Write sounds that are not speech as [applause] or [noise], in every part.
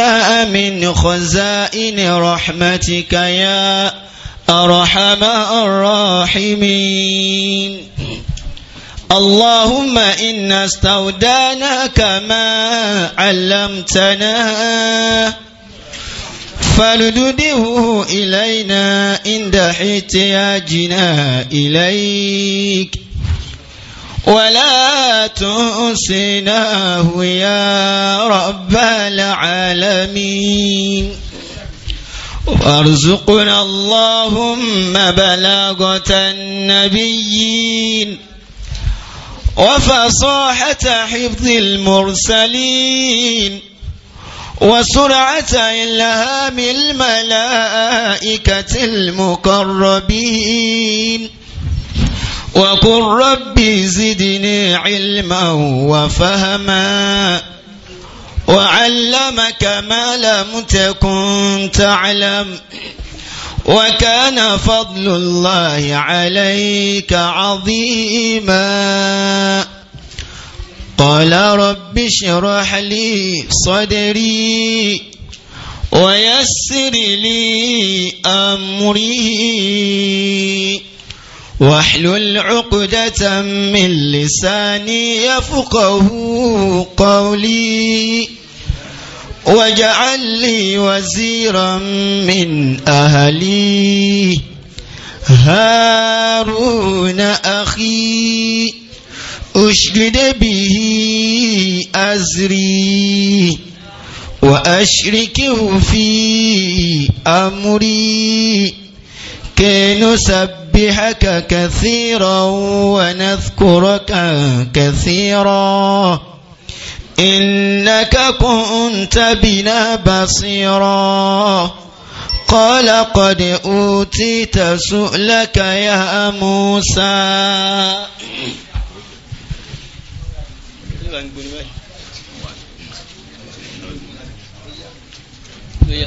لنا من خزائن رحمتك يا أرحم الراحمين اللهم إنا استودعناك ما علمتنا فلدده إلينا عند احتياجنا إليك ولا تنسناه يا رب العالمين وارزقنا اللهم بلاغة النبيين وفصاحة حفظ المرسلين وسرعة إلهام الملائكة المقربين وقل ربي زدني علما وفهما وعلمك ما لم تكن تعلم وكان فضل الله عليك عظيما قال رب اشرح لي صدري ويسر لي أمري واحلل عقدة من لساني يفقه قولي واجعل لي وزيرا من أهلي هارون أخي أشدد به أزري وأشركه في أمري كي نسبحك كثيرا ونذكرك كثيرا إنك كنت بنا بصيرا قال قد أوتيت سؤلك يا موسى Yeah.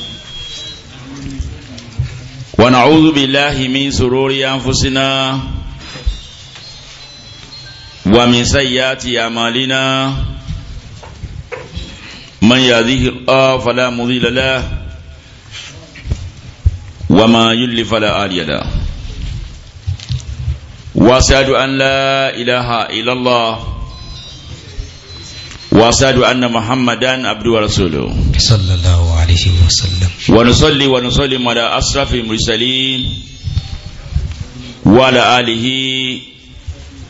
ونعوذ بالله من سرور أنفسنا ومن سيئات أعمالنا من يهده الله فلا مضل له وما يضلل فلا هادي له وأشهد أن لا إله إلا الله وأشهد أن محمدا عبده ورسوله صلى الله عليه وسلم ونصلي ونسلم على أشرف المرسلين وعلى آله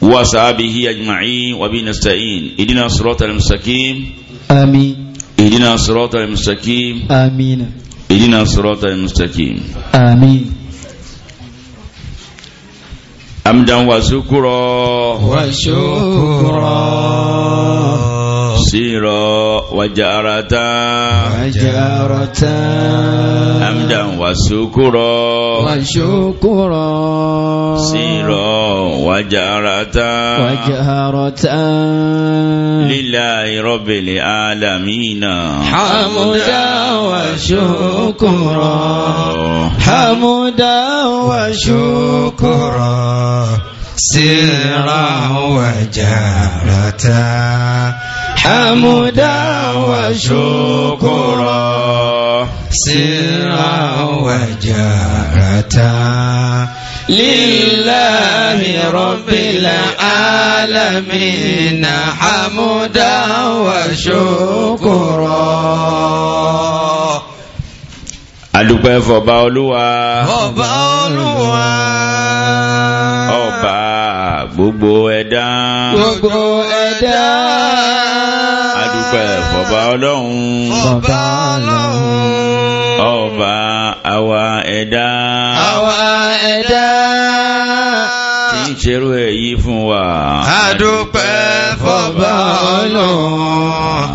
وصحبه أجمعين وبه نستعين اهدنا الصراط المستقيم آمين اهدنا الصراط المستقيم آمين اهدنا الصراط المستقيم آمين امدا وشكرا وشكرا تفسيرا وجارتا وجارتا حمدا وشكرا وشكرا سيرا وجارتا وجارتا لله رب العالمين حمدا وشكرا حمدا وشكرا سيرا وجارتا حمدا وشكرا سرا وجارتا لله رب العالمين حمدا وشكرا adúpẹ́ fọba olúwa ọba olúwa ọba gbogbo ẹ̀dá gbogbo ẹ̀dá dúpẹ́ fọba ọlọ́run. fọba ọlọ́run. ọba àwa ẹ̀dá. àwa ẹ̀dá. tí ń ṣerú ẹ̀ yìí fún wa. a dúpẹ́ fọba ọlọ́run.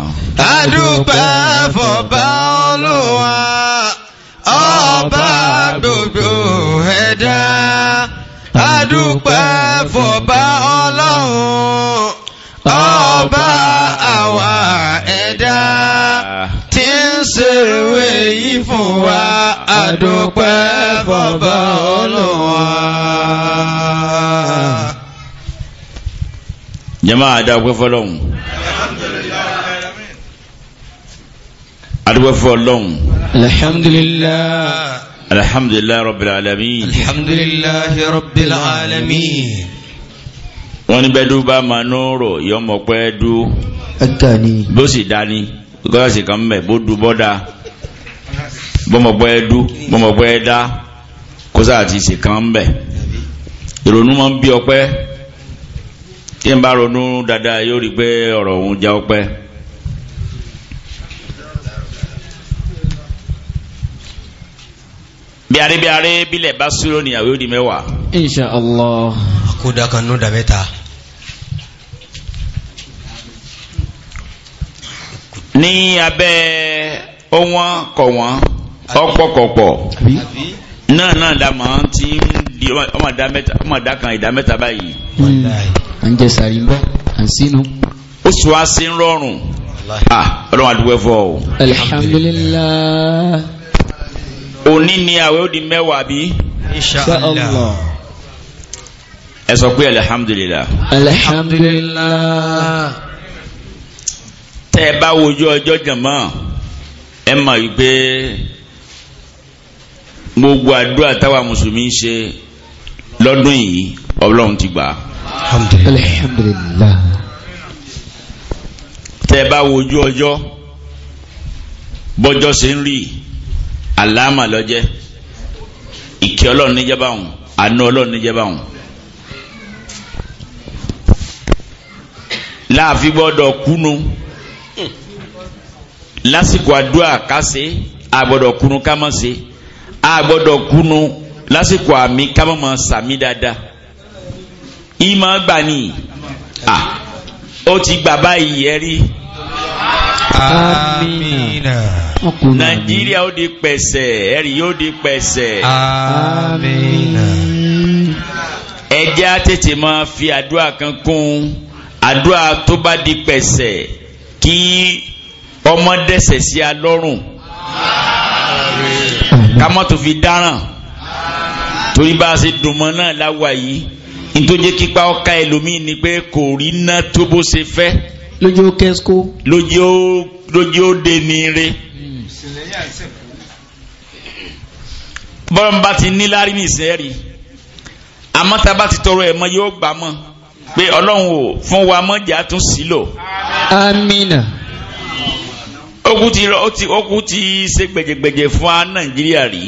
a dúpẹ́ fọba olúwa. ọba gbogbo ẹ̀dá. a fọba ọlọ́run. ọba ẹ̀dá tí ń ṣèrò èyí fún wa àdúpẹ́ fọba olùwà. jama adáwọ̀ fọlọ́hún adáwọ̀ fọlọ́hún. alhamdulillah. alhamdulillah rabbil alamin. alhamdulillah rabbil alamin. wọ́n ní bẹ́ẹ̀ dúbà máa nọ́ọ̀rọ̀ yọmọ pẹ́ẹ́ dú ẹ̀ka ni. bó sì dání gọ́lásì kan mẹ́ bó du bọ́dà bọ́mọ̀gbọ́ ẹ du bọ́mọ̀gbọ́ ẹ da kó sáà ti ṣe kan mẹ́ ìrònú máa ń bí ọpẹ́ tí n bá ronú dáadáa yóò rí pé ọ̀rọ̀ òun já ọpẹ́. biare biare bilẹ̀ bá sùúrù nìyàwó di mẹ́wàá. insha allah. kó dakan nù dàbẹ́ ta. ní abẹ́ ọwọ́n kọ̀ wọ́n ọ̀pọ̀kọ̀pọ̀ náà náà dá mọ́ tí ń di ọmọdá kan ìdá mẹ́ta báyìí. à ń jẹ sàrí bọ́ à ń sínú. ó sọ wá sí ń rọrùn ọlọ́run àdúgbò fọ́ o. alhamdulilah. òní ni àwẹ̀ ó di mẹ́wàá bí. inshallah ẹ sọ pé alhamdulilah. alhamdulilah tẹ́ ẹ bá wojú ọjọ́ jàmọ́ ẹ mọ̀ wípé gbogbo àdúrà táwa mùsùlùmí ń ṣe lọ́dún yìí ọlọ́run ti gbà alhamdulillah. tẹ́ ẹ bá wojú ọjọ́ bọ́jọ́ ṣe ń rí àlámà lọ́jẹ́ ìkẹ́ ọlọ́run níjẹ́bà òun àánú ọlọ́run níjẹ́bà òun. láàfin gbọ́dọ̀ kúnu lásìkò àdúrà ká ṣe a gbọ́dọ̀ kunu ká má ṣe a gbọ́dọ̀ kunu lásìkò àmì ká má má sàmì dáadáa ìmọ̀ gbà ní à ó ti gbà báyìí ẹ Amina. Nàìjíríà ó di pẹ̀sẹ̀, ẹ̀rì yóò di pẹ̀sẹ̀. Amina. Ẹ á tètè máa fi àdúrà kan kún àdúrà tó bá di pẹ̀sẹ̀ kí ọmọ dẹ́sẹ̀ sí alọ́rùn kámọ́ tó fi dáràn torí bá a ṣe dùnmọ́ náà láwa yìí nítorí kípa ọ̀ka ẹlòmíín ni pé kò rí ná tó bó ṣe fẹ́. lójú ó kẹ́síkó. lójú ó lójú ó de ní ire. bọ́lá bá ti ní lárí nìsẹ́rì àmọ́ ti tọrọ ẹ̀ mọ́ yóò gbà pé ọlọ́run ò fún wa mọ́jà tún sílò. amina. okùn ti lọ okùn ti ṣe gbẹjẹgbẹjẹ fún wa nàìjíríà rí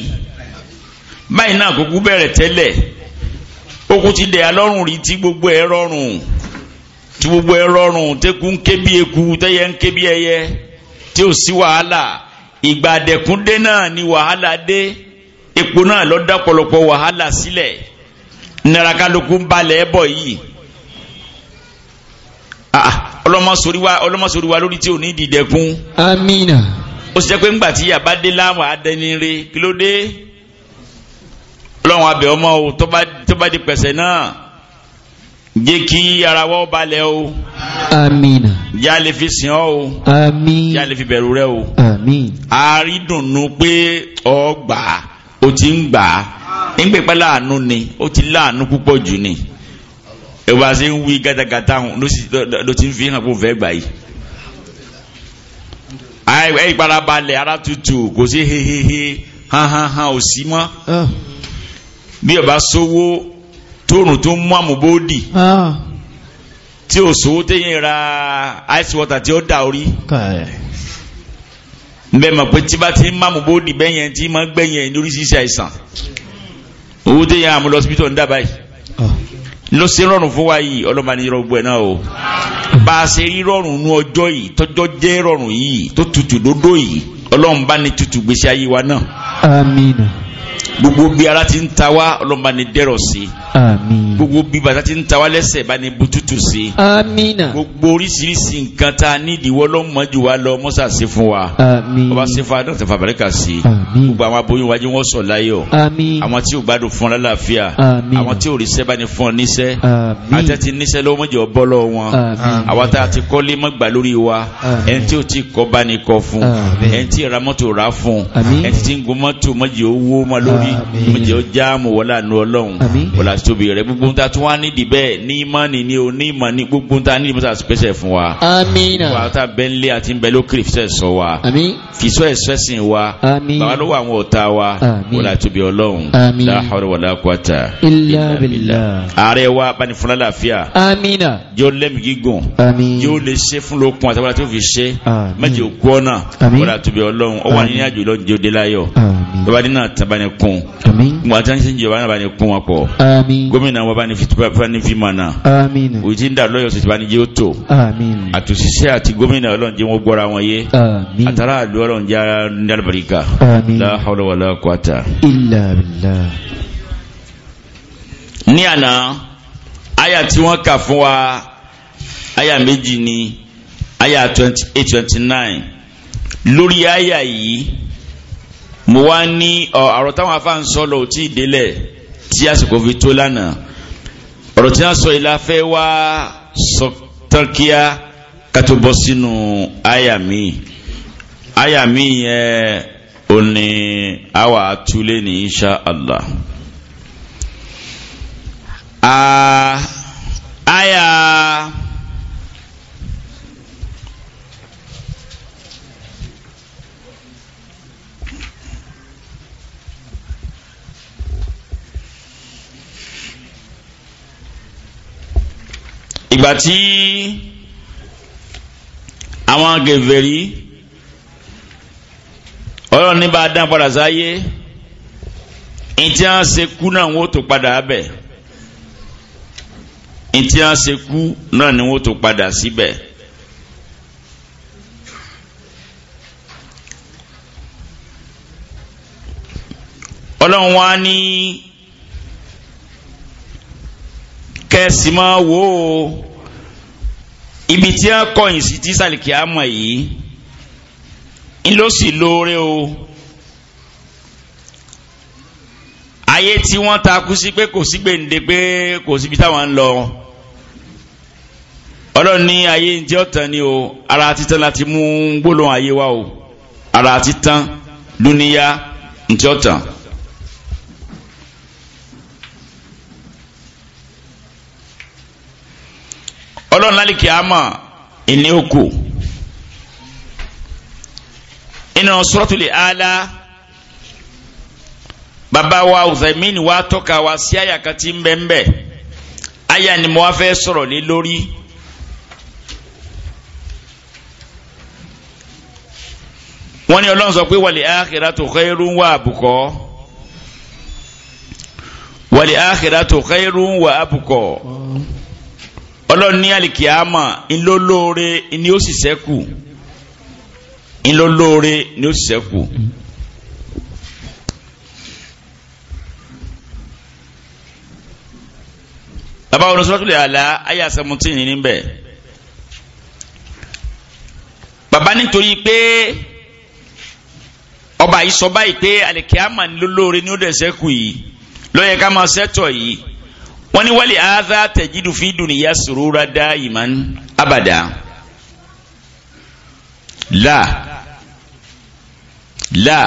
báyìí náà kúkú bẹ̀rẹ̀ tẹ́lẹ̀ okùn ti dẹ̀ alọ́rùn rí tí gbogbo ẹ̀ rọrùn ti gbogbo ẹ̀ rọrùn tẹ́kù ń ké bí eku tẹ́yẹ ń ké bí ẹyẹ tí ò sí wàhálà ìgbà àdẹ̀kúndé náà ni wàhálà dé epo náà lọ dá pọ̀lọpọ̀ wàhálà sílẹ̀ nàràkàlùkù ń balẹ̀ ẹ̀ bọ̀ yìí. Ah, ọlọ́mọsorí wa lórí tí ò ní ìdìdẹ̀kún. amina. ó sì jẹ́ pé ńgbà tí yàrá dé láwọn adẹnire kí ló dé ọlọ́run abẹ ọmọ o tó bá di pẹ̀sẹ̀ náà jẹ́ kí ara wọ́ balẹ̀ o. amina. Ya lè fi sìn ọ́ o. amin. yà lè fi bẹ̀rù rẹ o. amin. àrídùnnú pé ọ gbà ó ti ń gbà á ń gbèpẹ́ láàánú ni ó ti láàánú púpọ̀ jù ni ẹwà ṣe ń wí gàtàgàtà hàn ló ti ń fi hàn kó fẹ́ gbà yìí ẹ ìparabalẹ̀ ara tutù kò sí hehehe hanhanhan ò sí mọ́ ah. bí ọba sówó tóòrùn tó mú àmúbóòdì ah. tí ò sówó téyìn ra ice water tí ó dà orí bẹ́ẹ̀ mọ̀ pé tí bá ti ń máàmúbóòdì bẹ́yẹn tí máa gbẹ̀yẹn lórí ṣíṣe àìsàn owó téyìn àmúlọ́sibítọ̀ ń dábàá yìí. Ah. Lo ṣe rọrùn fún wa yìí ọlọ́mọ ní irọ́ gbẹ náà o bá a ṣe rí rọrùn nú ọjọ́ yìí tọ́jọ́ jẹ́ rọrùn yìí tó tutù dódó yìí ọlọ́run bá ní tutù gbèsè ayé wa náà gbogbo bí ara ti ń ta wá ọlọ́mọba ni dẹ́rọ̀ sí àmín gbogbo bí bàtà ti ń ta wá lẹ́sẹ̀ bá ní bututu sí àmín gbogbo oríṣiríṣi nǹkan tá a nídìí wọ́n lọ́mọ jù wá lọ mọ́sà sí fún wa àmín ọba sí fún adọ́ tẹ̀fà bàrẹ́kà sí àmín gbogbo àwọn aboyún wájú wọn sọ láyọ̀ àmín àwọn tí ò gbádùn fún lálàáfíà àmín àwọn tí ò ríṣẹ́ bá ní fún ọ níṣẹ́ àmín àti ti níṣẹ́ lọ́wọ́ mọ́jọ bọ́lọ́ wọn àmín sí ó já wọlé àánú ọlọ́run wọlé àṣọbi rẹ gbogbo ta tí wọn nídìí bẹ́ẹ̀ ní ìmánì ní o ní gbogbo ta nídìí mọta pèsè fún wa. wà á ta bẹ́ńlé àti bẹ́ẹ̀ kiri fisẹ́ sọ wa. àmín. fisọ́ ẹ̀sìn wa. bàbá ló wà àwọn ọ̀tá wa. wọlé àṣọbi ọlọ́run. àmín. la hawla ààrẹ wa bani fúnra láàfíà. àmín. jọ lẹ́mìí gígùn. àmín. lè ṣe fún lókun àtàwọn àti òfin ṣe. àmín kun wọn àti sẹ́yìn jẹ́ wọn bá ní kun wọn pọ̀ gómìnà wọn bá ní fani fi mọ̀ náà òyì tí ń dà lọ́yọ̀ sọ̀tì bá ní jẹ́ ó tò àtòṣìṣẹ́ àti gómìnà ọlọ́run jẹ́ wọn gbọ́ra wọn yé àtàrà àdó ọlọ́run jẹ́ ndàlùbáríkà la hawla wala quwata. illa billah. ní àná àyà tí wọ́n kà fún wa àyà méjì ni àyà twenty eight twenty nine lórí àyà yìí mo wá ní ọ̀rọ̀ táwọn afáàn sọ lọ tí ìdélẹ̀ tí àsìkò fi tó lánàá ọ̀rọ̀ tí wọ́n sọ ìlà fẹ́ wá sọ tán kíá ká tó bọ́ sínú àyà mi àyà mi yẹn ò àwà àtúlé ní insha Allah. àyà. ìgbà tí àwọn gèvèrí ọlọ́run ní bá dán padà sáyé ìtí à ń ṣe kú náà wọ́n tó padà bẹ̀ ìtí à ṣe kú náà ni wọ́n tó padà síbẹ̀. ọlọ́run wa ní kẹ́sì máa wò ó ibi tí a kọ̀yìn sí tí sàlìkì àmọ̀ yìí ń ló sì lóore o ayé tí wọ́n takú sí pé kò sí gbèǹde pé kò síbi táwọn ń lọ ọlọ́run ní ayé ń jẹ́ ọ̀tàn ni o ara títán láti mú gbólóhùn ayé wa o ara títán dúníyá ń jẹ́ ọ̀tàn. ọlọ́run lálẹ́ kíámà ìní òkú iná suratul A'la bàbá wa Uthaymin wa tọ́ka wa sí àyà kan tí ń bẹ́ẹ̀ bẹ́ẹ̀ ni mo wá fẹ́ sọ̀rọ̀ lé lórí. wọ́n ní ọlọ́run sọ pé wàlẹ̀ áàkìrá tó khairun wà àbùkọ́ wàlẹ̀ áàkìrá tó khairun wà àbùkọ́ ọlọ́run ní àlìkìyàmà ńlọlọ́ọ̀rẹ́ ni ó sì sẹ́kù ńlọlọ́ọ̀rẹ́ ni ó sì sẹ́kù. bàbá wọn sọ́tún lè àlá ayé àsẹmùtì ní níbẹ̀ bàbá nítorí pé ọba yìí sọ báyìí pé àlìkìyàmà ńlọlọ́ọ̀rẹ́ ni ó dẹ̀ sẹ́kù yìí ló máa sẹ́tọ̀ yìí wọ́n ní wali hadha tajidu fi dunya surura daiman abada la la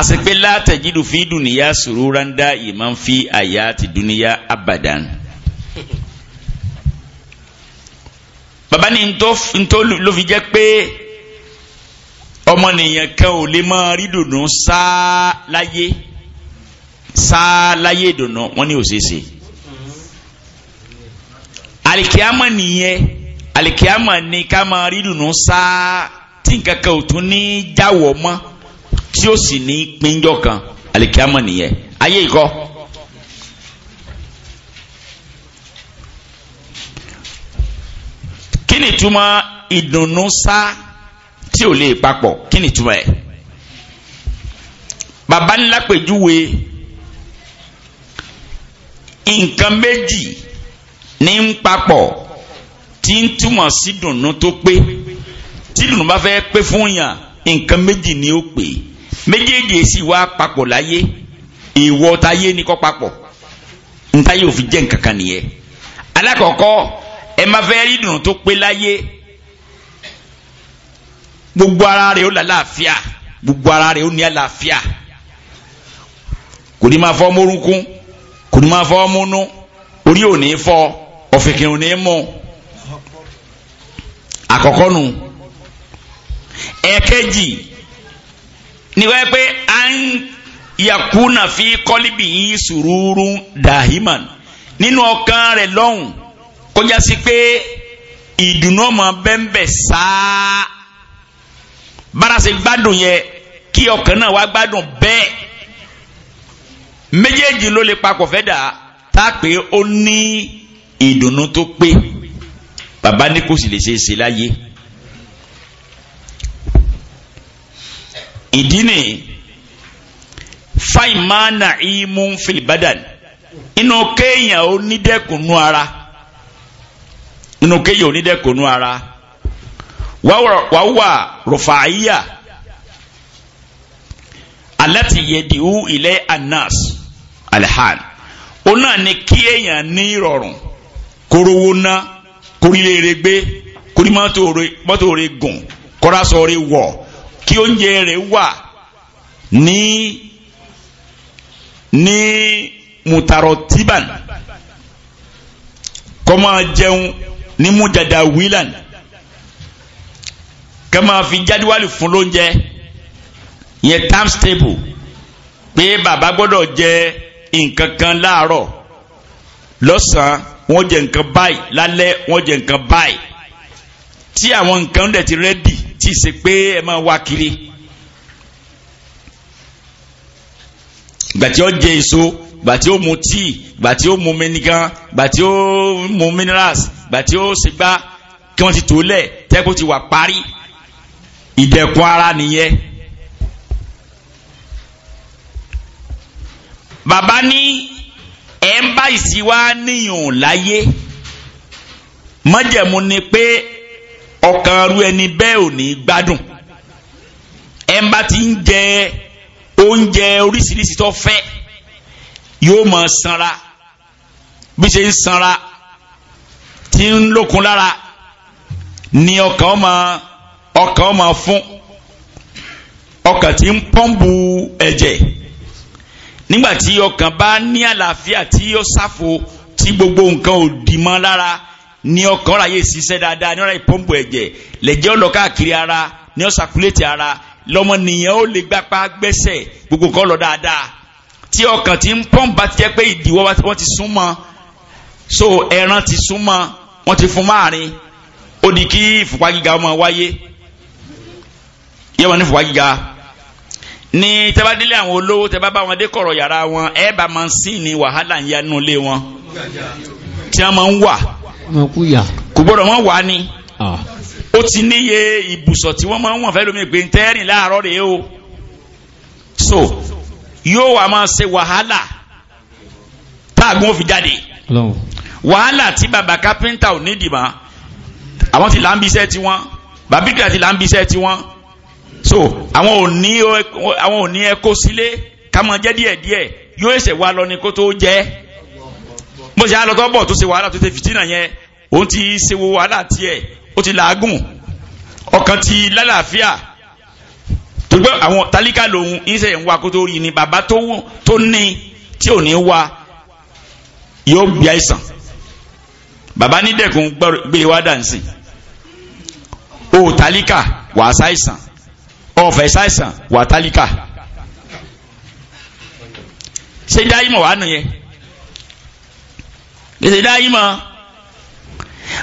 àsìpé la tajidu fi dunya surura daiman fi ayati dunya abadan. baba ni ntọ́ ló fi jẹ́ pé ọmọnìyàn kan ò lè máa rí sáá láyé sáá láyé ìdùnnú wọn ní òṣèṣe alikiyama nìyẹn alikiyama ni ká máa rí ìdùnnú sáá tí nǹkan kan ò tún ní jáwọ́ mọ́ tí ó sì ní pínjọ kan alikiyama nìyẹn ayé ìkọ. kí túmọ̀ ìdùnnú sáá tí ò lè papọ̀ kí túmọ̀ ẹ̀ baba ńlá pèjúwe nǹkan méjì ní ń papọ̀ tí ń túmọ̀ sí dùnnú tó pé tí dùnnú bá fẹ́ pé fún yàn nǹkan méjì ni ó pè méjèèjì sì wá papọ̀ láyé ìwọ táyé ni kọ́ papọ̀ ntáyé òfin jẹ́ nǹkan kan nìyẹn alákọ̀ọ́kọ́ ẹ má fẹ́ rí dùnnú tó pé láyé gbogbo ara rẹ̀ ó lálàáfíà gbogbo ara rẹ̀ ó ní àlàáfíà kò ní máa fọ́ mórúnkún kò ní máa fọ́ múnú orí ò ní fọ́ ọ̀fìnkìn ò ní mú àkọ́kọ́ nù ẹ̀kẹ́jì ni wọ́n pé à ń yakuna fi kọ́líbì yìí sùúrù dahiman nínú ọkàn rẹ̀ lọ́hùn kọjá sí pé ìdùnnú ọmọ bẹ́ńbẹ̀ sáá bára ṣe gbádùn yẹ kí ọkàn náà wá gbádùn bẹ́ẹ̀ méjèèjì ló lè papọ̀ fẹ́ dà tá a pé ó ní ìdùnnú tó pé bàbá ní kò sì lè ṣe é ṣe láyé. ìdí ni fáìmánà ìmú filibadan inú kéèyàn onídẹ́kùnú ara inú kéèyàn onídẹ́kùnú ara wàhùwà rọ̀fàáyà alátìyẹ̀dìhù ilẹ̀ anas alihal ó náà ni kí èèyàn ní ìrọ̀rùn korowó ná korílẹ̀-èrè gbé korí mọ́tò rẹ̀ gùn kọ́rasọ̀ rẹ̀ wọ̀ kí oúnjẹ rẹ̀ wà ní ní mutarọ̀ tíban kó máa jẹun ní mujada wílan kó fi jadwali fún lóúnjẹ yẹn times table pé bàbá gbọ́dọ̀ jẹ nǹkan kan láàárọ̀ lọ́sàn-án wọ́n jẹ nǹkan báyìí lálẹ́ wọ́n jẹ nǹkan báyìí tí àwọn nǹkan dẹ̀ ti rẹ́dì tí ì ṣe pé ẹ máa wá kiri. gbàtí ó jẹ èso gbàtí ó mu tíì gbàtí ó mu minigan gbàtí ó mu minerals gbàtí ó ṣègbà kí wọ́n ti tó lẹ̀ tẹ́kù ti wà parí ìdẹ̀kùn ara nìyẹn. bàbá ní ẹ̀ ń bá ìsíwá níyàn láyé mọ́jẹ̀mú ni pé ọkàn ru ẹni bẹ́ẹ̀ ò ní gbádùn ẹ̀ ń bá ti ń jẹ oúnjẹ oríṣiríṣi tó fẹ́ yóò mọ̀ sanra bí ṣe ń sanra tí ń lókun lára ni ọkàn ọmọ ọkàn ọmọ fún ọkàn tí ń pọ́ǹbù ẹ̀jẹ̀. E nígbàtí ọkàn bá ní àlàáfíà tí ó sáfo tí gbogbo nǹkan ò dì mọ́ lára ní ọkàn ráyè ṣiṣẹ́ dáadáa ní ọ̀ráyè pọ́ǹpù ẹ̀jẹ̀ lẹ́jẹ̀ ọlọ́kàkiri ara ní ọ̀sàkúlẹ̀tì ara lọ́mọnìyàn ó lè gbapá gbẹ́sẹ̀ gbogbo nǹkan lọ dáadáa tí ọkàn ti ń pọ́ǹpù bá ti jẹ́ pé ìdíwọ́ wọn ti súnmọ́ so ẹran ti súnmọ́ wọn ti fún máàrin ó di kí ìfúnpá gíga ọmọ wáyé yẹ́wọ́n ní ìfúnpá gíga ní tẹ́bá délé àwọn olówó tẹ́bá bá wọn dé kọ̀rọ̀ yàrá wọn ẹ bá máa ń sìn ní wàhálà ń yá nulẹ̀ wọn tí wọ́n máa ń wà kò gbọ́dọ̀ wọ́n wà ní ó ti níye ibùsọ̀ tí wọ́n máa ń wọ̀n fẹ́ lómi gbé ntẹ́rìn láàárọ̀ rèé o so yóò wà máa ṣe wàhálà táàgùn òfin jáde wàhálà tí bàbá kápẹ́ńtà ò ní dìbà àwọn ti là ń bí iṣẹ́ tiwọn bàbá bíkìlà ti là ń bí iṣẹ́ tiwọn so àwọn ò ní àwọn ò ní ẹkọ sílé kámọ jẹ díẹ̀ díẹ̀ yóò ṣe wá lọ ni kó tó jẹ bó ṣe alọtọ bọ tó ṣe wàhálà tó ṣe fìtínà yẹn òun ti ṣe wo wàhálà tiẹ̀ ó ti làágùn ọkàn ti lálàáfíà tó gbé àwọn tálíkà lòun ìṣe ń wa kó tó rí ni bàbá tó ní tí ò ní wa yóò bí àìsàn bàbá nídẹ̀kùn gbé e wá dànsìn o tálíkà wàá ṣàìsàn ọ̀fẹ́ ṣàìsàn wà tálíkà ṣe dáímọ̀ wà nìyẹn ṣe dáímọ̀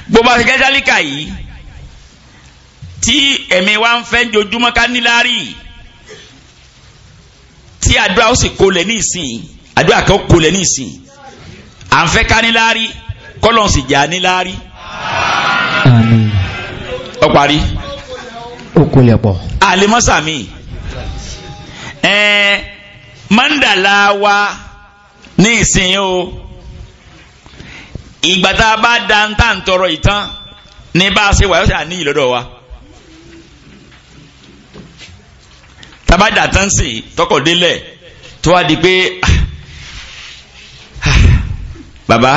gbogbo àṣekẹ́ tálíkà yìí tí ẹ̀mí wa ń fẹ́ jojúmọ́ ká níláárí tí àdúrà ó sì kolẹ̀ ní ìsìn àdúrà kan kolẹ̀ ní ìsìn à ń fẹ́ ká níláárí kọ́lọ̀ sì jà níláárí. àmín. ó pọ̀ àlemọ́sàmì ẹ̀ẹ́n mọ́ndàlá wa ní ìsìn o ìgbà tá a bá da ń tà ń tọrọ ìtàn ní bá a ṣe wà yóò ṣe àníyì lọ́dọ̀ wa. tabada tansi tọkọdélẹ tó wá di pé ah, ah, baba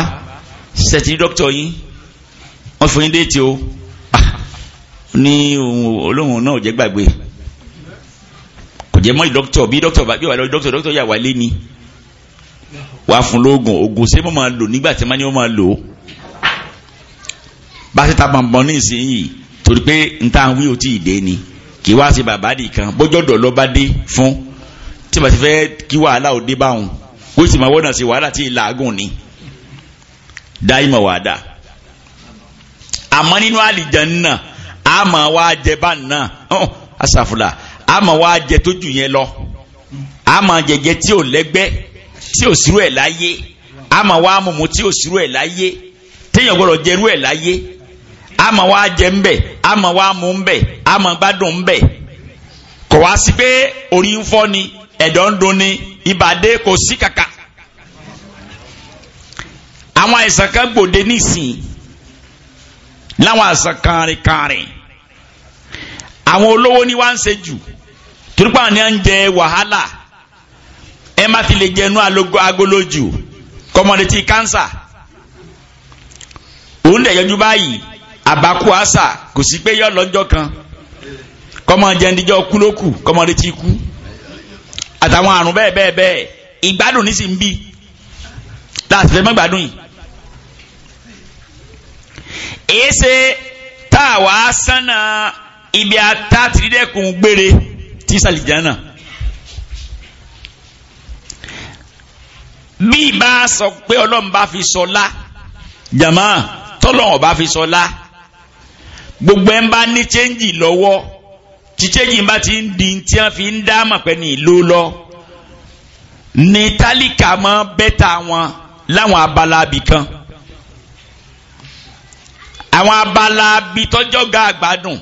ṣe ti dókítà yín wọ́n fún yín déètì o ní ohun olóhùn náà ò gbàgbé kò jẹ́ mọ́ dókítà bí dókítà bá bí wà lọ́wọ́ dókítà dókítà yà wá lé ni wàá fún lóògùn oògùn ṣé mo máa lò nígbà tí wọ́n máa lò ó bá ṣe ta bọ̀nbọ̀n ní ìsinyìí torí pé n ta wí o tí ì dé ni kì í wá sí bàbá nìkan bójọ́dọ̀ lọ bá dé fún tí bàtí fẹ́ kí wàhálà ò dé báwọn kó sì máa wọ́nà sí wàhálà tí ì làágùn ni dáìmọ̀ wàdà àmọ́ nínú àlìjànnà a máa wá jẹ báyìí náà oh, asàfùlà a máa wá jẹ tó lọ a máa jẹjẹ tí ò lẹ́gbẹ́ tí ò sírú ẹ̀ láyé a máa wá mọ̀mọ́ tí ò sírú ẹ̀ láyé téèyàn jẹrú láyé a máa wá jẹ a máa mu mbe a máa gbádùn mbe kò wá sí pé ni ẹ̀dọ̀ ń dun ni ìbàdé kò sí kàkà àwọn àìsàn kan gbòde nísìnyí láwọn àìsàn àwọn olówó ni wá ń ṣe jù torípa ni à ń jẹ wàhálà ẹ má ti lè jẹnu agolo jù kọmọdétì kánsà òun dẹ̀ yọjú báyìí àbákú àṣà kò sí pé yọ lọ́jọ́ kan kọmọdéjọ́ kú ló kù kọmọdétì kú àtàwọn àrùn bẹ́ẹ̀ bẹ́ẹ̀ bẹ́ẹ̀ ìgbádùn ní sì ń bí láti fẹ́ mọ́ gbádùn yìí èé ṣe táà wá sánà ibi ata tìrídẹ́kùn gbére tí sàlìjánà bí ìbá sọ pé ọlọ́run bá fi sọlá jàmá tọ́lọ́run bá fi sọlá gbogbo ẹ̀ ń bá ní chẹ́ńjì lọ́wọ́ tí chẹ́ńjì bá ti ń di tí wọ́n fi ń dá mọ̀pẹ́ ní ìlú lọ ní tálíkà mọ́ bẹ́tà wọn láwọn abala abìkan àwọn abala abitọ́jọ́gà àgbàdùn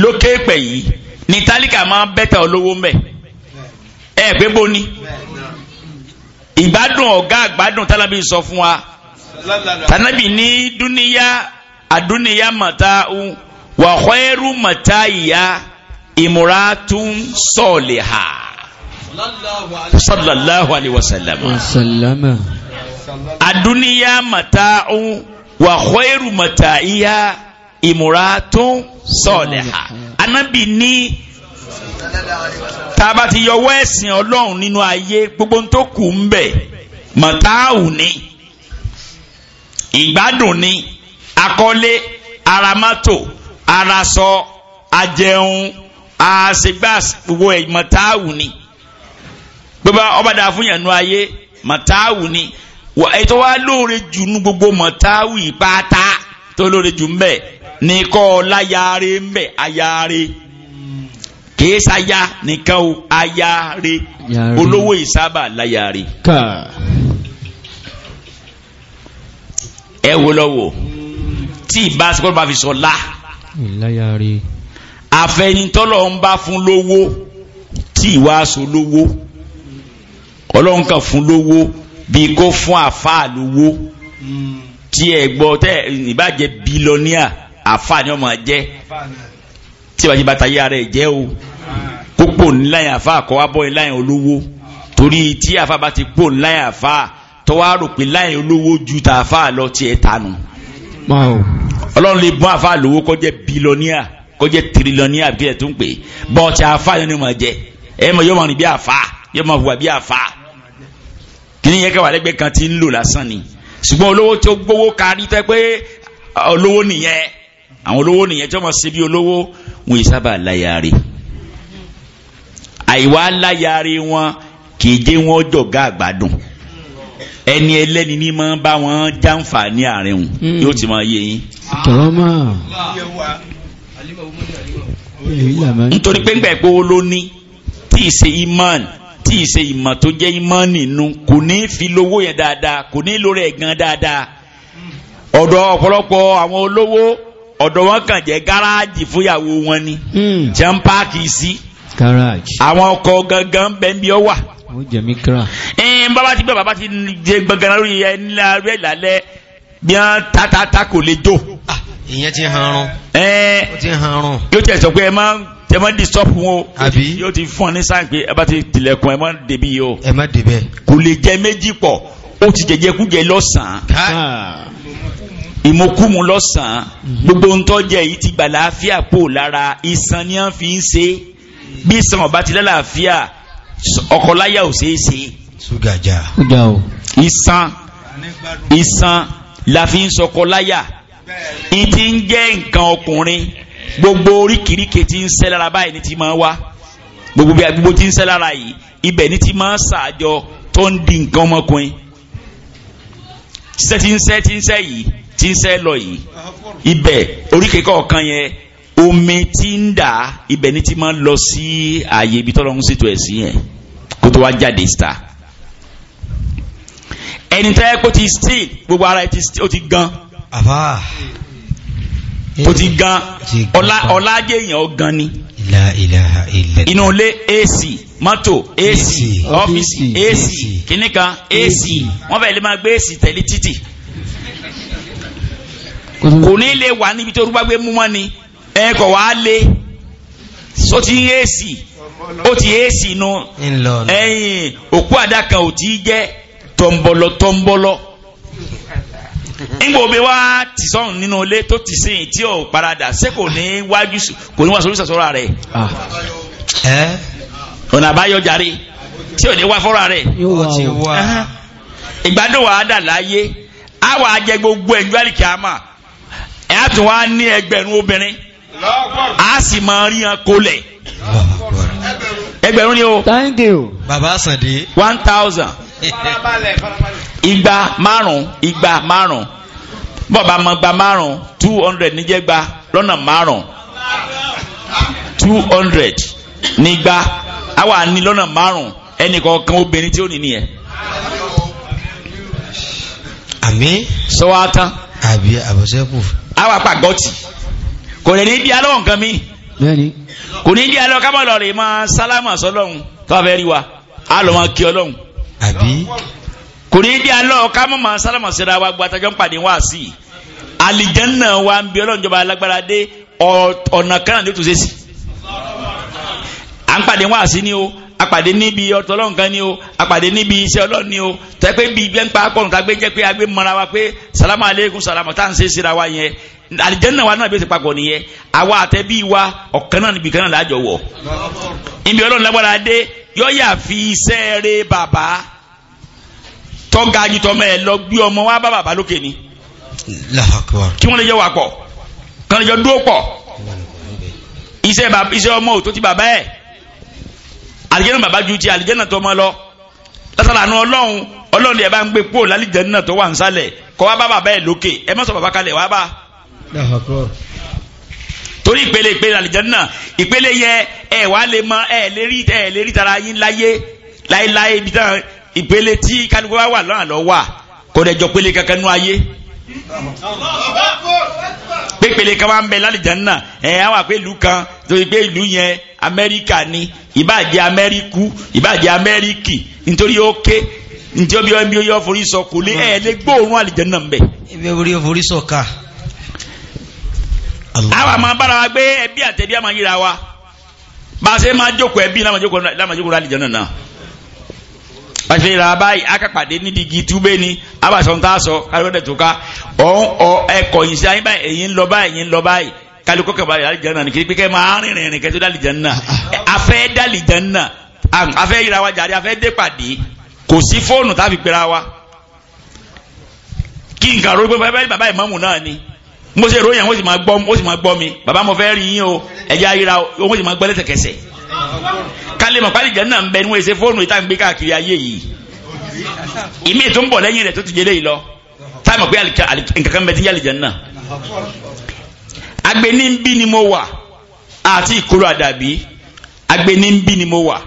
lókè pẹ̀ yìí ni tálíkà máa bẹ́tà olówó mbẹ̀ ẹ pé bó ni ìgbádùn ọ̀gá àgbádùn tálábì sọ fún wa tálábì ní dúníyá àdúníyá màtá wà khairu màtá ìyá imratun saliha sallallahu alaihi wasallam àdúníyá màtá wà khairu màtá ìyá ìmúratún sọ̀lẹ̀hà anábì ní tá a bá ti yọwọ́ ẹ̀sìn ọlọ́run nínú ayé gbogbo tó kù ń bẹ̀ mọ̀táàwù ni ìgbádùn ni akọ́lé aramátò arasọ ajẹun àṣegbàs gbogbo ẹ̀ mọ̀táàwù ni gbogbo ọba dà fún ayé mọ̀táàwù ni ètò wa lóore jù nú gbogbo mọ̀táàwù yìí pátá tó lóore jù ń bẹ̀ ní kọ́ láyàáré ńbẹ̀ ayááré kìí sáyà nìkan o ayááré olówó ìsábà láyàáré. ẹ wo lọ́wọ́ tí ìbá sọ́kọ́ bá fi sọ lá. àfẹnitọ́lọ̀ ń bá fún lówó tí ìwà sọ lówó ọlọ́run kan fún lówó bí kò fún àfáà lówó tí ẹ gbọ́ tẹ́ ìbàjẹ́ bílọ́níà àfa ni ọmọ jẹ́ tí ìbàjẹ́ bàtà yé ara ẹ̀ jẹ́ o kókó ńlá yẹn àfa kọ́ wá bọ́ ńlá yẹn olówó torí tí àfa bá ti kó ńlá yẹn àfa tọ́wọ́ rò láyẹn olówó ju ta àfa lọ tiẹ̀ tanu ọlọ́run lè bọ́ àfa lówó kọjẹ́ bílọ́níà kọjẹ́ tirilọ́níà bí ẹ̀ tó ń pè bọ́ọ̀ tí àfa yẹn ni mo jẹ ẹ̀ mọ̀ yóò mọ̀ ní bí àfa yóò hùwà bí àfa kìíní yẹn kẹwàá lẹ́gbẹ̀ẹ́ kan ti ń lò lásán ni ṣùgbọ́n olówó tó gbowó kárí tẹ́ pé olówó nìyẹn àwọn olówó nìyẹn tí wọ́n máa ṣe bí olówó wọn yìí sábà láyàrí àìwá láyàrí wọn kì í jẹ́ wọn jọ̀gá àgbàdùn ẹni ẹlẹ́ni ní máa bá wọn jàǹfààní àárín wọn hmm. yóò ti máa yé yín. tọ́lọ́mà nítorí pé ńgbà ẹ̀pẹ́ wo ló ní tí ì ṣe imán tí ì ṣe ìmọ̀ tó jẹ́ imán nínú kò ní fi lówó yẹn dáadáa kò ní lórí ẹ̀ gan dáadáa ọ̀dọ̀ ọ̀pọ̀lọpọ̀ àwọn olówó ọ̀dọ̀ wọn kàn jẹ́ gáràjì fúyàwó wọn ni tí hmm. wọ́n páàkì sí àwọn ọkọ̀ gangan bẹ́ẹ̀ bí ọ wà bàbá ti gbé bàbá ti jẹ gbọ̀ngàn lórí ẹni rẹ̀ lálẹ́ bí wọ́n tatata kò lè jó. Ah, ìyẹn ti hàn rún. ẹ ó ti hàn rún. yóò tẹ̀ pé ẹ máa ń máa di stop wọn o yóò ti fún ọ ní sáà pé ẹ bá ti tilẹ̀kùn ẹ máa ń débi yìí o. ẹ má débẹ̀. kò lè jẹ méjì pọ̀ ó ti jẹjẹ kújẹ lọ́sàn-án ìmọ̀kùmù lọ́sàn-án gbogbo ntọ́jẹ́ yìí ti gbà láàfíà pò lára ìsàn ni wọ́n fi ń ṣe bí ìsàn ọ̀bá ti lálàáfíà ọkọláyà ò ṣeé ṣe. sugaja. ìsàn ìsàn la fi ń sọkọláyà ìtì ń jẹ́ nǹkan ọkùnrin gbogbo oríkìríkì ti ń ṣẹ́ lára báyìí ni ti máa wá gbogbo bí agbogbo ti ń ṣẹ́ lára yìí ibẹ̀ ni ti máa ṣàjọ tó ń di nǹkan ọmọkùnrin ṣẹ́ ti ń ṣẹ́ ti ń ṣẹ́ yìí tí ń sẹ́ lọ yìí ibẹ̀ oríkèé kọ̀ọ̀kan yẹn omi tí ń dà ibẹ̀ ní ti máa ń lọ sí ààyè ibi tọ́lọ́ ń ṣètò ẹ̀ sí yẹn kó tó wá jáde síta ẹni tẹ́ kó ti still gbogbo ara ẹ ti gan tó ti gan ọlá ọlájẹ èèyàn ó gan ni inú ilé ac mọ́tò ac ọ́fíìsì ac kìnnìkan ac wọ́n fẹ́ lè máa gbé ac tẹ̀lé títì. kò ní lè wà níbi tó rúgbàgbé mú mọ́ ni ẹ kọ̀ wá lé so ti ń èsì ó ti èsì nu ẹ̀yìn òkú àdàkàn ò ti jẹ́ tọ̀ǹbọ̀lọ̀ tọ̀ǹbọ̀lọ̀ ngbọ̀n mi wá tì sọ́hún nínú ilé tó ti sìn tí ò paradà ṣé kò ní wájú kò ní wá sórí rẹ̀ ọ̀nà àbáyọ jàre tí ò ní wá fọ́ra rẹ̀ ìgbádùn tún wá ní ẹgbẹ̀rún obìnrin a sì máa rí hàn kólẹ̀ ẹgbẹ̀rún ni o. thank you. bàbá sàdé. one thousand. igba márùn igba márùn bọ́ọ̀bà magba gba márùn two hundred níjẹ́gba lọ́nà márùn two hundred nígbà Awa ní lọ́nà márùn ẹnìkọ̀ọ̀kan obìnrin tí ó ní nìyẹn. àmín. sọ wa tán. àbí àbọ̀sẹ́kù àwọn apàgọ́tì kò lè ní bí alọ́ nǹkan mi kò ní bí alọ́ kábọ̀lọ́ rè máa sálámà sọlọ́hún tó bá fẹ́ rí wa á lọ́ máa kí ọlọ́hún. àbí. kò ní bí alọ́ kámọ́ máa sálámà síra wa gba àtàjọ́ ń pàdé wá sí i àlìjánná wa ń bí ọlọ́run jọba alágbára dé ọ̀nà kan náà ló tún ṣe sí. à ń pàdé wá sí ni o apàdé níbi ọ̀tọ̀ ọlọ́run kan ni o apàdé níbi iṣẹ́ ọlọ́run ni o tẹ́ pé bí ibi ń pa akọ̀rùn tá a gbé jẹ́ pé a gbé mọ́ra wa pé salamu aleykum salamu tá à ń ṣe síra wa yẹn alijanna wa náà bí o ti papọ̀ nìyẹn àwa àtẹ́bí wa ọ̀kan náà níbi kan náà lájọ wọ̀ ibi ọlọ́run lágbára dé yọ́yà fi iṣẹ́ rẹ bàbá tọ́ga ju ẹ lọ gbé ọmọ wa bá bàbá lókè ni kí wọ́n lè jọ wà pọ̀ kí lè jọ dúró pọ̀ iṣẹ́ ọmọ òtó bàbá ẹ̀ àlìjẹ́nà bàbá ju ti àlìjẹ́nà tó mọ́ lọ látara àánú ọlọ́run ọlọ́run lè bá ń gbé kúrò lálìjẹ́nà tó wà ń sálẹ̀ kọ́ wá bá bàbá ẹ̀ lókè ẹ má sọ bàbá kalẹ̀ wá bá. torí ìpele ìpele àlìjẹ́nà ìpele yẹ ẹ wà lè mọ ẹ lè rí ẹ lè tara yín láyé láéláé ibi tán ìpele tí kálukú wà lọ́nà lọ́ wà kò dẹ̀ jọ pele kankan nú ayé pépele kan wà ń bẹ lálìjánná ẹ á wà pé ìlú kan torí pé ìlú yẹn amẹ́ríkà ni ìbàjẹ́ amẹ́ríkú ìbàjẹ́ amẹ́ríkì nítorí ó ké njẹ́ bí wọ́n bí yọ forí sọ kò lé ẹ̀ lé gbóòórùn àlìjánná ń bẹ. ibi orí forí sọ ká. àwa máa bára wa gbé ẹbí àtẹbí àmọ́ yíra wa bá a ṣe máa jókòó ẹbí lámàjókòó àlìjánná náà pàṣẹ ra báyìí akapàdé nídìí igi túbé ni abàṣọ ntá sọ kálíkọ́dẹ̀ tó ká ọ̀hún ọ ẹ̀kọ́ yìí sí ayé báyìí èyí ń lọ báyìí èyí ń lọ báyìí kálíkọ́ kẹfà yàrá ìjẹun náà nìkiri pípẹ́ máa rìn rìn rìn kẹtó dàlí jẹun náà afẹ́ dàlí jẹun náà afẹ́ yìí ra wa jàre afẹ́ dé pàdé kò sí fóònù tá a fi pera wa kí nǹkan ro pé bàbá ìmọ̀mù náà ni mo ṣe ròyìn àwọn ó sì máa gbọ́ mi bàbá mo fẹ́ rí yín o ẹ̀jẹ̀ kálí mọ̀ pálí jẹ́ náà ń bẹ níwọ̀n ṣe fóònù ìta ń gbé káàkiri ayé yìí ìmí tó ń bọ̀ lẹ́yìn rẹ̀ tó ti jẹ́lé yìí lọ táì mọ̀ pé nǹkan kan bẹ ti ń yà àlìjánnà. agbeni ń bí ni mo wà àti ìkóró àdàbí agbeni ń bí ni mo wà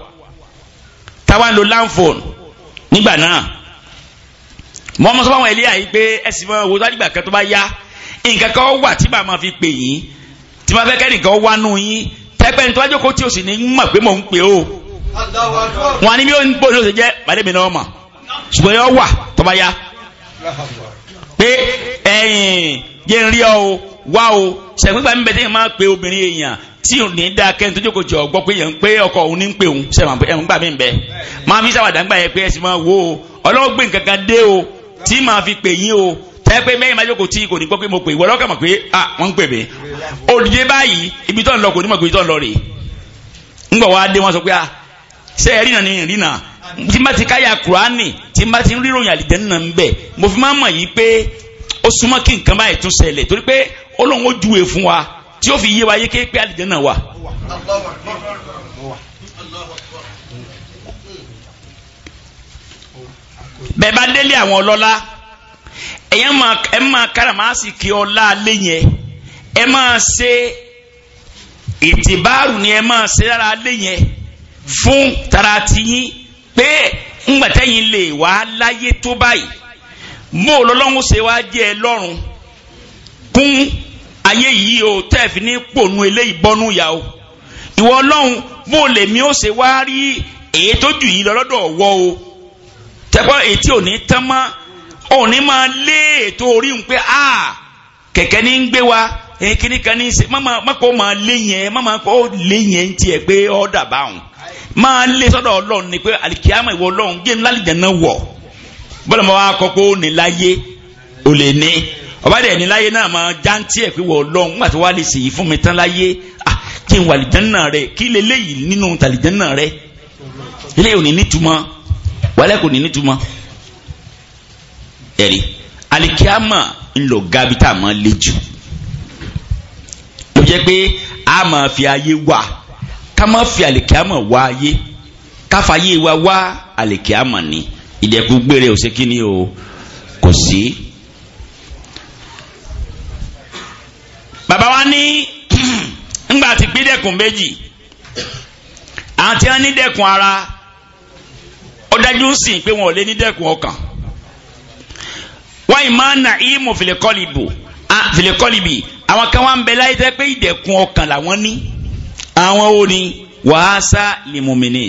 táwa ń lo landphone nígbà náà mọ sọfọ àwọn ẹlẹ́yà yìí pé ẹsìn mọ owó sádìgbà kan tó bá yá nǹkan kan wà tí màá máa fi pè yín tí màá fẹ́ kẹ́nìkan wá nù yín tẹ́pẹ́ ní tó bá jókòó tí o sì ní mọ̀ pé mò ń pè ó wọn ni bí ó ń bò ló ṣe jẹ́ pàdé mi náà mọ̀ ṣùgbọ́n yọ wà tó bá yá pé ẹ̀yìn yé ń rí ọ o wá o ṣẹ̀gbẹ́gbà ń bẹ tí máa pe obìnrin èèyàn tí ò ní dáa kẹ́ni tó jókòó jọ gbọ́ pé yẹn ń pé ọkọ òun ní ń pè òun ṣẹ̀wọ̀n gbà mí bẹ́ẹ̀ máa fi sáwàdà ń yẹn pé ẹ máa wo ọlọ́wọ́ gbé nǹkan dé o tí máa fi pè yín o ẹ pé mẹ́rin máa jókòó tí kò ní gbọ́ pé mo pè wọ́n lọ́kàn mọ̀ pé ah wọ́n ń pè mí olùdíje báyìí ibi tó ń lọ kò ní mọ̀ pé ibi tó ń lọ rè ń gbọ̀ wá dé wọn sọ pé ṣé ẹ rìnà ni rìnà tí má ti káyà kúránì tí má ti ń ríròyìn àlìjẹ́ nínà ń bẹ̀ mo fi máa mọ̀ yìí pé ó súnmọ́ kí nǹkan báyìí tún ṣẹlẹ̀ torí pé Ọlọ́hun ó júwe fún wa tí ó fi yé wa yé ké pé àlìjẹ́ náà wà. bẹ́ẹ̀ bá délé àwọn ọlọ́lá ẹ̀yẹ́ ẹ máa káràmásìkì ọlá alẹ́ yẹn ẹ máa ṣe ìtìbáàrù ni ẹ máa ṣe lára alẹ́ yẹn fún tarati yín pé ńgbàtẹ́yìn lè wá láyé tó báyìí mo lọ́lọ́run ṣe wá jẹ́ ẹ lọ́rùn kún ayé yìí o tẹ́ẹ̀fì ní pònú eléyìí bọ́nú ìyá o ìwọ lèmi ó ṣe wá rí èyí tó jù yìí o èyí tí ò ní òní máa lé ètò orí pé a ah, kẹ̀kẹ́ ní gbé wa kíní kan ní í ṣe mọ́kò máa lé yẹn kó lé yẹn ń tiẹ̀ pé ọ́ dàbà òun máa lé sọ́dọ̀ ọlọ́run ni pé àlìkíyàmọ̀ ìwọ ọlọ́run jẹ́ ńlá lìjẹ̀ náà wọ̀ bọ́lá máa wá kọ́ pé ó ní láyé ó ọba dẹ̀ ní láyé náà máa já ń tiẹ̀ pé wọ̀ ọlọ́run nígbà tó wá lè fún mi tán láyé ah, kí n wà kí nínú nítumọ̀ wàlẹ́ kò ẹ̀rí alikiyama ńlọ gabi tá a máa lé jù ló jẹ́ pé a máa fi ayé wà ká máa fi alikiyama wá ayé káfàyé wa wá alikiyama ni ìdẹ̀kùn gbére ò sí o kò sí. bàbá wa ní [clears throat] ńgbà tí pín dẹ̀kùn méjì àwọn tí wọ́n ní dẹ̀kùn ara ó dájú pé wọn ò lè ní dẹ̀kùn ọkàn wọ́n yìí máa a ímù fìlẹ̀kọ́lìbì àwọn kan wá ń bẹ láyé tẹ́ pé ìdẹ̀kùn ọkàn làwọn ní àwọn ò ní wàhásà lè mùmìnì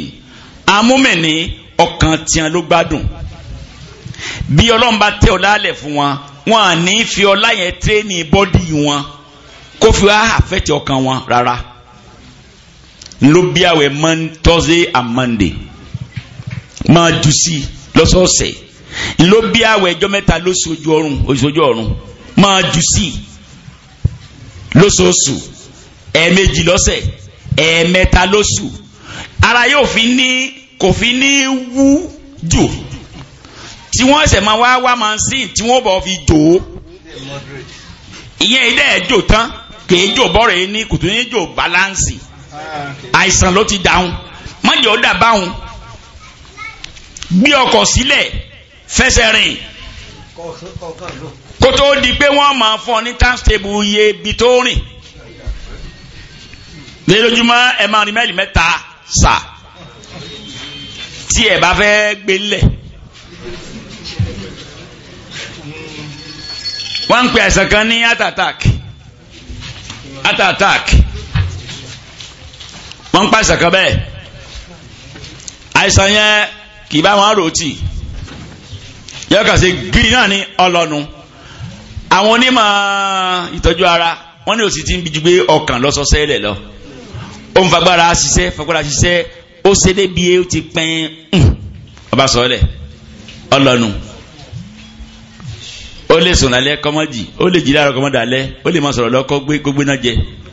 amúmìnì ọkàn tiẹ̀ ló gbádùn bí ọlọ́run bá tẹ́ ọ lálẹ̀ fún wọn wọn à ní fi ọlá yẹn tréní bọ́dì wọn kó fi wá àfẹ́tì ọkàn wọn rárá ló bí àwẹ̀ mọ́n tọ́sí and Monday máa jù sí lọ́sọ̀ọ̀sẹ̀ ló bí àwẹ̀ ẹjọ́ mẹ́ta lóṣoojú ọrùn oṣoojú ọrùn máa jù sí lóṣooṣù ẹ̀ẹ̀mejì lọ́sẹ̀ ẹ̀ẹ̀mẹ́ta lóṣù ara yóò fi ní kò fi ní wú jù tí wọ́n ẹsẹ̀ máa wá wá máa ń sìn tí wọ́n bọ̀ fi jò ó ìyẹn ilé ẹ̀ jò tán kì í jò bọ́ọ̀rọ̀ yìí ní kùtù ní jò báláǹsì àìsàn ló ti dáhùn mọ́jọ́ dà báhùn gbé ọkọ̀ sílẹ̀ fẹsẹ̀ rìn kó tó di pé wọ́n máa fún ọ ní tánsítébù iye ibi tó rìn lójoojúmọ́ ẹ máa rìn mẹ́lì mẹ́ta sà tí ẹ bá fẹ́ gbélé wọ́n ń pè àìsàn kan ní heart attack heart attack wọ́n ń pa àìsàn kan bẹ́ẹ̀ àìsàn yẹn kì í bá wọn rò tì yọ kà sí gírí náà ní ọlọ́nu àwọn onímọ̀ ìtọ́jú ara wọ́n ní òsì tí ń bi ju pé ọkàn lọ́sọ̀ọ́sẹ́ lẹ̀ lọ ó ń fagbára ṣiṣẹ́ fagbára ṣiṣẹ́ ó ṣe débi ó ti pẹ́ẹ́n ọba sọ̀ọ́lẹ̀ ọlọ́nu ó lè sùn lálẹ́ kọ́mọ́jì ó lè jí láàárọ̀ kọ́mọ́dà alẹ́ ó lè máa sọ̀rọ̀ lọ́kọ́ gbé gbogbo náà jẹ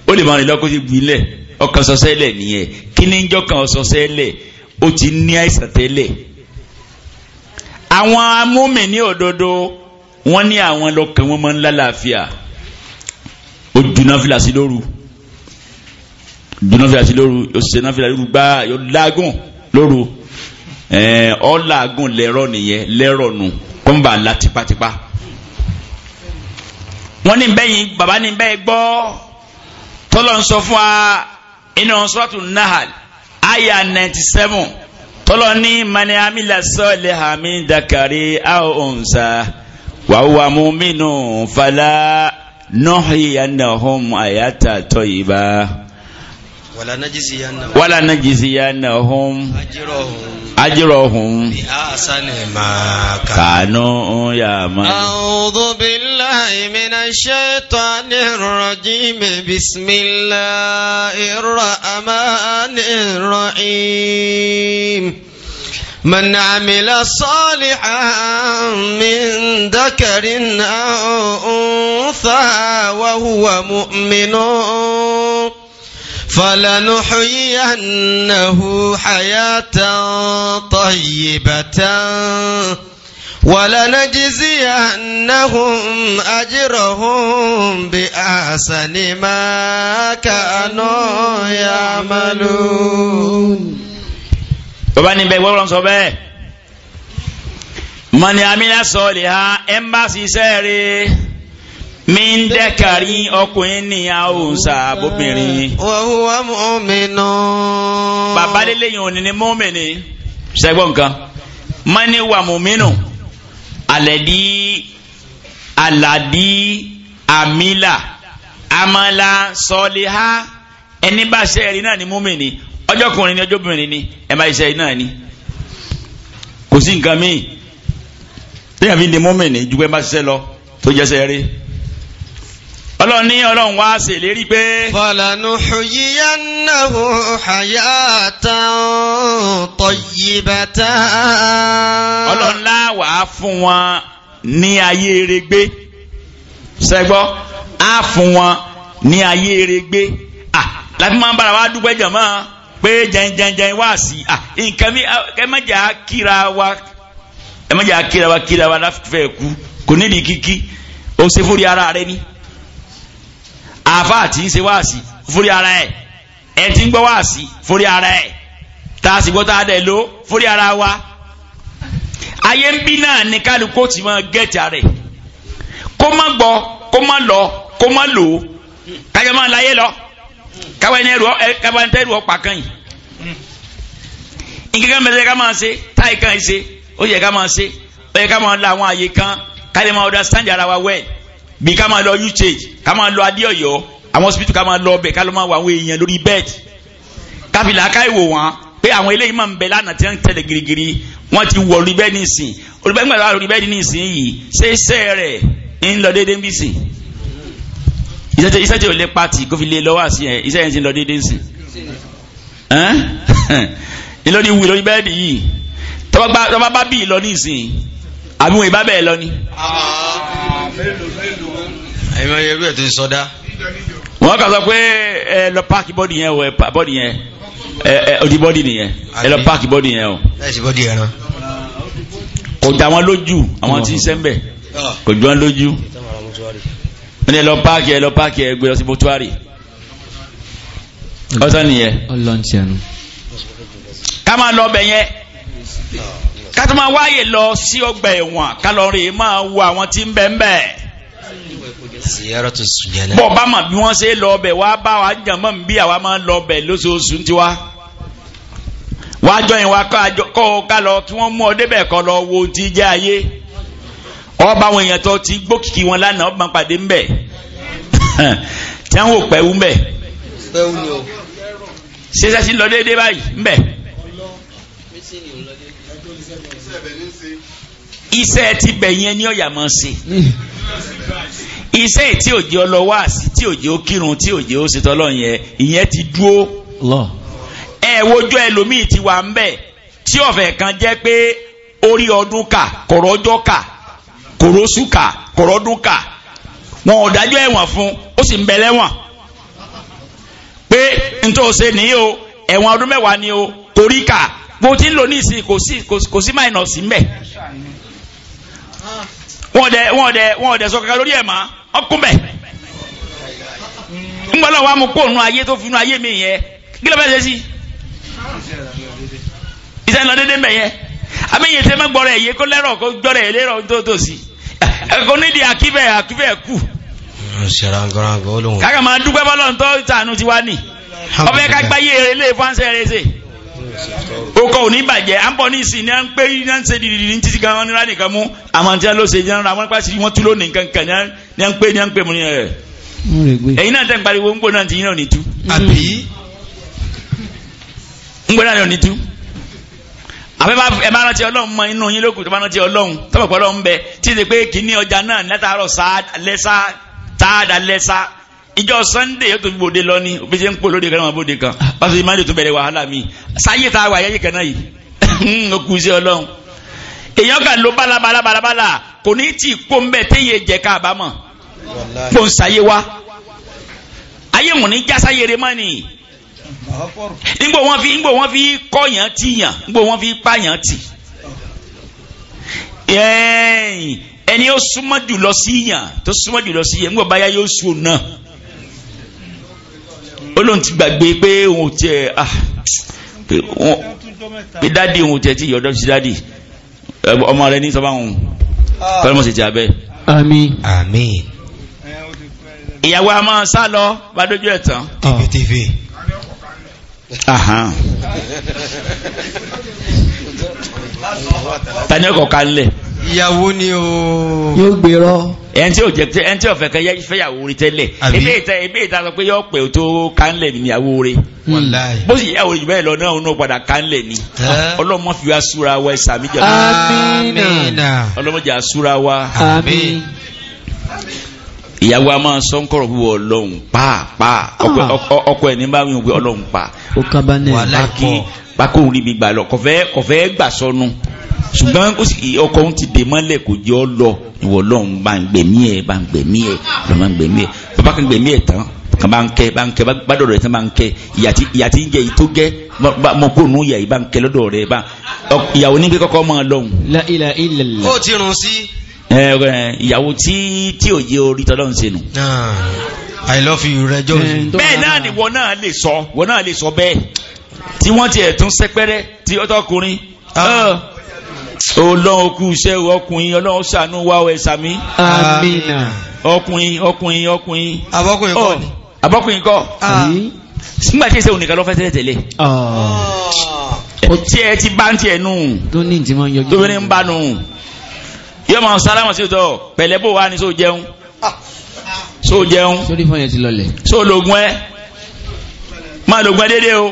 ó lè máa rìn lọ́kọ́ sí bu ilẹ̀ ọkàn sọ̀sẹ́lẹ̀ nìyẹn kí ní jọ́kàn sọ̀sẹ́lẹ̀ ó ti ní àìsàn tẹ́lẹ̀ àwọn amúmi ní òdodo wọ́n ní àwọn lọ́kàn wọn máa ń lálàáfíà ó dunná fìlàsí lóru dunná fìlàsí lóru òṣìṣẹ́ náà gbá yóò lágùn lóru ọ làágùn lẹ́rọ̀ nìyẹn lẹ́rọ̀ nù kọ́ńbà la tipátipá wọ́n ní bẹ́ẹ̀ yìí bàbá ní bẹ́ẹ̀ gbọ́ tọ́lọ́ ń sọ fún wa inú sọ́tún nahal aya ninety seven tọ́lọ́ ní mani amila sọ́ọ̀lẹ̀ hami dakari aw onsa wà wà mú minnu fala nọ́ọ̀hì yanahum ayata tọ́yìbá. ولا نجزيانهم أجرهم أجرهم ما كانوا يعملون أعوذ بالله من الشيطان الرجيم بسم الله الرحمن الرحيم من عمل صالحا من ذكر أو أنثى وهو مؤمن فلنحيينه حياة طيبة ولنجزينهم أجرهم بأحسن ما كانوا يعملون bàbá ní bẹ́ẹ̀ gbọ́dọ̀ sọ bẹ́ẹ̀ mọ̀nì àmì náà sọ lè ha ẹ̀ ń bá min dẹ́kari ọkùnrin ní àwòsà bóbìnrin. wọ́n wá mọ́mìnà. bàbá délé òní ni mọ́mìnì ṣẹ́gbọ́n nǹkan mọ́ni wà mọ́mìnà àlẹ́dí àlàdí àmìlà àmàlà sọ́líhá ẹni bá ṣe ẹ̀rí náà ni mọ́mìnì ọjọ́kùnrin ni ọjọ́bìnrin ni ẹ̀ máa ṣe ẹ̀rí náà ni kò sí nǹkan míì téèyàn fi ń di mọ́mìnì ju ṣiṣẹ́ lọ tó jẹ́ sẹ́ẹ̀rí ọlọ́run ní ọlọ́run wá ṣe lérí pé. falanuhyiyannahu hayatan tayyibatan. ọlọ́run láwà á fún wọn ní ayé erégbé ṣẹgbọ́ á fún wọn ní ayé erégbé láti máa ń bára wa dúpẹ́ jọ̀mọ́ pé jẹnjẹnjẹn wá sí nǹkan mi ẹ kíra wa ẹ kíra wa kíra wa láti fẹ́ kú kò nídìí kíkí o ṣe fúri ara rẹ ni àáfà àti ń ṣe wáàsí fúrí ara ẹ̀ ẹ̀ ti ń gbọ́ wáàsí fúrí ara ẹ̀ tá a sì gbọ́ tá a dẹ̀ ló fúrí ara wa ayé ń bí náà ni kálukú ti máa gẹ̀ẹ́tì ara ẹ̀ kó má gbọ́ kó má lọ kó má lò ó kájọ máa láyé lọ káwa ẹni ẹrù ẹ káwa ẹni ẹrù ọ̀pá kan yìí nǹkan kan mẹ́tẹ́ẹ̀ká máa ṣe táyì kan ṣe ó yẹ ká máa ṣe ó yẹ ká máa la àwọn àyè kan ká lè máa understand ara wa well bí ká máa lọ uchage ká máa lọ adéọyọ àwọn hospital ká máa lọ ọbẹ ká lọ máa wọ àwọn èèyàn lórí bed kábìlà ká ìwò wọn pé àwọn eléyìí máa ń bẹ lánàá tí wọn ń tẹ̀lé girigiri wọn ti wọ orí bẹ́ẹ̀ nìsín orí bẹ́ẹ̀ nígbà orí bẹ́ẹ̀ nìsín yìí ṣé iṣẹ́ rẹ̀ ń lọ déédéé bí sìn iṣẹ́ tí ò lé pati kó fi lé lọ́wọ́ àti iṣẹ́ yẹn ti lọ déédéé sìn [laughs] ìlọrin wù lórí bẹ́ẹ̀dì yìí tọ́ba bá bí ìlọ nìsín àbí wọn ìbá bẹ́ẹ̀ lọ ni àìmọ irú ẹ̀ tó ń sọdá. wọ́n kà sọ pé ẹ lọ páàkì bọ́ọ̀dì yẹn o bọ́ọ̀dì yẹn ẹ odi bọ́ọ̀dì nìyẹn ẹ lọ páàkì bọ́ọ̀dì yẹn o. láìsí bọ́ọ̀dì yẹn náà. kò dá wọn lójú àwọn tí ń sẹ́ńbẹ̀ ah. kò dá wọn lójú. wọ́n ní ẹ lọ páàkì ẹ lọ páàkì ẹ gbé lọ sí mọ́túárì. ọ̀sán nìyẹn. ká máa lọ bẹ̀ yẹn kátó máa wáyè lọ sí ọgbà ẹ̀wọ̀n kálọ̀rì máa wo àwọn tí ń bẹ ń ziyaratu sujana. bọ́ bá mọ̀ bí wọ́n ṣe lọ ọbẹ̀ wá bá wa jàmọ́ ń bí àwa máa ń lọ ọbẹ̀ lóṣooṣù ti wá. wá jọyìn wa kọ́ ọ ká lọ kí wọ́n mú ọ débẹ̀ kọ́ lọ wo ti jẹ́ ayé. ọba àwọn èèyàn tó ti gbókìkì wọn lánàá ọba pàdé ń bẹ̀. [laughs] tí wọ́n wò pẹ́wú ń bẹ̀. pẹ́wú ni o. ṣé sẹ́sì lọ déédéé báyìí ń bẹ̀. iṣẹ́ ti bẹ̀ yẹn ọ̀yà máa ń ṣe. [laughs] iṣẹ́ tí òjì ọlọ́wọ́ àsì tí òjì ó kírun tí òjì ó ṣetọ́ lọ́n yẹn ìyẹn ti dúó. ẹ wojú ẹlòmíì ti wà ń bẹ̀ tí ọ̀fẹ́ kan jẹ́ pé orí ọdún kà kọ̀rọ̀jọ́ kà kòrósù kà kọ̀rọ̀dún kà wọn ò dájọ́ ẹ̀wọ̀n fún ó sì ń bẹ lẹ́wọ̀n pé ntòsí ni o ẹ̀wọ̀n ọdún mẹ́wàá ni o torí kà bó ti ń lò ní ìsìn kò sí kò sí máìnà sí mbẹ wọn dẹ wọn dẹ wọn dẹ sọ kankan lórí ẹ̀ máa ọkùn bẹ̀ mm. ńgbọ́lọ̀ wa mú kóònù ayé tó fi inú ayé mi yẹ kí ló bá ṣe sí iṣẹ́ lọ dédé mẹ́yẹ amẹ́yẹ tẹ́ mọ́ gbọ́rọ̀ ẹ̀yẹ kó lẹ́rọ̀ kó gbọ́rọ̀ ẹ̀yẹ lẹ́rọ̀ tó tó sí ẹ̀kọ́ nídìí àkíbẹ̀ àkíbẹ̀ kù kága máa dúpẹ́ bọ́lọ̀ ń tọ́ ìtànú ti wá nì ọbẹ̀ ká gbáyé eré fáńsẹ̀ rẹ̀ ṣe ó kọ́ òní bàjẹ́ à ń bọ̀ ní ìsìn ní à ń pé ní à ń ní à ń pè ní à ń pè mú ní ẹ̀ ẹ̀yin náà tẹ́ ń pariwo ń gbóná àti yín náà ní tú. àbí. ń gbóná àti ní tú. àbẹ́ bá ẹ máa rántí ọlọ́run mọ inú yín lókùn tó máa rántí ọlọ́run tọ́pọ̀ pọ̀ ọlọ́run bẹ tí ì ṣe pé kìíní ọjà náà látàárọ̀ sáà táàdà lẹ́sà ìjọ sunday yóò tó fi bòde lọ ní òbí ṣe ń pò lóde kan náà bòde kan pàṣẹ ìmáàlì tó bẹ̀rẹ̀ wàhálà mi sáyé tá a wà yẹ́yẹ́ kan náà yìí ó kú sí èèyàn kan ló bálabàlà bàlàbàlà kò ní tí kó ń bẹ téye jẹ ká àbámọ̀ kó ń sáyé wa ayé wọn ní jásáyére mọ́ ni ngbò wọn fi ngbò wọn fi kọyàn tìyàn ngbò wọn fi pààyàn tì ẹni yóò súnmọ́ jùlọ sí yàn tó súnmọ́ jùlọ sí yàn ngbò báyà yóò sùn náà olóhùn ti gbàgbé pé òun tiẹ̀ ah pé dáàdi òun tiẹ̀ ti yọ̀dọ̀ sí dáàdi ọmọ rẹ ní sọ báwọn kọ́lọ́mọ̀ sì ti abẹ́. àmín. àmín. ìyàwó a máa sá lọ bá dójú ẹ̀ tán. tv ah. tani ọkọ̀ kan lẹ̀ ìyàwó ni o. yóò gbèrọ. ẹn tí ò jẹ ẹn tí ò fẹ́ kẹ fẹ́yàwó rí tẹ́lẹ̀ ebe ìta ebe ìta sọ pé yọ pé o tó kánlẹ ní ìyàwó rẹ bó sì yàwó jù bẹ́ẹ̀ lọ náà òun náà padà kánlẹ ni ọlọ́mọ fi wá súra wa ẹ̀sà mi jẹ amínà ọlọ́mọ jà súra wa àmín ìyàwó a máa sọ ń kọ̀rọ̀ wíwọ ọlọ́run pàápàá ọkọ ah. ẹ̀ ní bá wíwọ ọlọ́run pa wàlákì pákó òun níbi ṣùgbọ́n ọkọ òun ti dè mọ́lẹ̀ kò jẹ́ ọ lọ ìwọ lọ́hùn bá ń gbẹ̀mí ẹ̀ bá ń gbẹ̀mí ẹ̀ lọ́ bá ń gbẹ̀mí ẹ̀ bàbá kan gbẹ̀mí ẹ̀ tán kan bá ń kẹ́ bá ń kẹ́ bá dọ̀dọ̀ rẹ̀ tán bá ń kẹ́ ìyá tí ń jẹ yìí tó gẹ́ mọ̀kónú ìyá yìí bá ń kẹ́ lọ́dọ̀ rẹ̀ bá ìyàwó ní kíkọ́kọ́ mọ́ ọ lọ́hùn. ó ti rùn sí. ìyàwó tí tí òye orí tọ́lọ́ I love you rẹ jọ́sìn. bẹ́ẹ̀ náà ni wọ́n náà lè sọ wọ́n náà lè sọ bẹ́ẹ̀ tí wọ́n tiẹ̀ tún sẹ́pẹ́rẹ́ tí ọtọkùnrin ah ọlọ́run kú iṣẹ́ ọkùnrin ọlọ́run ṣàánú wá ọ ẹ̀sà mi. amina. ọkùnrin ọkùnrin ọkùnrin. abọ́kùnrin kọ́ ni. abọ́kùnrin kọ́. nígbà tí ìṣe nìkan ló fẹ́ tẹ́lẹ̀ tẹ́lẹ̀. tí ẹ ti bá ń tiẹ̀ nù. tó ní ìdìmọ̀ yọjú. tó ní ń bá nù. yóò máa sálámà sí ìtọ́ pẹ̀lẹ́ bò wá ní sóò jẹun. sóò jẹun. sórí fún yẹn ti lọlẹ̀. sóò lògùn ẹ. máa lògùn ẹ déédéé o.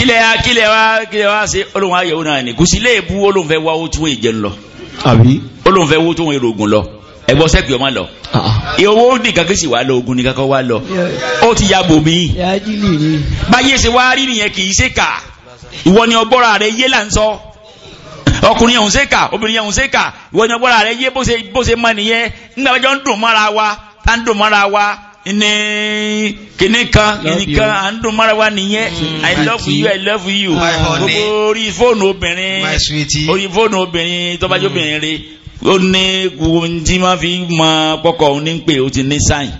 kílẹ̀ wa kílẹ̀ wa kílẹ̀ wa ṣe olóhùn ayẹwo náà ni kùsì lè bu olóhùn fẹ́ wá owó tí wọ́n jẹun lọ. àbí. olóhùn fẹ́ wó tí wọ́n èrògùn lọ ẹgbọ́n sẹ́kì ọmọ lọ. Ah, ah. owó nìkan kí sì wá lọ ogun nìkan kọ́ wá lọ. ó ti ya bò mí. báyé ṣe wá rí nìyẹn kì í ṣe kà ìwọ ni ọgbọ́ra rẹ yé là ń sọ ọkùnrin ẹ̀hún ṣe kà obìnrin ẹ̀hún ṣe kà ìwọ ni ọgbọ́ra rẹ yé bó ṣe mọ nìyẹn nígbà wájọ ń dùn mọ́ra wa tá ń dùn mọ́ra wa ní kìnnì à ń dún mọ́ra nìyẹn i love you i love you gbogbo orí fóònù obìnrin orí fóònù obìnrin tó mm. obìnrin rẹ̀ ó ní gbogbo tí wọ́n fi mọ kọ́kọ́ òun ní pé ó ti ní sáìn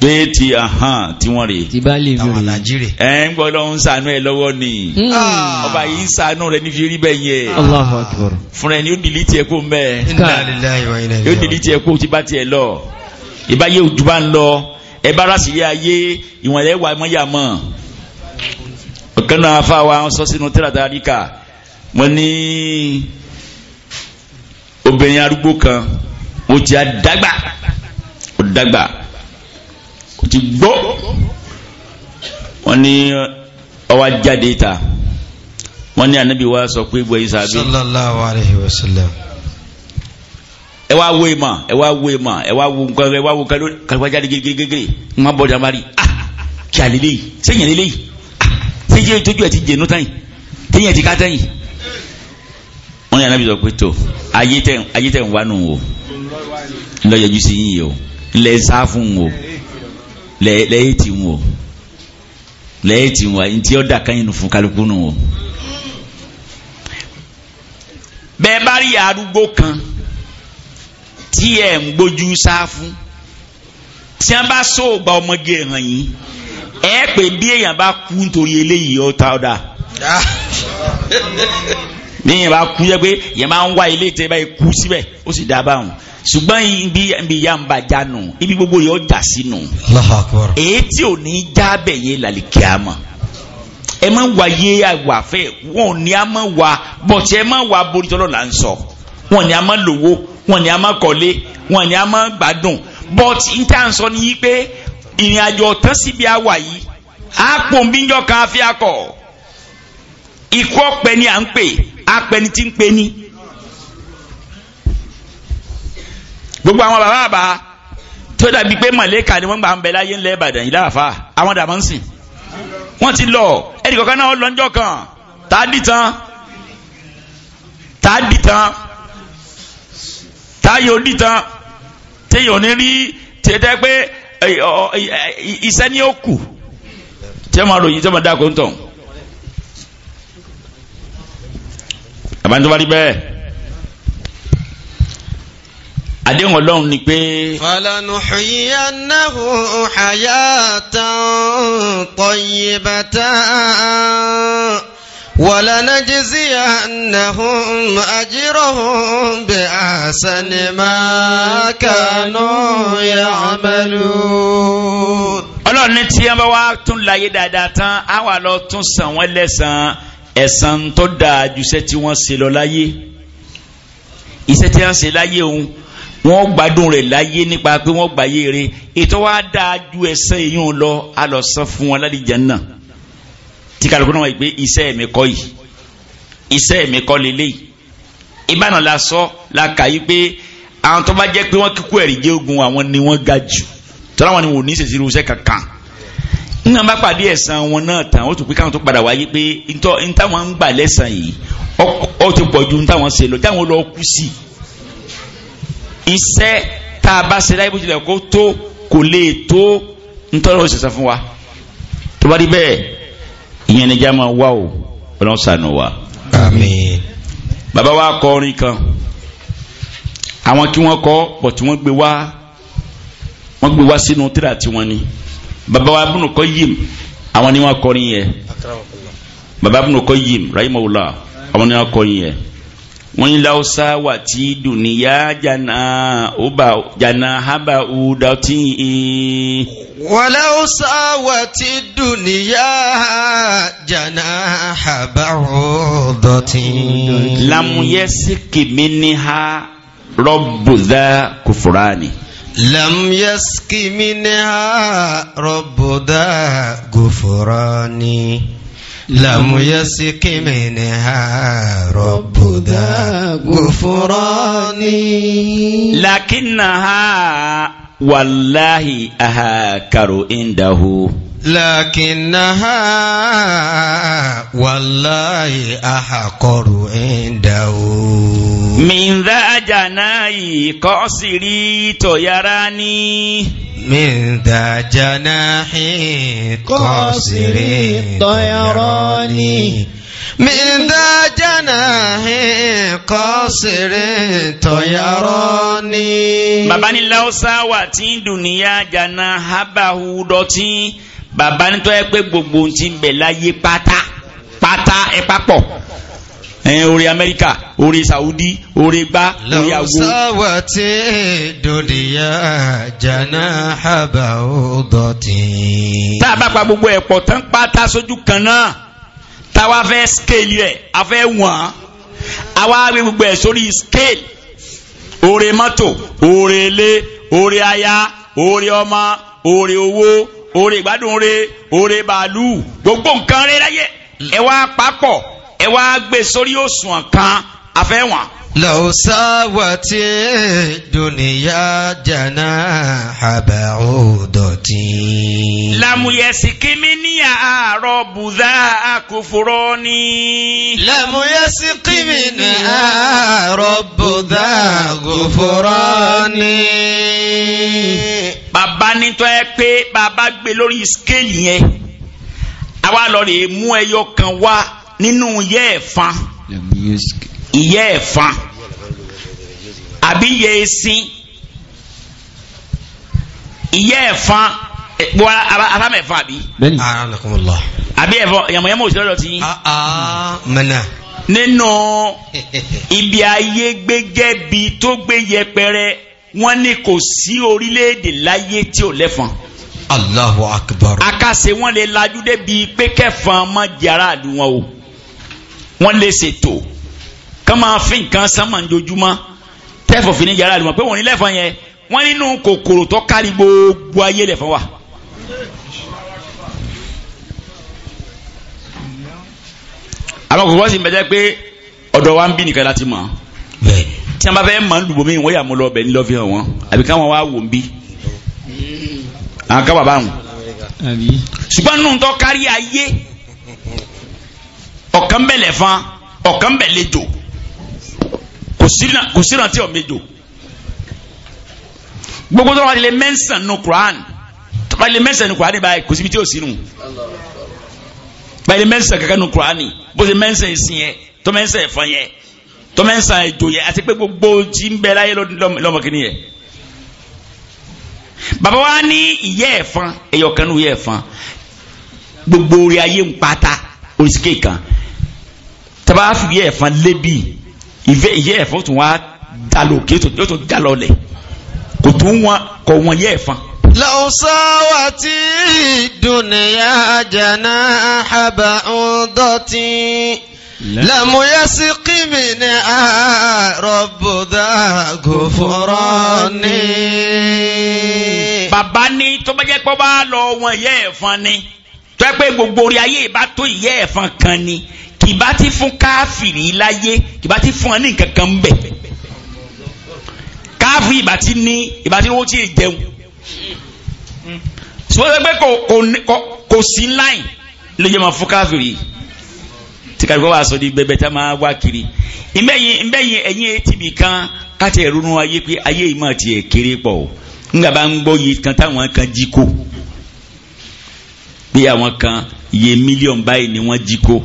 pé ti ahàn wọ́n rè. ti bá lè rè. ẹ ń gbọ́dọ̀ ń sànú ẹ lọ́wọ́ ni. Mm. Ah. ọba yìí ń sànú rẹ ní fi rí bẹ́ẹ̀ yẹ. fúnra ẹni ó dìlí tiẹ̀ kó mẹ́ẹ̀. ó dìlí tiẹ̀ kó ti bá tiẹ̀ lọ. ìbáyé òjò ń lọ ẹ bá rásì yé ayé ìwọ̀n ẹ̀ wà mọ́yàmọ́ ọ̀kan náà afa wa sọ sínú tíratà àríkà wọ́n ní obìnrin arúgbó kan ó ti dàgbà ó dàgbà ó ti gbó wọ́n ní ọwọ́ jáde ta wọ́n ní anabi wa sọ pé gbọ́ yìí sábẹ́. sallallahu alayhi wa sallam ẹ wá wo ìmọ̀ ẹ wá wo ìmọ̀ ẹ wá wo nǹkan ẹ wá wo kẹló kẹlẹ́wájà gégégégé ń má bọ̀ jàmbá rí ah kí alẹ́ léyìí sẹ́yìn alẹ́ léyìí ah sẹ́yìn ìtọ́jú ẹ̀ ti jẹ̀nu tán yìí tẹ́yìn ẹ̀ ti ká tán yìí. wọ́n yàrá bí sọ pé tó ayé tẹ̀ ayé tẹ̀ ń nù o lọ́yọ̀jú sí yìí o lẹ́ sá fún o lẹ́yìn tì ń o lẹ́yìn tì ń o ntí ọ̀dà kan yìí fún kálukú nù o. bẹ́ẹ̀ bá rí arúgbó kan tí ẹ̀ ń gbójú sáfù tí wọ́n bá sóògbà ọmọge hàn yín ẹ pé bí èèyàn bá kú nítorí eléyìí ọ̀tá ọ̀dà bí èèyàn bá kú yẹ pé èèyàn máa ń wá ilé ìtẹ́ báyìí kú síbẹ̀ ó sì dáa báwọn ṣùgbọ́n ibi ibi ìyá ń bàjá nù ibi gbogbo yóò jà sí nù èyí tí ò ní já bẹ̀ yé làlìkí àmọ́ ẹ má wá yé àwàfẹ́ wọn ò ní a má wá bọ̀tí ẹ má wá borí tọ́lọ́ là ń sọ wọn ò ní a má lówó wọn ni a máa kọ́lé wọn ni a máa gbádùn but n tá à ń sọ nìyí pé ìrìn àjò ọ̀tán síbi àwà yìí á pòun bí njọ́ kan fi akọ̀ ikú ọ̀pẹ ni à ń pè apẹni tí ń pe ni. gbogbo àwọn bàbá bàbá tó dàbí pé màlẹ́kà ni wọ́n gbà ń bẹ láyé ńlẹ́ Ìbàdàn yìí láàfà àwọn dàmọ́ ń sìn wọ́n ti lọ ẹnì kọ̀ọ̀kan náà lọ́njọ́ kan tá a dì tán tá a dì tán táyọ̀ dìtàn téèyàn ní rí tẹ́tẹ́ pé iṣẹ́ ni ó kù tẹ́ máa ròyìn tẹ́ máa dáko ń tàn. àbájọ bá rí bẹ́ẹ̀ àdéhùn ọlọ́run ni pé. falanuhyiyannahu hayatan tayyibatan. ولنجزينهم أجرهم بأحسن ما كانوا يعملون ọlọ́run ní tí wọ́n bá wá tún láyé dáadáa tán á wà lọ tún san wọ́n lẹ́sàn-án ẹ̀san tó dáa ju iṣẹ́ tí wọ́n ṣe lọ láyé iṣẹ́ tí wọ́n ṣe láyé òun wọ́n gbádùn rẹ̀ láyé nípa pé wọ́n gbàyè rẹ̀ ètò wa dáa ju ẹ̀san èyí lọ á lọ san fún wọn lálẹ́ Jánnà tí kálukú náà wà pé iṣẹ́ mi kọ́ yìí iṣẹ́ mi kọ́ lélẹ́yìí ìbáná la sọ la kà yí pé àwọn tó bá jẹ́ pé wọ́n kíkú ẹ̀rí jẹ́ ogun àwọn ni wọ́n ga jù tọ́lá wọn ni wò ní ìṣèṣirò irúṣẹ́ kankan nǹkan bá pàdé ẹ̀san wọn náà tán ó tún pé káwọn tó padà wáyé pé ntáwọn ń gbà lẹ́san yìí ó ti pọ̀ ju ntáwọn ṣe lọ táwọn lọ kú sí i iṣẹ́ tá a bá ṣe láyé bó tilẹ̀ kó tó kò lè tó ntọ́lọ́ òṣèṣàn fún wa tó bá rí bẹ́ẹ̀ ìyẹn ni jáma wá o ọlọ́run ṣàánú wa. àmín. bàbá wa kọ orin kan àwọn tí wọ́n kọ pọ̀ tí wọ́n gbé wá wọ́n gbé wá sínú tíra tí wọ́n bàbá wa Ibn Qayyim àwọn ni wọ́n kọrin yẹn bàbá Ibn Qayyim rahimahullah àwọn ni wọ́n kọrin yẹn wọ́n yín láwùsá wà tí dùnìyà jana ọba jana haba ọdọ tí ń. wọ́n láwùsá wà tí dùnìyà jana haba ọdọ tí ń. lamuyẹsi kìmí ni ha rọ́bùdá kùfúránì. لم يسك منها رب ذا غفران لم يسك منها رب ذا غفران لكنها والله أهاكر عنده لكنها والله أحقر عنده من ذا جناي قصري تيراني من ذا جناحي قصري طيراني من ذا جناحي قصر طيراني بابا ni láwùsá wà tí dùnìyà jàǹdà hábàhù dọ̀tí bàbá nítorí ẹ pé gbogbo ohun tí ń bẹ láyé pátá pátá ẹ papọ̀ ẹ̀yìn orí amẹ́ríkà orí saudi orí gbá orí agbó lọ́sọ́wọ́ dòdìyà jana haba ọdọ̀tí tá a bá pa gbogbo ẹ̀pọ̀ tán pátá sójú kan náà táwa fẹ́ scale rẹ̀ a fẹ́ wọ̀n àwa gbé gbogbo ẹ̀ sórí scale orí mọ́tò orí ilé orí aya orí ọmọ orí owó oore ìgbádùn re oore bàálù gbogbo nǹkan rẹ láyé ẹ wá papọ̀ ẹ wá gbé e sórí òṣùwọ̀n kan afẹ́ wọn. lọ́sà wà tí dùnìyà jana àbẹ̀ òdòtí. làmúyẹ̀sì kìíní ní àárọ̀ bùdá àkùfùrọ̀ ni. làmúyẹ̀sì kìíní ní àárọ̀ bùdá àkùfùrọ̀ ni. bàbá nítọ́ ẹ pé bàbá gbé lórí skéèlì yẹn àwa lọ rè mú ẹyọ kan wá nínú yẹ́ẹ̀fan. làmúyẹ̀sì kìíní ìyẹ́ ẹ̀fọn àbí ìyẹ́ esin ìyẹ́ ẹ̀fọn gbọ́ arámẹ̀ ẹ̀fọn àbí. bẹ́ẹ̀ni àbí ẹ̀fọn yàmùyàmù òsì lọ́dọ̀ tí. mẹ́nà. nínú [laughs] ibi ayé gbégẹ́ bi tó gbé yẹpẹrẹ wọ́n ní kò sí orílẹ̀-èdè láyé tí ò lẹ́fọn. Allahu akbar. Akase wọn lè lajú débi pé kẹfọn ọmọ jàrá àdúgbò wọn o. Wọ́n lè ṣètò kán máa fi nǹkan sánmà njojúmọ́ tẹ́fọ̀ fi ní yàrá àlùmọ̀ pé wọ́n ní lẹ́fọ̀n yẹn wọ́n nínú kòkòrò tó kárí gbogbo ayé lẹ́fọ̀n wa. àwọn kòkòrò sì ń bẹ́jẹ́ pé ọ̀dọ̀ wa ń bí nìkan láti mọ̀ tí wọ́n bá fẹ́ mọ̀ ń lùbọ̀ mí wọ́n yà mọ́ lọ́ọ́ bẹ̀ ní lọ́fíà wọn àbí káwọn wá wò ń bí àwọn kábà bá wọn. ṣùgbọ́n nínú tó kárí ayé ọ̀kan bẹ̀ lẹ́fọ̀n ọ̀kan bẹ̀ lẹ́jọ́ kò sí ìrántí ọ̀mẹjọ gbogbo tó wà lè mẹ́sàn nù Quran tó wà lè mẹ́sàn nù Quran báyìí kò síbi tí ò sínú báyìí lè mẹ́sàn kankan nù Quran bó ṣe mẹ́sàn ìsìn yẹn tó mẹ́sàn ẹ̀fọn yẹn tó mẹ́sàn ìjò yẹn àti pé gbogbo tí ń bẹ láyé lọ́mọkìnrin yẹn bàbá wa ní ìyẹ́ ẹ̀fọn ẹ̀yọ̀kan ní ìyẹ́ ẹ̀fọn gbogbo orí ayé ń pata oríṣìíkè kan tàbá ẹ̀fọn lébi ìfẹ́ ìyẹ́ ẹ̀fọ́ tún wá dalókè yóò tún dalọ́lẹ̀ kò tún wọn kọ wọn yẹ́ ẹ̀fọn. lọ́sọ̀wọ́ tí dùnìyà jẹ̀nà àbà ọ̀dọ́tì lẹ́múyẹ́sìkì mi ní àrọ̀bùdá gòfòrò ni. bàbá ní tó bá jẹ́ pé bá lọ wọn yẹ́ ẹ̀fọn ni tó yẹ pé gbogbo orí ayé ìbá tó ìyẹ́ ẹ̀fọn kan ni kìbá ti fún káfìrí láyé kìbá ti fún ọ ní nǹkan kan bẹ̀ káfìrí ìbá ti ní ìbá ti wọ́n ti jẹun sọ́dọ̀ pé kò sí láì ló yẹ máa fún káfìrí tí káfìrí wà sọ di bẹbẹ tá máa wá kiri ìbẹ́yìn ẹ̀yìn tìbí kan káti ẹ̀rú ayé pé ayé yìí máa tiẹ̀ kéré pọ̀ nígbà bá ń gbọ́ iye kan táwọn kan jí kó bí àwọn kan iye mílíọ̀nù báyìí ni wọ́n jí kó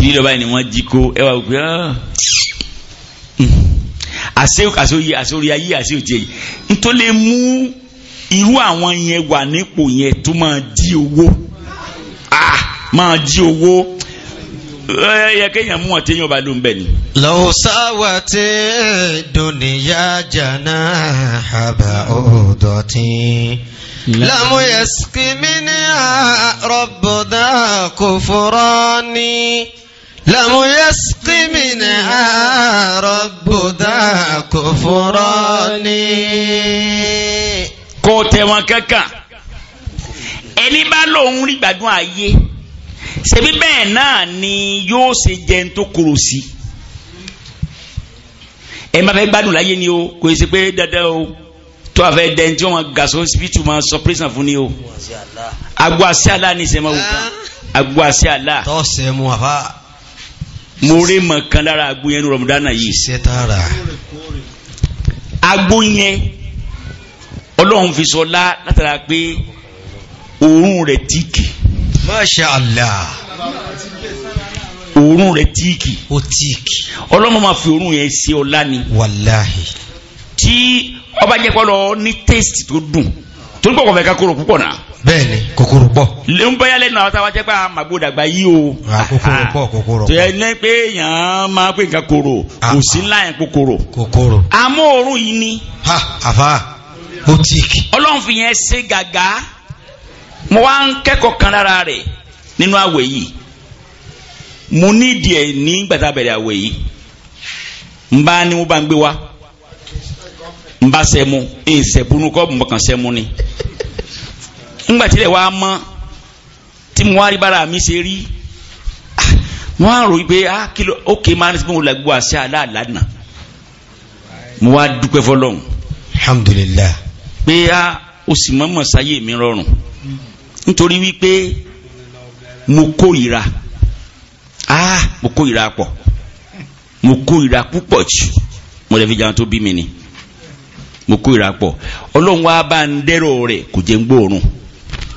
tìrí lọ́ba yìí ni wọ́n jí kó ẹ wà wípé ah. àṣeyí àṣeyí ayé àṣeyí tiẹ̀ yìí nítorí mú irú àwọn yẹn wà nípò yẹn tó máa di owó ah, máa di owó yẹ kéèyàn mú ọtí yóò bá ló ń bẹ ni. lọ́wọ́ sáwà tí dùnìyà jàná àbá òdòtí lámú yẹ sikimi ní àrọ̀bùdá kò fọ́rọ́ ní. لم يسق منها رب ذا كفران kò tẹ̀wọ̀n kankan ẹni bá lòun rí gbádùn ayé ṣebí bẹ́ẹ̀ náà ni yóò ṣe jẹun tó korò sí ẹ má fẹ́ gbádùn láyé ni o kò ṣe pé dandan o tó a fẹ́ dẹ́n tí wọ́n ga sọ síbítù máa sọ pírẹ́sàn fún ni o agbo àṣẹ àlá ni sẹ́mọ̀ wò kan ah. agbo àṣẹ àlá. tọ́ sẹ́mu àfa mo rí mọ̀ kan lára agbo yẹn ní rọmọdánà yìí. iṣẹ́ tààrà. agbo yẹn ọlọ́run fi sọ lá látara pé òórùn rẹ̀ tíìkì. Masha Allah. òórùn rẹ̀ tíìkì. ó tíìkì. ọlọ́run máa fi òórùn yẹn ṣe ọlá ni. wàláhì. tí ọba jẹ́ lọ ní tẹ́sítì tó dùn. tó ń pọ̀ kọfẹ́ púpọ̀ náà. bẹ́ẹ̀ni kòkòrò pọ̀. lẹ́nu bẹ́yà lẹ́nu àwọn táwa jẹ́ pé a gba yí o. kòkòrò ah, pọ̀ kòkòrò pọ̀. tó yẹ ní pé yàn máa pè nǹkan kòrò kò ah. sí ńlá kòkòrò. kòkòrò. amóoru yìí ni. ha àfa mo bá ń wa n bá ńgbàtílẹ̀ wa mọ́ tí mo wá rí bára mi ṣe rí ah, wọ́n á rò wípé á kìlọ̀ ókè máa ń sọ pé mo làgbó àṣẹ aláàlá nà mo wá dúpẹ́ fọlọ́run. alhamdulilayi. pé á ah, o sì mọ̀mọ́ sáyé mi rọrùn nítorí wípé mo kórìíra ah mo kórìíra pọ̀ mo kórìíra púpọ̀ jù mo lè fi jẹun tó bí mi ni mo kórìíra pọ̀ ọlọ́run wa bá ń dẹ́rọ̀ rẹ̀ kò jẹ́ ń gbóòórùn.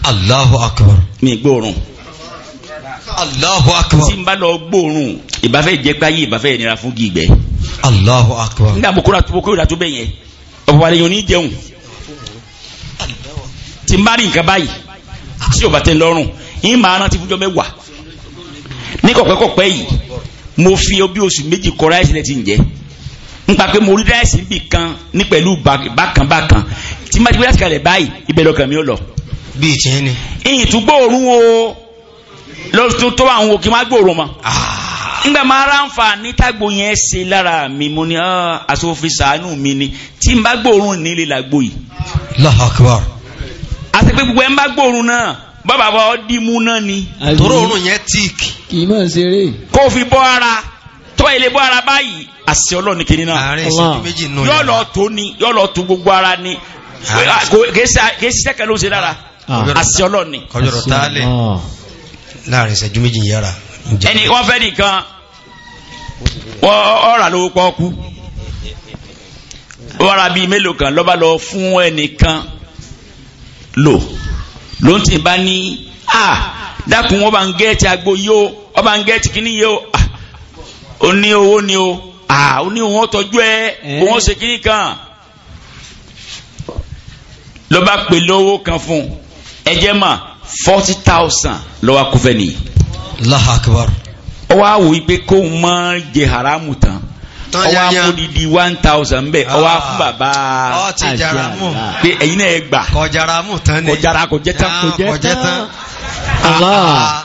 Allahu akbar. mi gbóòórùn. Allahu akbar. tí n bá lọ gbóòórùn ìbáfẹ́ ìjẹ́pẹ́ ayé ìbáfẹ́ ìnira fún gígbẹ́. Allahu akbar. nígbà mo kóra tó kóra tó bẹ́yẹn ọ̀pọ̀ àlejò ní jẹun tí n bá rí nǹkan báyìí tí ò bá tẹ́ lọ́rùn yín máa rántí fúnjọ́ mẹ́wàá ní kọ̀pẹ́kọ̀pẹ́ yìí mo fi bí oṣù méjì kọ ráìsì lẹ́tí ń jẹ́ nípa pé mo rí ráìsì bì kan ní pẹ̀lú bákan bákan tí má ti gbé láti kalẹ̀ báyìí ibẹ̀ lọ́kàn mi ò lọ bí i tiẹ́ ni. ìyìn tún gbòòrùn o ló tún tó àwọn òkè má gbòòrùn mọ́. Ah. nígbà máa ra ń fa nítàgbò yẹn ṣe lára mi mo ní àsòfin ah, sàánù mi ni tí n bá gbòòrùn nílé làgbò yìí. Allahu Akbar. àti pé gbogbo ẹ̀ ń bá gbòòrùn náà bàbá bá ọ dì mú náà ni. tóró òórùn yẹn tíìkì. kì í mọ̀ ṣeré. kó o fi bọ́ ara tó ilé bọ́ ara báyìí àṣẹ ọlọ́ọ̀ni kiri náà. ààrẹ ìṣẹ́jú méjì nù yẹn. yọ tó ni yọ tó gbogbo ara ni kèsì sẹ́kẹ̀ ló ń ṣe dára. Ah. àṣì ọlọ́ni kọjọ́rọ̀ tààlẹ̀ láàrin ìṣẹ́jú méjì yára ẹni wọ́n fẹ́ nìkan ọ̀rà lówó pọ́ọ́kú wọ́ra bíi mélòó kan lọ́ba lọ fún ẹnìkan lò ló ń tì bá ní à dákun wọ́n bá ń gẹ́ẹ̀tì agbo yìí o wọ́n bá ń gẹ́ẹ̀tì kíní yìí o ó ní owó ni o ó ní òun tọ́jú ẹ eh? òun ṣe kíní kan lọ́ba pè lówó kan fún un ẹjẹ́ mà forty thousand lọ́wọ́ akúfẹ́ nìyí. lahakubar. ó wá wò pé kó o má jẹ haramu tán ó wá mú didi one thousand bẹ́ẹ̀ ó wá ah. fún bàbá àjọ pé ẹ̀yin náà ẹ gbà kọjaramu tán ni kọjara kò tán kò jẹ tán. Ah,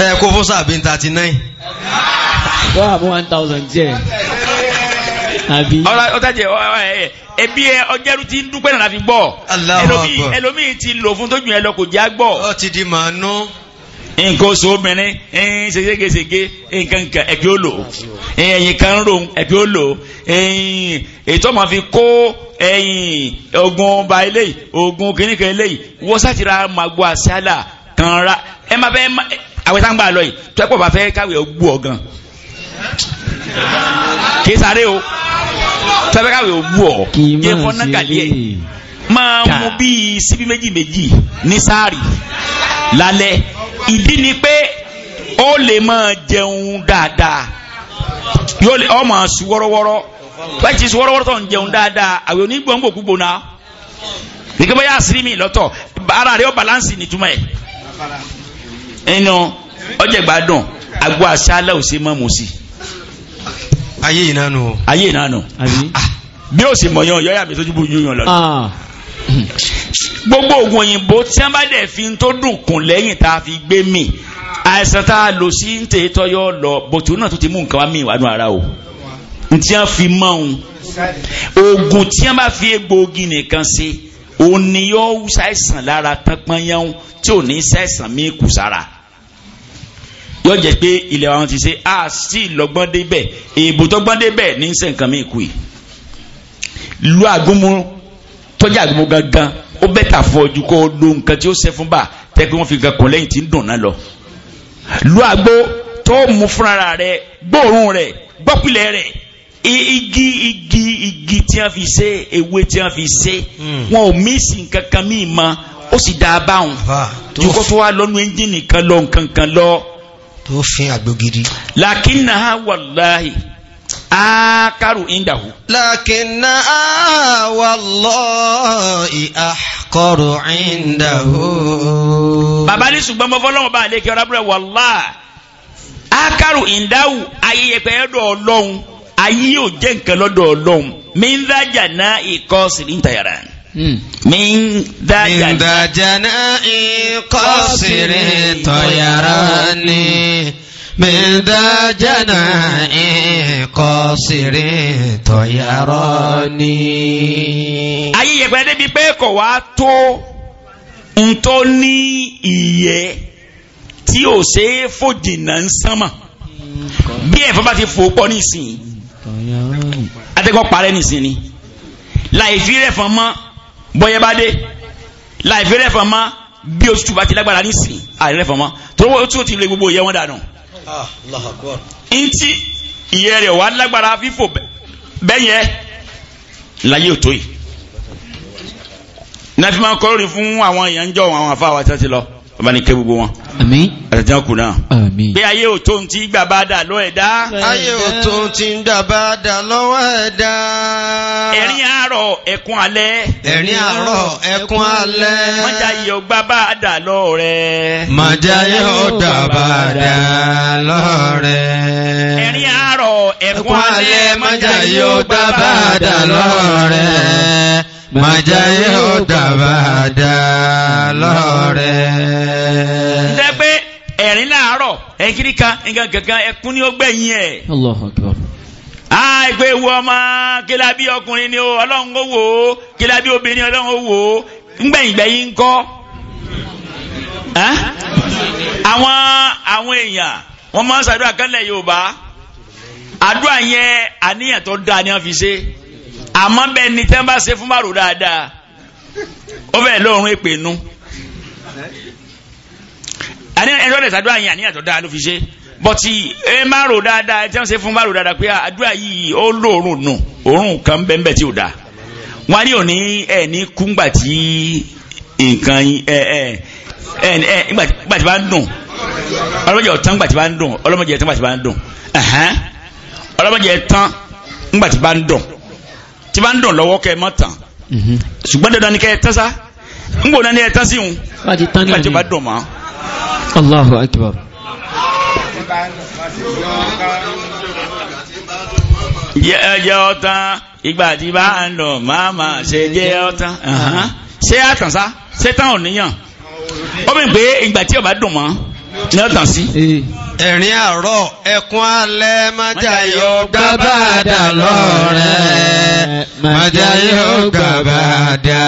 ẹ ah, kó fún sábẹ́ thirty nine. wọ́n á one thousand jẹ́ ọ̀rọ̀ ọ̀tàjẹ̀ ẹbí ẹ ọjẹ́rú ti ń dúpẹ́ nàrà fi gbọ́ ẹlòmíì ti lò fún tójú ẹ lọ kò já gbọ́. ọ ti di màá nú. nǹkan oṣù obìnrin ń ṣèṣégeṣège nǹkan nǹkan ẹ̀bí ó lò ẹ̀yìn kan ń ro ó lò ètò ọmọ fi kó ẹ̀yìn ogun ọba eléyìí ogun kìnnìkan eléyìí wọ́n sátìrà màgbọ́ àṣálà kan ẹ má fẹ́ àwẹ̀ gbà lọ yìí tó ẹ pọ̀ bá fẹ́ káwé ọgbọ́ ọ̀gàn kì í sáré o tọ́bẹ́ káwé o bú ọ yẹ fọ́nà gàlí ẹ̀ máa mú bíi síbí méjì méjì ní sáàrì lálẹ́ ìdí ni pé ó lè máa jẹun dáadáa yóò lè ọmọ sùn wọ́rọ́wọ́rọ́ báyìí ti wọ́rọ́wọ́rọ́ tó ń jẹun dáadáa àwọn onígbọ̀n kò gbogbo ní kébọ́ yà sírí mi lọ́tọ̀ ara rẹ̀ ó balansi nítumọ̀ ẹ̀ ẹnu ọjà ìgbádùn agbo àṣálẹ̀ ò mọ́ mọ́ sí i ayé ìnánu ayé ìnánu bí ó sì mọ̀yán yọ́yà mi sójú yúyàn lọ. Ah. gbogbo oògùn òyìnbó tí wọ́n bá dẹ̀ fi ń tó dùn kùn lẹ́yìn tá a fi gbé mì àìsàn tá a lò sí ń tè tọ́yọ́ lọ bòtú náà tó ti mú nǹkan wá mì wánú ara o tí wọ́n fi mọ́ òun oògùn tí wọ́n bá fi egbòogi nìkan ṣe òun ni yóò ṣàìsàn lára tán pọ́nyán tí ò ní ṣàìsàn mí kù yóò jẹ́ pé ilẹ̀ wa wọn ti ṣe a sì lọ́gbọ́n débẹ̀ èèbò tọ́gbọ́n débẹ̀ ní sẹ̀ǹkan mi kù yìí lu àgúnmu tọ́jà àgúnmu gangan ó bẹ́ tà fún ojú kó lo nǹkan tí ó ṣe fún bà tẹ́ pé wọ́n fi nǹkan kùn lẹ́yìn tí ń dùn náà lọ lu àgbo tó mú fúnra rẹ gbóòórùn rẹ gbọ́pìlẹ̀ rẹ igi igi igi tí wọ́n fi ṣe ewé tí wọ́n fi ṣe hmm. wọn ò mí sí nǹkan kan míì mọ́ ó sì dáa báwọn ju kó tó wá lọ́nu ẹ́ńjìnì kan lọ nǹkan kan lọ tó fin àgbógiri. lakinna ha wàláhì ákàrù ìndàhù. lakinna ha wàláhì ákàrù ìndàhù. bàbá ní ṣùgbọ́n mo fọlọ́wọ́n bá àlékè ọ̀rábùrẹ̀ wàlá ákàrù ìndàhù ayẹyẹpẹ̀ ẹ̀dọ̀ ọlọ́run ayé ò jẹ́ nǹkan lọ́dọ̀ ọlọ́run mi ń dájà ná ìkọ́ sílíǹtàyàrá. من ذا من ذا جناء قصر طيراني من ذا جناء قصر طيراني ayé yẹpẹ débi pé kò wá tó ń tó ní ìyẹ́ tí ò ṣe é fòjìnà ń sánmà bí ẹ̀fọ́ bá ti fò pọ̀ nísìnyí atẹ́kọ̀ọ́ parẹ́ nísìnyí láì fi bọ́yẹ bá dé láìfẹ́ rẹ̀ fọ́n mọ́ bí oṣù tùbá ti lágbára nísìn àìrẹ́ fọ́n mọ́ torí wọ́n tún ti lè gbogbo ìyẹ́ wọn dànù. Ah, ntí ìyẹ́ rẹ̀ wà lágbára fífò bẹ́yẹ láyé òtó yìí. nàfi máa kọ́ lórí fún àwọn èèyàn ń jọ àwọn àfa àwọn àti àti lọ bàbá ní kẹ́ wọn. àmín. àtàjà pé ayé ò ń ti gbà bá dà lọ́ ẹ̀dá. ayé ò ń ti gbà bá dà lọ́wọ́ ẹ̀dá. ẹ̀rín àárọ̀ ẹ̀kún alẹ́. ẹ̀rín àárọ̀ ẹ̀kún alẹ́. mọ̀jà yóò gbà bá dà lọ́ rẹ̀. mọ̀jà yóò gbà bá dà lọ́ rẹ̀. ẹ̀rín àárọ̀ ẹ̀kún alẹ́. mọ̀jà yóò gbà bá dà lọ́ rẹ̀. Màjá yóò dàbà dá lọ́rẹ̀. Ṣé pé láàárọ̀ ẹ̀kiri kan ẹkún ni ó gbẹ̀yìn ẹ̀? Allahu wo ọmọ bí ọkùnrin ni o, ọlọ́run ó wò ó, Àwọn àwọn èèyàn wọ́n máa ń Yorùbá. Àdúrà yẹn àníyàn tó dáa ni wọ́n fi àmọ́ bẹ́ẹ̀ ni tẹ́ ń bá ṣe fún bàrò dáadáa ó fẹ́ lọ́rùn èpè nu ẹjọ́ lè sàdúrà yẹn àníyàn tó dáa ló fi ṣe bọ́tì ẹ má rò dáadáa ẹ tẹ́ ń ṣe fún bàrò dáadáa pé àdúrà yìí ó lóorùn nù òórùn kan bẹ́ẹ̀ tí ò dáa wọn ní òní ẹ ní kúngbà tí nǹkan ẹ ẹ ẹ ẹ gbàtí bá ń dùn ọlọ́mọdé ọ̀tán gbàtí bá ń dùn ọlọ́mọdé ọ̀tán gbàtí bá ń dùn ọlọ́mọdé ọ̀tán gbàtí bá ń dùn tí bá ń dùn lọ́wọ́ kẹ́ ẹ mọ́ tán mhm. ṣùgbọ́n dandan ni kẹ́ ẹ tẹ́sà ń gbọ́dọ̀ ni ẹ tán sí wọn nígbà tí ó bá dùn mọ́. Allahu akbar. jẹ́ ọ̀tán ìgbà tí bá ń lọ máa máa ṣe jẹ́ ọ̀tán ṣé àtànsá ṣé táwọn ò níyàn ó bẹ̀ pé ìgbà tí ó bá dùn mọ́ ní ọ̀tà sí. Eh. ẹ̀rín àárọ̀ ẹkún alẹ́ májàyọ̀ gbàbàdà lọ́rẹ́ májàyọ̀ gbàbàdà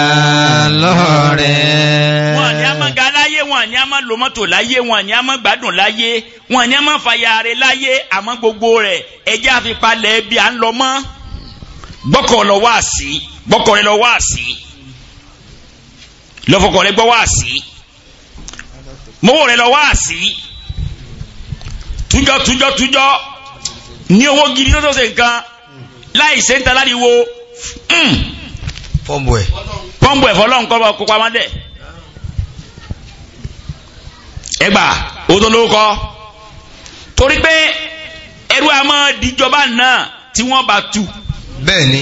lọ́rẹ́. wọn ni a máa ga láyé wọn ni a máa lo mọ́tò láyé wọn ni a máa gbádùn láyé wọn ni a máa fàyàrẹ́ láyé àmọ́ gbogbo rẹ̀ ẹjẹ́ àfipalẹ̀ bí à ń lọ mọ́ gbọ́kọ̀ lọ wá sí gbọ́kọ̀ rẹ lọ wá sí lọ́fọkọ̀ rẹ gbọ́ wá sí mowó rẹ lọ wá sí túnjọ túnjọ túnjọ ní owó gidi tó tó ṣe nǹkan láì ṣe ń ta láti wo hmm. pọ́ǹbù ẹ̀ pọ́ǹbù ẹ̀ fọlọ́n kọ́ bá kópa máa ẹgbà owó tó torí pé ẹrú àmọ́ díjọba náà tí wọ́n bá tu bẹ́ẹ̀ ni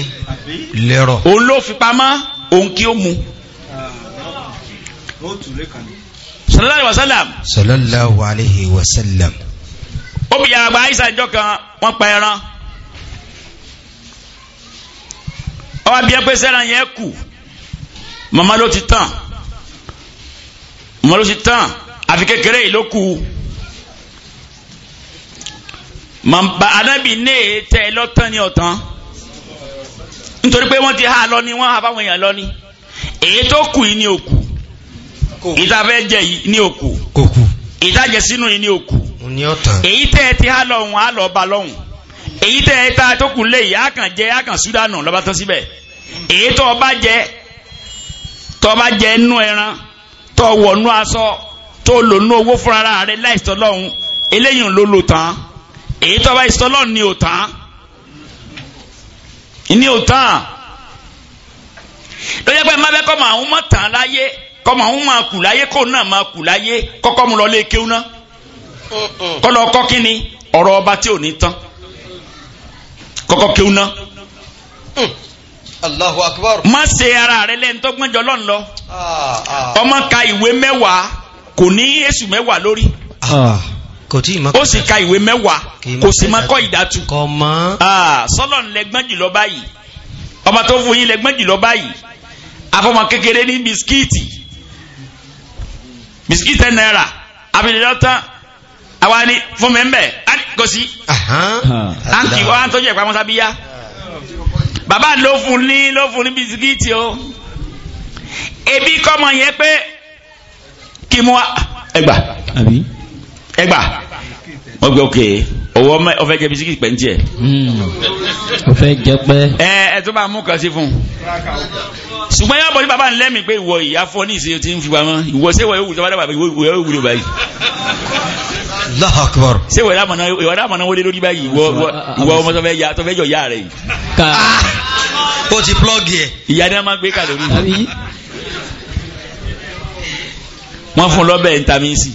lẹ́rọ̀ òun ló fi pamọ́ òun kí ó mu sallallahu alaihi wasallam. sallallahu alaihi wasallam. ó bìyà àgbà àyíṣà ìjọ kan wọ́n pa ẹran. ọba bíi ẹgbẹ́ sẹ́ran yẹn kù màmá ló ti tàn màmá ló ti tàn àfi kékeré yìí ló kù. màmá anábì ní ètè lọ́tàn ní ọ̀tàn nítorí pé wọ́n ti há lọ ni wọ́n há èèyàn lọ ni èyí tó kù yìí ni òkú ìtafẹ́ jẹ yìí ní òkú ìtajẹ sínú yìí ní òkú èyí tẹ́ ẹ ti há lọ́hùn á lọ́ọ́ ba lọ́hùn èyí tẹ́ ẹ ta tó kù lé yìí á kàn jẹ á kàn súdánù lọ́ba tán síbẹ̀ èyí tọ́ ọba jẹ tọ́ ọba jẹ nú ẹran tọ́ wọ̀ nú aṣọ tó lò nú owó fúnra rẹ láìsọ lọ́hùn eléyìí ló lò tán èyí tọ́ ọba ìsọ lọ́hùn ni ò tán ni ò tán lóye pé kọ́ mọ àwọn mọ̀ tán láyé kọ́mọ òun máa kù láyé kó náà máa kù láyé kọ́kọ́ mu lọ lé kéwú ná kọ́lọ́ kọ́ kí ni ọ̀rọ̀ ọba tí ò ní tán kọ́kọ́ kéwú ná. Allahu akbar. má ṣe ara rẹ lẹ́nu tó gbọ́njọ lọ́n lọ ah, ah. ọmọ ka ìwé mẹ́wàá kò ní èsù mẹ́wàá lórí ah, ó sì ka ìwé mẹ́wàá kò sì máa kọ́ ìdátù sọ́lọ̀ ń lẹ́gbọ́n jùlọ báyìí ọmọ tó fún yín lẹ́gbọ́n jùlọ báyìí afọmọ kékeré ní bisikíìtì bisikì ten naira abidjan tán àwa ni fún mi ń bẹ̀ á kò sí. à ń kí wọ́n Baba tọ́jú ẹ̀pá mọ́sábíyá. bàbá ló fún ní ló fún ní bisikíìtì o. ebi kọ́mọ yẹn pé kí mu wa ẹgbà ẹgbà Okay owó ọfẹ́ jẹ bisikì pẹ̀ ń tiẹ̀. ọfẹ́ hmm. jẹ pẹ́. ẹ ẹ tó bá mú kan sí fún un. ṣùgbọ́n yóò bọ̀ sí bàbá ńlẹ́mìí pé ìwọ yìí afọ ní ìṣe tí ń fi pamọ́ ìwọ ṣé ìwọ yóò wùdó bàbá ìwọ yóò wùdó báyìí. Allahu Akbar. ṣé ìwọ dàmọ̀nà ìwọ dàmọ̀nà wọlé lórí báyìí ìwọ ọmọ tó fẹ́ ya tó fẹ́ jọ ya rẹ̀ yìí. o ah! ti plọ́ọ̀gì ẹ̀. ìyá ni a máa gbé kàlórí. wọ́n fún lọ́bẹ̀ ìtàmísì.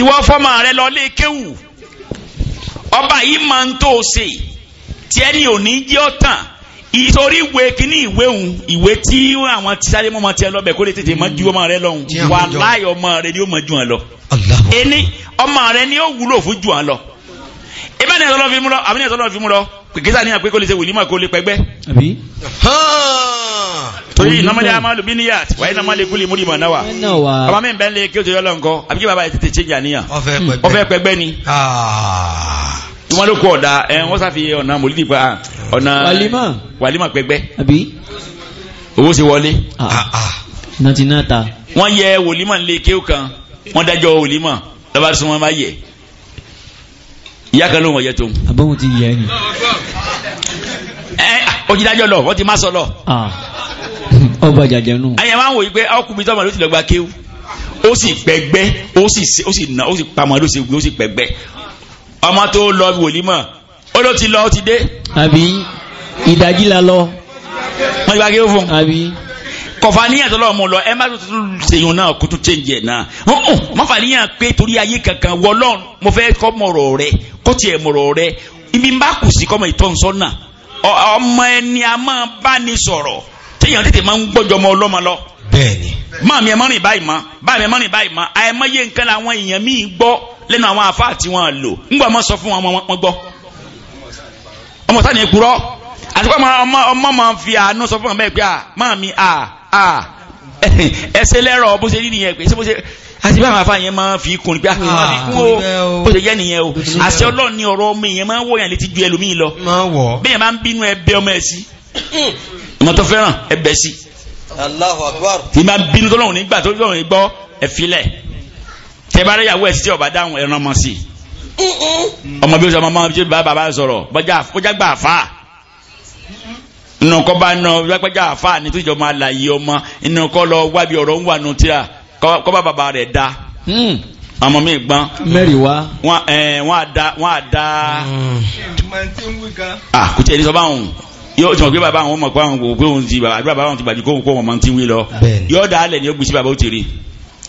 ìwọ fọ́mọ rẹ lọ lé kéwù ọba yìí máa ń tó o ṣe tí ẹni ò ní jẹ́ ọ̀tàn ìtorí ìwé kíní ìwé òun ìwé tí àwọn ti sáré mọ́mọ́ tiẹ̀ lọ́bẹ̀ kó lè tètè mọ́ ju ọmọ rẹ lọ́hùn wàláhì ọmọ rẹ ni ó mọ̀ ju hàn lọ. ẹni ọmọ rẹ ni ó wúlò fún ju hàn lọ. ìbá ni ẹ̀sọ́ lọ́ọ́ fi mú lọ àbí ni ẹ̀sọ́ lọ́ọ́ fi mú lọ kìkìsà ni àpé kó lè ṣe wòlímọ̀ kó lè pẹ́gbẹ́. torí ìnámọ́lẹ́ amálu bí níyà wáyé ìnámọ́lẹ́ kúlì múlì mọ̀ náà wà. ọmọ mi bẹ́ẹ̀ lé kí o ti yọ lọ́nkọ́ àbí kí bàbá yẹn tètè ṣe jà níyà ọfẹ́ pẹ́gbẹ́ ni tí wọ́n ló kú ọ̀dà ẹ̀ wọ́n sáfi ọ̀nà mòlídìí pa ah, ọ̀nà wàlímà pẹ́gbẹ́ owó ṣe wọlé ah, ah, wọ́n yẹ wòlímà lé kéwù kan wọ́n dájọ́ wòlímà lọ́ba tí wọ́n bá yẹ ìyá kan ló wọ̀ yẹ tó. àbọ̀wò ti yẹ ni. ẹ òjìdájọ́ lọ wọ́n ti má sọ lọ. [laughs] ọba jàjẹ nù. ẹyẹ máa ń wòye pé ọkùnrin tó ọmọ ló ti lọ gba kéwù ó sì pẹgbẹ ó ó sì pamọ́ ló sì ó sì ọmọ tó lọ wòlímọ̀ ó ló ti lọ ó ti dé. àbí ìdájí la lọ. wọ́n ti bá kéwòn fún. àbí. kọ̀fà níyàn tó lọ́wọ́ mu lọ ẹ má tó ṣèyàn náà kó tó change ẹ̀ náà. wọ́n fà níyàn pé torí ayé kankan wọlọ́n mo fẹ́ kọ́ mọ̀rọ̀ rẹ kó tiẹ̀ mọ̀rọ̀ rẹ ibi bá kù sí kọ́mọ ìtọ́nsọ́nà ọmọ ẹni a máa bá ní sọ̀rọ̀ téèyàn tètè máa ń gbọ́jọ́ ọmọ ọlọ́mọ lọ bẹ́ẹ̀ni. máa mi ẹ mọ́rin báyìí mọ́ báyìí mọ́rin báyìí mọ́ àìmọye nǹkan làwọn èèyàn míì gbọ́ lẹ́nu àwọn àfáà tí wọ́n lò ńgbà mọ́ sọ fún wọn wọ́n gbọ́. ọmọ sáà ní ìpurọ́ àti pé ọmọ ọmọ máa fi àánú sọ fún ọmọ ẹ pé à máa mi à à ẹsẹ [laughs] lẹ́rọ̀ bó ṣe rí nìyẹn pé ṣé bó ṣe àti báwọn afa yẹn máa fi kun gbá máa fi kun ah, o bó ṣe yẹ nìyẹn o àṣẹ ọlọ́run ní ọ̀rọ̀ ọmọ yẹn máa ń wọ̀yàn létí ju ẹlòmíì lọ bẹ́ẹ̀ máa ń bínú ẹbẹ ọmọ ẹ sí ọmọ [clears throat] tó fẹ́ràn ẹbẹ sí. Allahu tí máa bínú tó nígbà tó lóun gbọ́ ẹ̀fílẹ̀ tẹ bá rẹ yàwó ẹ̀ sí ọ̀bá dáhùn ẹ̀ràn ọmọ sí. ọmọ bí ó sọ ọmọ ọmọ bí bá bàbá sọ̀rọ̀ bọ́jà gbà fà nnukọ bá nọ gbẹgbẹjà àfa ni tó máa la yìí ọmọ nnukọ lọ wábi ọ̀rọ̀ ń wà nù tíra kọ bá bàbá rẹ̀ da hmm. ọmọ mi gbọ́n. mẹ́rin wa. wọ́n á da wọ́n á da. Hmm. ah kò tí ì ní sọ báwọn yóò sọ pé bàbá àwọn ọmọ kó àwọn òpé òun ti bàbá àti bàbá àwọn ti bàjẹ́ kó kó wọn máa ti wí lọ yóò dà á lẹ̀ ní ó gbèsè bàbá ó ti rí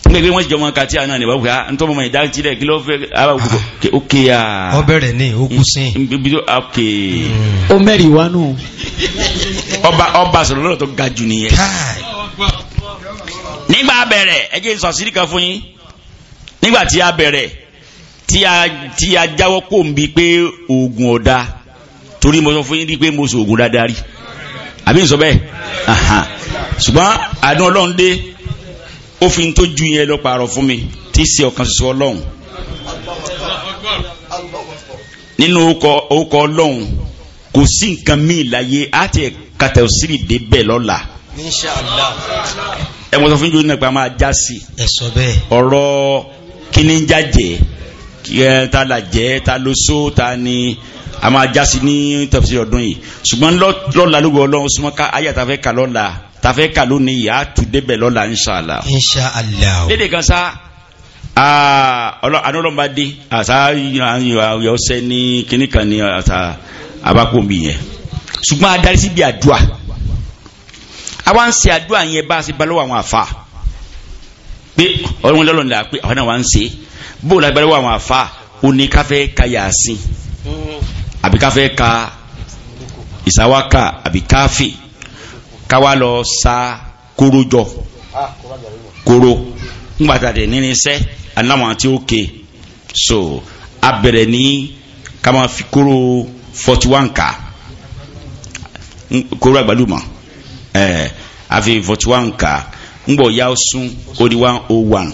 ah, n gbẹgbẹ wọn jẹ wọn kàtí àná ní bàbá ntọ́ mọ̀ ìdá ti rẹ̀ kí ló fẹ́ ara òkú òkè à. ọbẹ̀rẹ̀ ní okùn sí. ó mẹ́rin ìwánú. ọba ọba sọ̀rọ̀ lọ́dọ̀ tó ga jù nìyẹn nígbà abẹ̀rẹ̀ ẹ jẹ́ sọ síríkà fún yín nígbà tí a bẹ̀rẹ̀ tí a jáwọ́ kò ń bi pé oògùn ọ̀dà torí mo sọ fún yín pé mo sòògùn dáadáa rí àbí n sọ bẹ́ẹ̀ ṣùgbọ́n àdán ọlọ́run dé ó fi ń tó ju yẹn lọ pààrọ̀ fún mi tí í ṣe ọ̀kan ṣoṣo ọlọ́run nínú orúkọ ọlọ́run kò sí nǹkan míì láyé á ti kàtà òsírì débẹ̀ lọ́la. Inshallah. ẹ mọ̀ sọ fún jòyìn nípa máa já sí. ọ̀rọ̀ kíní ń ta la jẹ́ ta ló só ta ni a máa jásí ní tafsir ọdún yìí ṣùgbọ́n lọ́la ló wọ ọlọ́run súnmọ́ ká ayé àtàfẹ́ kà lọ́la tàfẹ́ kà lónìí yà á tù débẹ̀ lọ́la inṣàlá. inṣàlá o. lédè kan sá anọlọmọba dé àṣà ọsẹ ní kínní kan ní àṣà abákòmí yẹn ṣùgbọ́n adarí síbi àdúà àwa ń ṣe àdúà yẹn bá a ṣe balọ̀ àwọn àfa pé ọlọ́run lọ́lọ́run là pé àwọn náà wà ń ṣe bó o la balọ̀ àwọn àfa òní káfẹ́ kayà sí àbí ká fẹ́ ka ìsáwáka àbí káfí ká wá lọ sa kóró jọ kóró ńgbàtà dẹ̀ nínú iṣẹ́ aláwọ̀ àti òkè so a bẹ̀rẹ̀ ní ká máa fi kóró forty one ka kóró àgbàlùmọ̀ ẹ̀ẹ́ àfi forty one ka ńgbọ̀ yá sun ó one oh one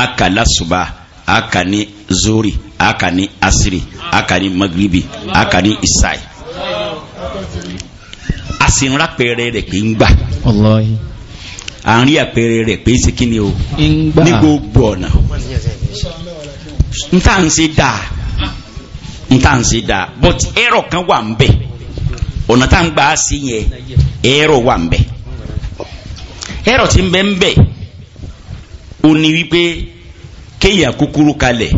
a kà lásùbà. aka ni zori aka ni asiri aka ni magribi aka ni isai asinra pere re pe ngba wallahi anri apere re pe se ngba ni gbogbo ona nta nsi da nta nsi da but ero kan wa nbe ona ta ngba si yen ero wa mbe. ero ti nbe nbe oni wipe kéèyàn kúkúrú kalẹ̀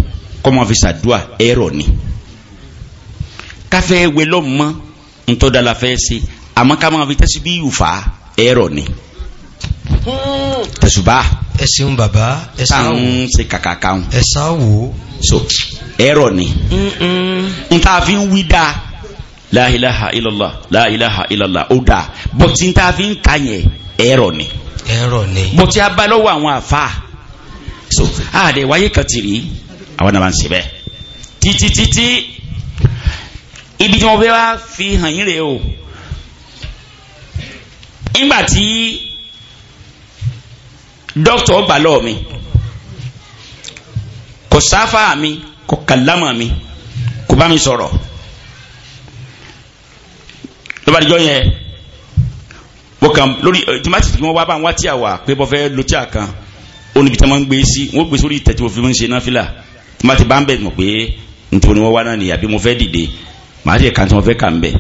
kọ́mọ fi ṣàdúà ẹ̀rọ ni káfẹ́ wẹlọ́ mọ́ ntọ́dala fẹ́ se àmọ́ ká máa fi tẹ́sí bí yù fà ẹ̀rọ ni tẹ̀sùbá. ẹ ṣeun bàbá ẹ ṣeun. táwọn ṣe kàkà kan. ẹ ṣá wo. so ẹ̀rọ ni. nta fi ń wí dáa láhìláha ilọ̀lá láhìláha ilọ̀lá ó dáa bọ̀tí nta fi ń kà yẹn ẹ̀rọ ni. ẹ̀rọ ni. bọ̀tí a àwọn àfa so àdè wáyé kan ti rí àwọn náà máa ń ṣe bẹ́ẹ̀ títí ibi tí wọ́n fẹ́ wá fi hàn yín rèé o nígbà tí dókítà ọgbà lọ́ọ̀ mi kò sáfà mi kò kàlámà mi kò bá mi sọ̀rọ̀ lọ́ba àdìjọ́ yẹn wọ́n kàn lórí tìmátì eh, tí wọ́n bá ń wá tíà wà pé bọ́ fẹ́ lo oníbi tí wọ́n máa ń gbé sí wọ́n gbé sórí ìtẹ̀tí òfin mọ́ ń ṣe náfìlà tí wọ́n ti bá ń bẹ̀ mọ̀ pé nítorí wọ́n wá náà nìyà bí mo fẹ́ dìde màá tiẹ̀ kàn tí wọ́n fẹ́ kà ń bẹ̀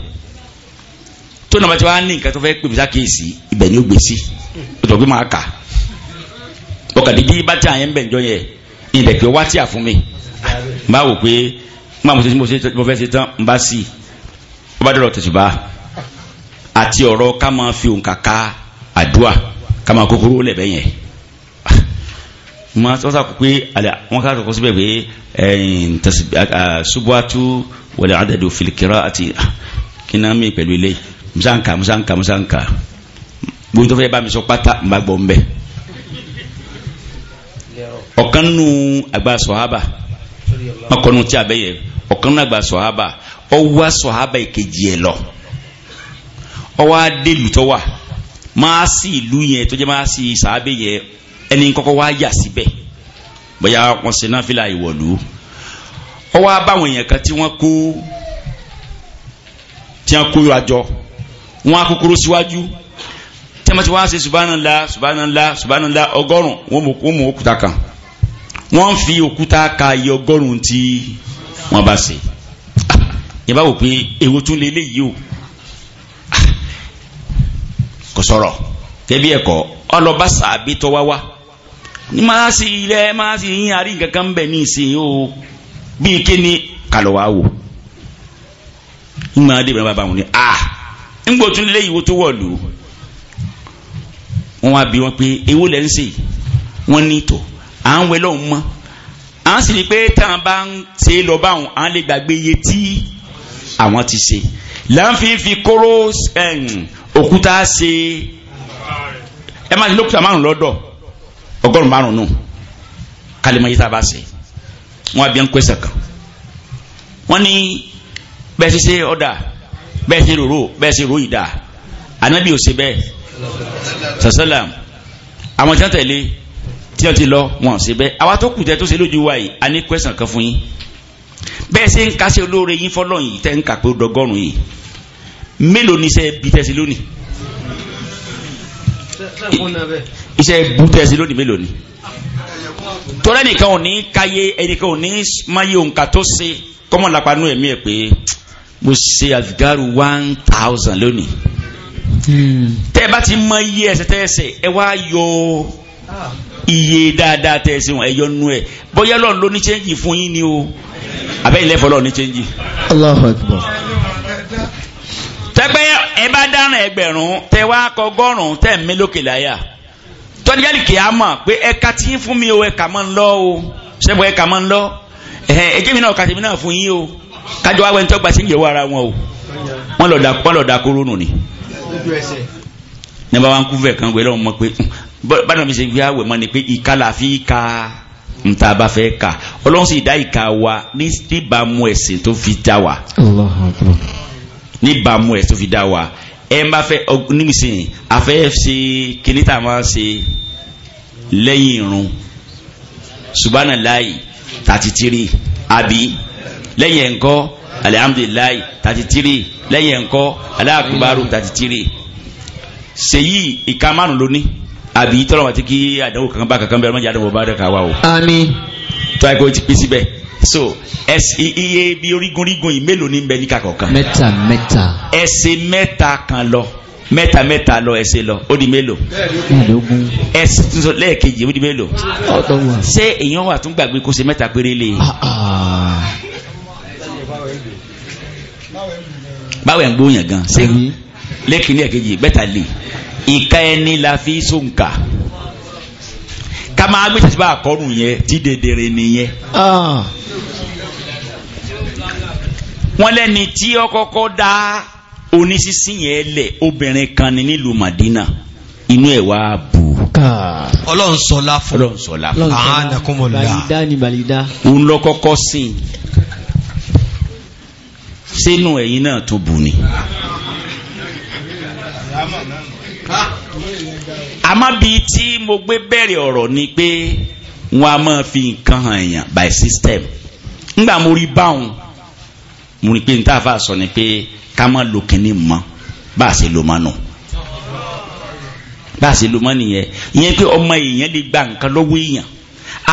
tó nàbàtí wọ́n á ní nǹkan tó fẹ́ pè sákèésì ibẹ̀ ni ó gbé sí ó jọ pé máa kà ọkàdé bí bá tí àyẹ̀ ń bẹ̀ ń jọ yẹ ilẹ̀ pé wá tí à fún mi máa wò pé máa mo ṣe tí mo fẹ́ ṣe tán ń bá sí ó bá dọ̀rọ̀ tẹ̀sùbá àti ọ̀rọ̀ ká máa fi òǹkà ka àdúà ká máa kókóró lẹ̀bẹ̀ yẹn wọn sọ pé wọn ká kọ́kọ́ síbẹ̀ pé ẹ̀yìn subuatu wọlé adadu filikira àti ah, kínàmì pẹ̀lú ilé musanka musanka musanka gbogbo tó fẹ́ mi sọ pátá n bá gbọ́ n bẹ̀. ọ̀kan nù àgbà sọ̀hábà ọkọ̀nù tí a bẹ̀ yẹ ọ̀kan nù àgbà sọ̀hábà ọwọ́ sọ̀hábà ìkejì lọ ọwọ́ adélù tó wà máa sí ìlú yẹn tó jẹ́ máa ẹni kọ́kọ́ wa yà síbẹ̀ bóyá wọn ṣe náà fìlà ìwọ̀lú ó wá báwọn èèyàn kan tí wọ́n kó tí wọ́n kó àjọ wọn akókóró síwájú tí wọ́n ti wá ṣe subhanallah subhanallah subhanallah ọgọ́rùn wọn mú òkúta kan wọ́n fi òkúta ka iye ọgọ́rùn tí wọ́n bá ṣe yẹn ah, bá wò pé èwo tún lè léyìí o ah, kò sọ̀rọ̀ kẹ́bí ẹ̀kọ́ ọlọ́ba sàbí tọ́wá wá ní máa sì ilẹ̀ máa sì yín àrí nǹkan kan bẹ̀ ní ìsìn o bíi kíni kàlọ́ wá wò ń dé bàbá wọn ni a ń tún lé ìwo tó wọ̀ lù wọn wá bí wọn pé ewu lẹ́ ń sè wọn ní tò à ń wẹ lọ́hùn mọ́ à ń sì ní pé táwọn bá ń ṣe lọ báwọn à ń lè gbàgbé iye tí àwọn ti ṣe láǹfin kóró òkúta ṣe ẹ máa ní lókùtà márùn lọ́dọ̀ ọgọ́rùn márùn nù kálímọ̀ yìí tá a bá ṣe wọn àbí ń pèsè kan wọn ní bẹ́ẹ̀ ṣe ṣe ọ̀dà bẹ́ẹ̀ ṣe ròrò bẹ́ẹ̀ ṣe ròyìn dà ànábì ò ṣe bẹ́ẹ̀ sàṣẹ́làm àwọn tí wọ́n tẹ̀lé tí wọ́n ti lọ wọn ò ṣe bẹ́ẹ̀ àwa tó kù tó ṣe lójú wa yìí a ní pèsè kan fún yín bẹ́ẹ̀ ṣe ń kásẹ̀ olóore yín fọ́lọ́ yìí tẹ́ ń kà pé dọ́gọ́rùn yìí mélòó ni iṣẹ́ bí lónìí iṣẹ́ bútẹ́sí lónìí mélòó ni tọ́lá nìkan ò ní káyé ẹnìkan ò ní máyé òǹkà tó ṣe kọ́mọ̀ lápánú ẹ̀mí ẹ̀ pé mo ṣe àfigáru one thousand lónìí hmm. tẹ́ ẹ bá ti mọ iye ẹsẹ̀ tẹ́ ẹsẹ̀ ẹ wá yọ iye dáadáa tẹ́ ẹsẹ̀ wọn ẹ yọ nú ẹ bóyá lọ́n ló ní chẹ́ńjì fún yín ni o àbẹ́yìn lẹ́fọ̀ọ́ lọ́n ní chẹ́ńjì. Allahu Akbar tẹ́pẹ́ ẹ bá dáná ẹgbẹ̀rún tẹ́ wá kọgọ́rùn-ún tẹ́ mélòkè láyà tọ́líyàlì kìámọ̀ pé ẹ̀ka tí ń fún mi o ẹ̀ka máa ń lọ o ṣẹ́bọ̀ ẹ̀ka máa ń lọ ẹ̀jẹ̀ mi náà kàtí mi náà fún yín o kájọ wá wẹ́ntọ́ gbà sí ìyẹ̀wò ara wọn o wọ́n lọ da wọ́n lọ da kóró nù ni. ní bá wa ń kú fẹ̀ kan wẹ̀ lọ́wọ́ mọ̀ pé báwo ni mi ṣe fi àwẹ̀ mọ́ ni pé ìka là fi ka nta bá fẹ́ ka ọlọ́run sì dá ìka wa ní níbàámu ẹ̀sìn tó fi dá wa ẹ ń bá fẹ́ nígbìsìn àfẹ́ ṣe kíní tá a máa ṣe lẹ́yìn irun subhanallahi thirty three àbí lẹ́yìn ẹ̀ ń kọ́ alihamdulilayi thirty three lẹ́yìn ẹ̀ ń kọ́ aláàkúbárù thirty three ṣèyí ìka márùn lóní àbí tọ́lọ́mọ̀tí kí àdánwò kankan bá kankan bẹ́ẹ̀ ọmọdé àdánwò bá dẹ̀ ká o. àmín. tó àìkú ti pín síbẹ̀ so iye e bí orígunrígun yìí mélòó ní bẹ níka kọ̀ọ̀kan. mẹ́ta mẹ́ta. ẹsẹ̀ mẹ́ta kan lọ mẹ́ta mẹ́ta lọ ẹsẹ̀ lọ ó di mélòó. mẹ́ẹ̀ẹ́dógún. ẹsẹ̀ tuntun lẹ́ẹ̀kejì ó di mélòó. ọ̀dọ́wọ̀. ṣé èèyàn wà tún gbàgbé kó ṣe mẹ́ta péré lè. Ah, ah. báwo ẹ̀ ń gbóyàn gan ṣé lẹ́ẹ̀kejì ẹ̀kejì mẹ́ta lè ìka ẹni la fi sóǹkà ká máa gbé ṣẹ̀ṣẹ̀ bá àkọ́rùn yẹn tí dèdèrè nìyẹn. Ah. wọ́n lẹ́ni tí ó kọ́kọ́ dá oníṣísí yẹn lẹ̀ obìnrin kan ní nílùú Madina inú ẹ̀ wá bù. Ah. ọlọ́run sọlá fún ọlọ́run sọlá fún àánàkúnmọ̀lá balida ni balida. òun lọ kọ́kọ́ sìn sínú ẹ̀yìn náà tó bù ni. àmọ́ bí tí mo gbé bẹ̀rẹ̀ ọ̀rọ̀ ni pé wọn a máa fi nǹkan hàn èèyàn by system ńgbà mo rí báwọn mo rí pé n táà sọ ni pé ká má lo kínní mọ́ bá a ṣe lo mọ́ nù bá a ṣe lo mọ́ nìyẹn ìyẹn pé ọmọ èèyàn lè gba nǹkan lọ́wọ́ èèyàn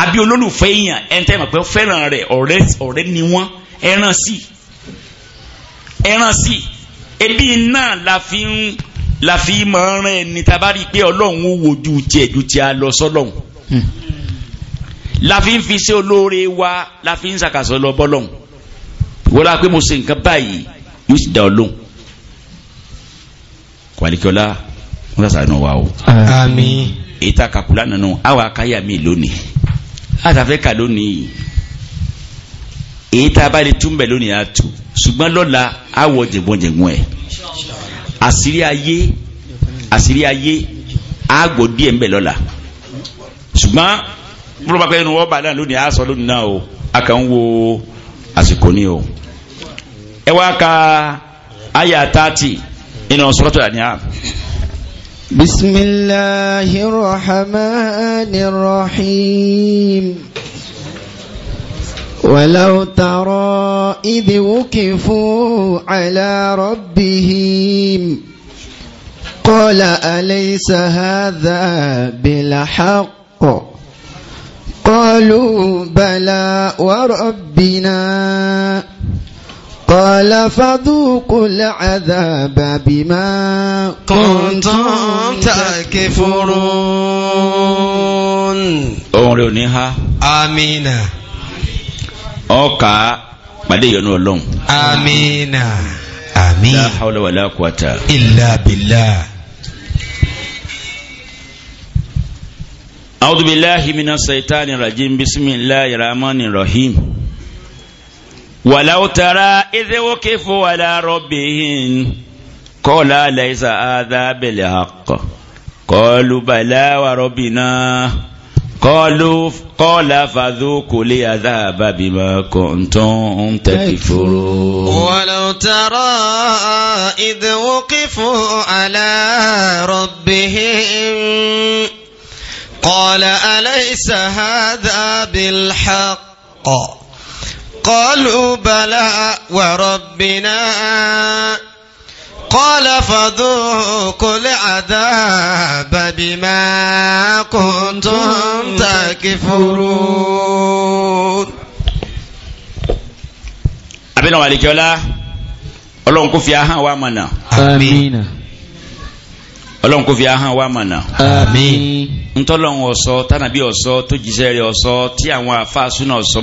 àbí olólùfẹ́ èèyàn ẹni tẹ́ mọ̀ pé fẹ́ràn rẹ̀ ọ̀rẹ́ ọ̀rẹ́ ni wọ́n ẹran sí ẹran sí ebi náà la fi ń la fi máa rán ẹni tá a bá rí i pé ọlọ́run ó ti a lọ sọ́lọ́run hmm. la fi ń fi ṣe olóore wa la fi ń ṣàkàṣọ lọ bọ́lọ́run wọ́n la pé mo ṣe nǹkan báyìí yóò sì dá ọ lóhùn kwalikiola wọ́n sàṣà nù wa o. àmín. ìta kakula nínú àwa káyà mi lónìí àtàfẹ́ kà lónìí èyí tá a lónìí àtù ṣùgbọ́n lọ́la àwọ̀ jẹ̀gbọ́n jẹ̀gbọ́n ẹ̀ àṣírí ayé àṣírí ayé àgbò díẹ̀ ń bẹ lọ́la ṣùgbọ́n bọ́lọ́pàá pẹ́ẹ́nu wọ́n náà lónìí àásọ lónìí náà o a wo àsìkò ní o ẹ wá ka àyà tààtì iná suratul An'am. Bismillahir Rahmanir Rahim. ولو ترى إذ وقفوا على ربهم قال أليس هذا بالحق قالوا بلى وربنا قال فذوقوا العذاب بما كنتم تكفرون أولونها آمين ọkà pàdé ìyọnu ọlọ́run. amina amina. la hawla wala quwata. illa billah. أعوذ بالله من الشيطان الرجيم بسم الله الرحمن الرحيم ولو ترى إذ وقفوا على ربهم قال ليس هذا بالحق قالوا بلى وربنا قالوا قال فذوقوا لي عذاب بما كنتم تكفرون ولو ترى إذ وقفوا على ربهم قال أليس هذا بالحق قالوا بلى وربنا قال فذوقوا العذاب بما كنتم تكفرون abinu alikiola Ọlọ́run kò fi ahọ́n wa mọ̀nà. àmín. Ọlọ́run kò fi ahọ́n wa mọ̀nà. àmín. ntọ́lọ́run ọ̀sọ́ ọsọ, tí àwọn afáàsúná sọ.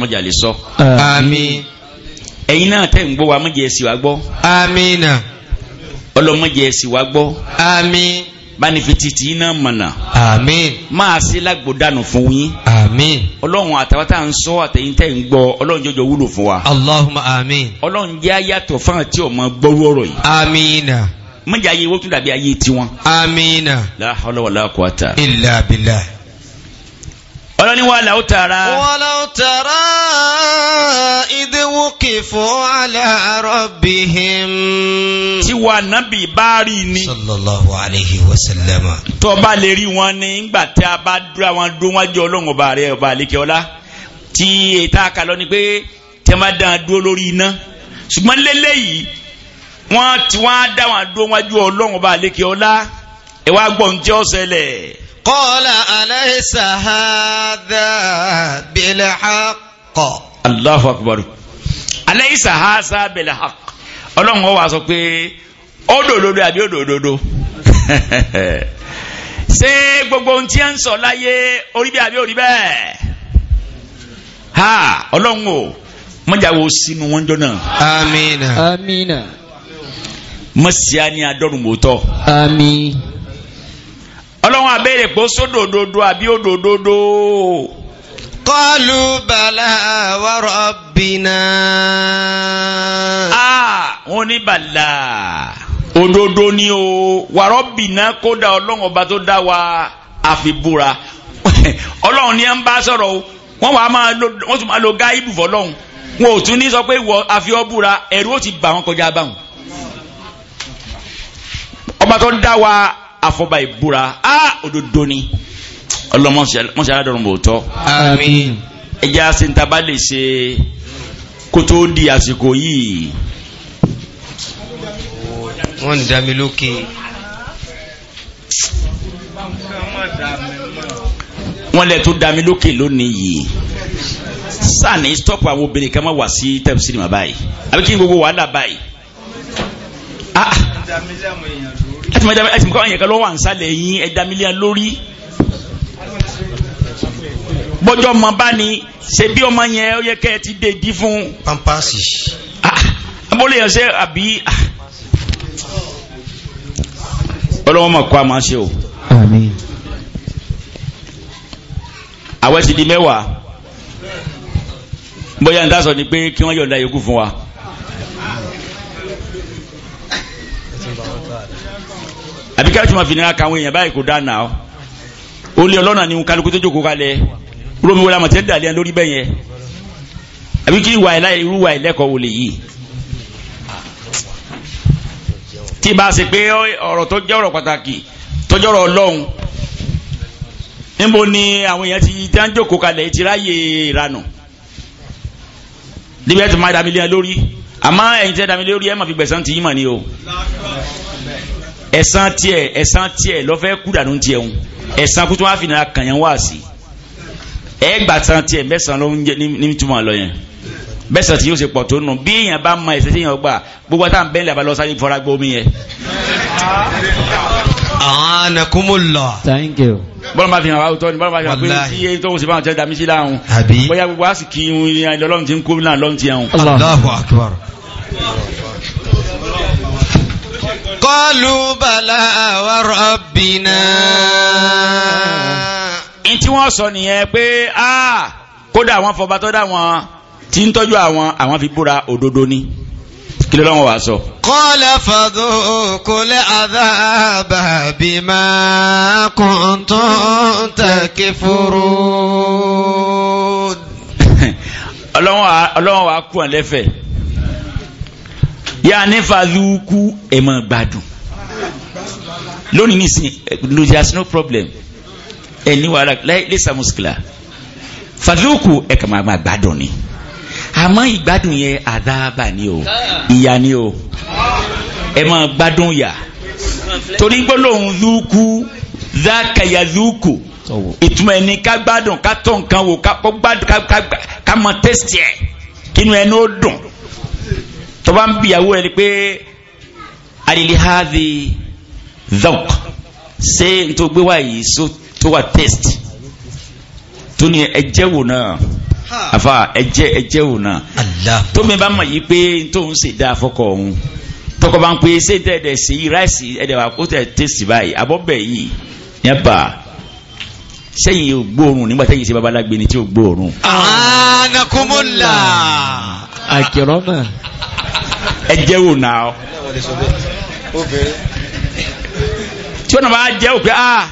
náà tẹ̀ ń wa mọ̀jẹ̀ sí wa gbọ́. ọlọ́mọdé ẹ̀sìn wa gbọ́. àmín. bánífi títí iná mọ̀nà. àmín. máa ṣe lágbódànù fún yín. àmín. ọlọ́run àtàwọn ń sọ àtẹ̀yìn tẹ̀ ń gbọ́ ọlọ́run jọjọ wúlò fún wa. allahumma àmín. ọlọ́run jẹ́ ayàtọ̀ fáwọn tí ọmọ gbọ́rú ọ̀rọ̀ yìí. àmín. mọ̀jà ayé wo tún dàbí ayé tiwọn. àmín. la hawla wala quwwata. illa billah. ọlọ́ni wàhálà ó tààrà. wàhálà ó tààrà ووقفوا على ربهم tí wà nábì bá rí ni. sallallahu alayhi wa sallam. tó bá lè rí wọn ní ìgbà tí a bá dúró àwọn dúró wájú ọlọ́run ọba rẹ̀ ọba àlékè ọlá tí ètò àkàlọ́ ni pé tí a máa dán dúró lórí iná ṣùgbọ́n lélẹ́yìí wọ́n ti wá dá wọn dúró ọlọ́run ọba àlékè ọlá ẹ̀ wá gbọ́n tí ó ṣẹlẹ̀. qala alaysa hadha bil haqq. Allahu akbar. ha sa bil haqq ọlọ́run ọ wà pé ọdọdodo àbí ọdọdodo [laughs] ṣé gbogbo ohun tí a ń sọ láyé orí oribe àbí ha ọlọ́run o mọ̀jáwo sínú wọn jọ náà. amina. amina. mọ̀síá ni adọ́rùnmọ́tọ́. àmín. ọlọ́run abẹ́rẹ́ pé abi àbí òdòdodo. Qalu bala wa rabbina. Ah, wọ́n ní bala. Òdodo ni o, wa rabbina kódà ọlọ́run ọba tó dá wa àfibúra. [laughs] Ọlọ́run ni ẹ ń bá sọ̀rọ̀ o, wọ́n wàá máa lo wọ́n tún máa lo gáíbù fọlọ́run. Wọn ò tún ní sọ pé wọ àfiọ́búra ẹ̀rú ó ti bà wọ́n kọjá báwọn. Ọba tó dá wa àfọ̀bà ìbúra. Ah, òdodo ni ọlọ́mọṣẹ́ aládọ́rùn bò tọ́. àmín. ẹja sentaba lè ṣe kó tó di àsìkò yìí. wọ́n ń dami lókè. wọ́n lẹ̀ tó dami lókè lónìí yìí sani stop àwọn obìnrin kan máa wá sí tẹ́pùsì nìmọ̀ báyìí àbí kí n gbogbo wàhálà báyìí. Ah. ẹ ti mọ ẹ ti mọ kan lọ́wọ́ à ń sálẹ̀ yín ẹ mílíọ̀nù lórí bọ́jọ́ ọmọ bá ní ṣe bí ọmọ yẹn ó yẹ kẹ́ ẹ ti dé di fún. pampasi. Ah, abúlé yẹn ṣe àbí. Ah. ọlọ́wọ́ mọ̀ kó a máa ṣe o. àmín. àwẹ̀ ti di mẹ́wàá bóyá n ta sọ ni pé kí wọ́n yọ̀ǹda yòókù fún wa. àbíkẹ́ tí wọ́n fi nira kàwé yẹn báyìí kò dáná o ó lé ọlọ́nà ni kálukú tó jókòó kalẹ̀ rómi wọlé àmọ̀tẹ́ dàlẹ́ lórí bẹ́ẹ̀ yẹn àbí kí ìwà ìlà irú ìwà ìlẹ́kọ̀ọ́ wò lè yìí tí bá a ṣe pé ọ̀rọ̀ tó jẹ́ ọ̀rọ̀ pàtàkì tó jẹ́ ọ̀rọ̀ ọlọ́run níbo ni àwọn èèyàn ti tẹ́ jókòó kalẹ̀ ti ráyè ìranù níbi ẹ̀ tó máa dàmílẹ̀ lórí àmọ́ ẹ̀yin tẹ́ dàmílẹ̀ lórí ẹ̀ máa fi gbẹ̀san ti yín mà ní o ẹ̀san tiẹ̀ ẹ̀san tiẹ̀ lọ́fẹ́ kúdànù tiẹ̀ ń ẹ̀sán kútu wá fìnnà kànyàn wá sí ẹ gbà tán tiẹ̀ mẹ́sàn ló ń jẹ ní túmọ̀ lọ yẹn mẹ́sàn tí yóò ṣe pọ̀ tó nù bí èèyàn bá mọ ẹ̀sẹ̀ tí èèyàn gbà gbogbo àtàn bẹ́ẹ̀ lè bá lọ sáré fọra gbọ́ omi yẹn. anakumullah. thank you. bọ́lá fi hàn wá òótọ́ ni bọ́lá fi hàn pé tí èyí tó ń ṣe báwọn tẹ́ dàmí sí láhùn. bóyá gbogbo àsìkí ìhun ọlọ́run ti ń kó قالوا بلى وربنا in tí wọ́n sọ nìyẹn pé a kódà wọ́n fọba tó dá wọn tí ń tọ́jú àwọn àwọn fi búra òdodo ni kí ló lọ́wọ́ wá sọ. qala fadhuqul adhaba bima kuntum takfurun. [laughs] ọlọ́wọ́n wa kú ọ̀lẹ́fẹ̀ẹ́ yà ní fàlùkù ẹ̀ mọ̀ gbádùn lónìí nísìn there's no problem ẹ̀ ní wàhálà lẹ́sà mùsùlùmí fàlùkù ẹ̀ kà máa gbádùn ni àmọ́ ìgbádùn yẹn àdáàbà ni o ìyà ni o ẹ máa gbádùn yà torí gbólóhùn lúkú zákàyà lúkù ìtumọ̀ ẹni ká gbádùn ká tọ̀ nǹkan wò ká gbádùn ká mọ tẹ́sítì ẹ̀ kínú ẹni ó dùn tó bá ń bìyàwó rẹ̀ ni pé alili hazi zauk ṣé n tó gbé wá yìí so tó wà test tó ní ẹjẹ́ wò náà àfa ẹjẹ́ ẹjẹ́ wò náà tó mi bá mọ̀ yìí pé n tó ń ṣe dáa fọkọ̀ ọ̀hún tọkọ bá ń pè é ṣé dẹ́ẹ̀dẹ̀ sí ráìsì ẹ̀dẹ̀ wà kó tẹ̀ tẹ́sì báyìí àbọ̀bẹ̀ yìí yẹn bá sẹ́yìn ò gbóòórùn nígbà tẹ́yìn ṣe babalágbé ni tí ò gbóòórùn. àánà kúmúlà. àkìrọ́nà ẹ jẹ́ wò náà ọ. tí wọ́n náà bá jẹ́ òpin ah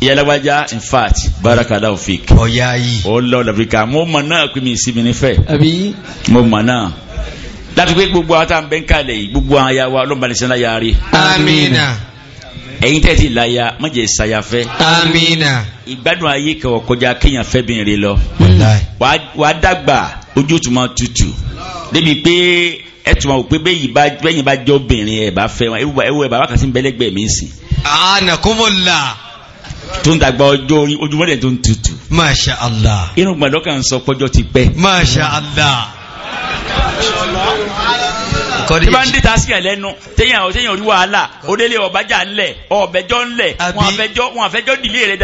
ìyálàgbájá in fact barakallahu fik. ọ̀ya yìí. ó lọ lọ́bìrìkà mo mọ̀ náà pé mi ìsinmi nífẹ̀ẹ́. àbí. mo mọ̀ náà láti pé gbogbo àwọn táwọn bẹ́ẹ̀ ń kalẹ̀ yìí gbogbo àwọn aya wa ọlọ́mọbalẹ̀ sẹ́ńdá yára rí. amiina. ẹ̀yin tẹ́tí láya má jẹ́ sayafẹ́. amiina. ìgbádùn ayé kẹwọ́ kọjá kéèyàn fẹ́ bìnrin lọ. wàá dàgbà ojú tutù débi pé ẹ tún wà pé bẹ́yìn bá bẹ́yìn bá jọ obìnrin ẹ̀ bá fẹ́ wọn ẹwọ ẹ̀ bá wákàtí ń bẹ́lẹ́gbẹ̀ mi sí. àánà kó mo là. tó ń dàgbà ọjọ́ orí ojúmọ́ rẹ̀ tó ń tutù. masha allah. irun gbàdọ́ kan sọ pọ́jọ́ ti pẹ́. masha allah. tí bá ń dé tasí ẹ̀ lẹ́nu téèyàn téèyàn orí wàhálà onílé ọ̀bájà ńlẹ̀ ọ̀bẹ̀jọ́ ńlẹ̀ wọn àfẹ́jọ́ dìlé rẹ̀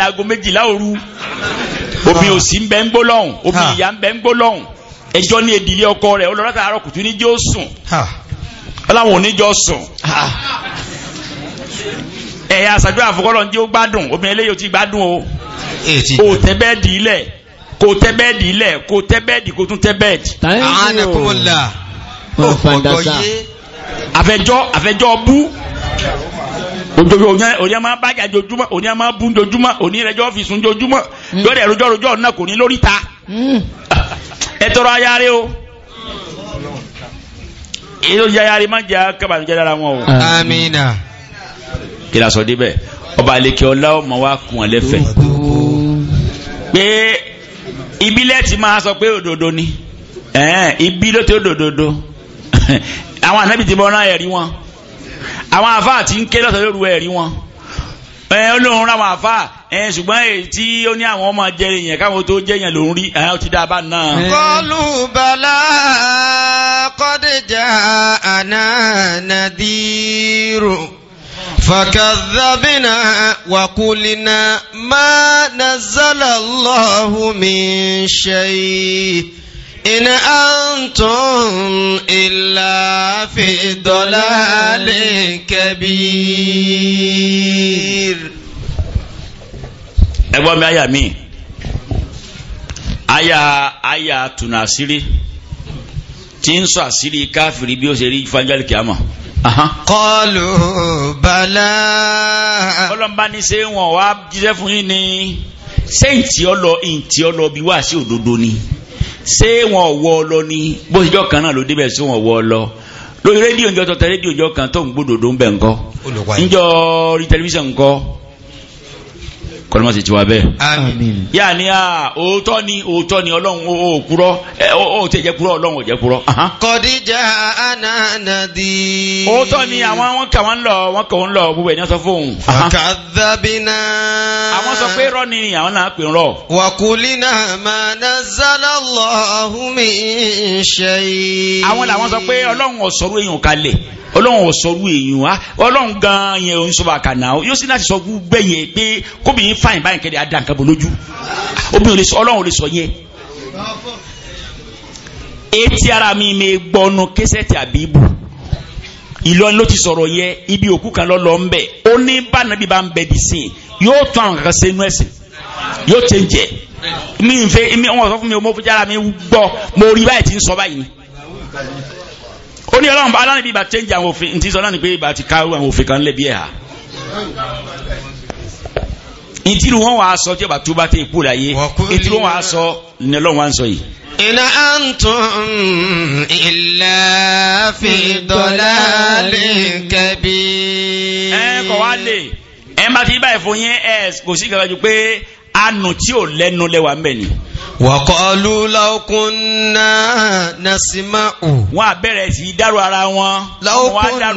ẹjọ́ ní edìlé ọkọ rẹ̀ olórí àtàrà kùtù ní jẹ́ ó sùn ọláwọn oníjọ́ sùn ẹ̀yà àṣàjọ́ àfọkọ́lọ́ ń jẹ́ ó gbádùn obìnrin eléyìí ó ti gbádùn o kò tẹ́ bẹ́ẹ̀dì ilẹ̀ kò tẹ́ bẹ́ẹ̀dì ilẹ̀ kò tẹ́ bẹ́ẹ̀dì kò tún tẹ́ bẹ́ẹ̀dì. àwọn àkọmọlá ọgbọ yé. àfẹjọ́ àfẹjọ́ bú ojoojúmọ́ òní a máa bájà jojúmọ́ òní a máa bú jojúmọ́ òní ìrẹjọ́ fi sùn jojúmọ́ lórí mm. ẹ̀rọjọ́ rojọ́ náà kò ní lórí ta. Mm ẹ tọrọ ayáre o èyí tó jẹ ayáre má jẹ dára wọn o. amina. kìlá sọ débẹ̀ ọba àlekè ọlá ọmọ wa kùn ọ lẹ́fẹ̀ẹ́ pé ìbílẹ̀ ti máa sọ pé òdodo ni ibi ló ti òdodo [laughs] àwọn ànábì ti bọ́ náà ẹ̀rí wọn àwọn àfáà ti ń ké ẹ̀rí wọn ẹ olóhùn ráwọn àfà ẹ ṣùgbọ́n èyí tí ó ní àwọn ọmọ jẹrẹ yẹn káwọn tó jẹ yẹn ló rí ẹ ó ti náà. kọlù bàlá kọ́dẹ̀jà àná nàdírò fàkàdàbìnà wàkúlìnà má nàzàlà lọ́hùn mi ṣe in antum illa fi dọ́là lè kẹ́bí ẹgbọ́n mi àyà mi àyà àyà tùnà àṣírí tí ń sọ àṣírí káfìrí bí ó ṣe rí fanjali kìámà. kọlù bala. ọlọ́mọba ní ṣé wọn wá jíṣẹ́ fún yín ni ṣé ntí ọlọ ntí ọlọ bí wá sí òdodo ni ṣé wọn wọ ọlọ ni bó ṣe jọ kan náà ló débẹ̀ sí wọn wọ ọlọ lórí rédíò ìjọ tọ̀tẹ̀ rédíò ìjọ kan tó ń gbódòdó ń bẹ̀ ńkọ́ ìjọ orí tẹlifíṣàn ńkọ́ kọlọmọ sì ti wá bẹ́ẹ̀. àmín. yà ni a òótọ́ ni òótọ́ ni ọlọ́run ó kúrọ́ ó tẹ jẹ́ kúrọ́ ọlọ́run ò jẹ́ kúrọ́. kọ́díjà ànánàdì. òótọ́ ni àwọn wọn kà wọ́n lọ wọ́n kà wọ́n lọ gbogbo ẹ̀ ní wọ́n sọ fóun. fàkàdàbínà. àwọn sọ pé rọ ni àwọn náà pè ń rọ. wàkúlínà máa ná zálàlọ́hùn ṣe é. àwọn làwọn sọ pé ọlọ́run ò sọ̀rọ̀ èèyàn kalẹ̀ ọlọ́run ọ̀sọ̀rú èèyàn wa ah, ọlọ́run gan-an yẹn ò ń sọ bàkànà yóò sì láti sọ gbẹ́yẹ pé kóbìnrin f fáyìn báyìí kẹ́lẹ́ adá nǹkan bò lójú obìnrin ọlọ́run ò lè sọ yẹn etí ara mi mi gbọ́nu kẹsẹ̀tì àbíbù ìlọrin ló ti sọ̀rọ̀ yẹ ibi òkú kan lọ́lọ́ ń bẹ̀ ó ní bánàbí bá ń bẹ̀ dì sí yóò tún àwọn kankan sẹ́nu ẹ̀sìn yóò tẹ̀ ń jẹ mi n fẹ́ mi wọ́n sọ fún mi mo fi jára mi gbọ́ mo rí báyìí ti ń sọ báyìí ni ó ní ọlọ́run bá aláǹdí bá tẹ̀ ń jẹ àwọn òfin ti sọ náà ni pé ibà ti ká àwọn òfin kan lẹ́bi ẹ̀ ha ìtìrù wọn wàá sọ tí ọba tó bá tẹ ikú láyé ìtìrù wọn wàá sọ ní ọlọ́run wàá sọ yìí. in antum illa fi dalalin kabir. ẹ kọ wá lè ẹ má ti báyìí fún yín ẹ kò sí gàgàjù pé anù tí ò lẹ́nu lẹ́wà ń bẹ ni wàkọ́lù láòkúnná nàṣímáù. wọ́n á bẹ̀rẹ̀ sí dárò ara wọn. láòkúnná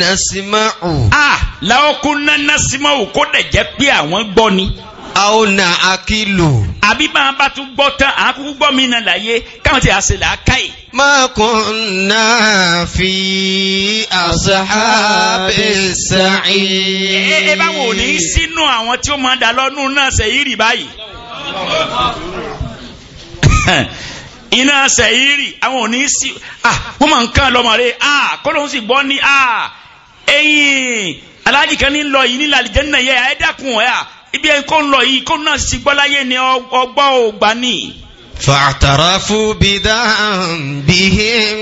nàṣímáù. a láòkúnná nàṣímáù kó dẹ̀ jẹ́ pé àwọn gbọ́ ni. a ó na akílù. àbí máa bá tún gbọ́ tán àwọn kúkú gbọ́ mi náà láyé káwọn ti àṣẹ là á káyè. ma kunna fi ashabi sa'id. ẹ ẹ báwo ní sínú àwọn tí ó máa dà lọ́nù náà ṣèyí rì báyìí. [laughs] iná sẹ̀yìrì àwọn ò ní sí wọ́n máa ń kán lọ́mọ rẹ̀ kọ́lọ́hún sì gbọ́ ní ẹ̀yìn aláàjì kan ní lọ yìí nílẹ̀ àlìjẹ́nà yẹ ẹ̀ dákun ẹ̀ ibi ẹ̀ kó ń lọ yìí kó náà sì gbọ́ láyé ni ọgbọ́ ògbà nìyí fàtàràfù bìdánbìhìm.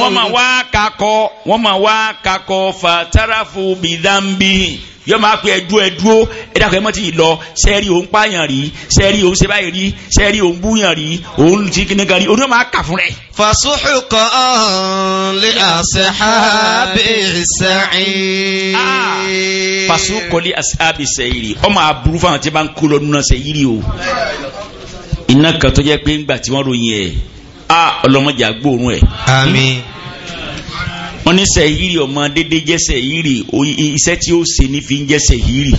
wọ́n máa wá kakọ wọ́n máa wá kakọ fàtàràfù bìdánbìhìm yọ máa pe ẹdú ẹdúó ẹdáko ẹ mọ ti lọ sẹẹri òun pààyàn rí sẹẹri òun ṣẹbáyé rí sẹẹri òun búyàn rí òun ti kíni kan rí òun máa kà fún rẹ. fasuhukan lè asahabi sa'ir. Ah, fasuhukan lè asahabi sa'ir ọmọ aburú fáwọn tí wọn bá ń kó lọ nínú ọsẹ o iná kan tó jẹ́ pé ńgbà tí wọ́n ròyìn ẹ̀ á ọlọ́mọdé àgbòrún ẹ̀. àmín. wọ́n ní sẹ́ yìírì ọmọ dédé jẹ́sẹ̀ yìírì iṣẹ́ tí ó ṣe ní fi ń jẹ́sẹ̀ yìírì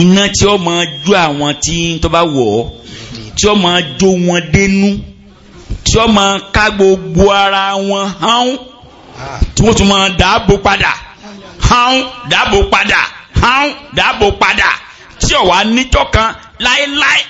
iná tí ó máa jó àwọn tí tó bá wọ̀ ọ́ tí ó máa jó wọn dénú tí ó máa ká gbogbo ara wọn hán tí wọ́n tún máa dáàbò padà hán dáàbò padà hán dáàbò padà tí ó wà nítọ́ kan láéláé.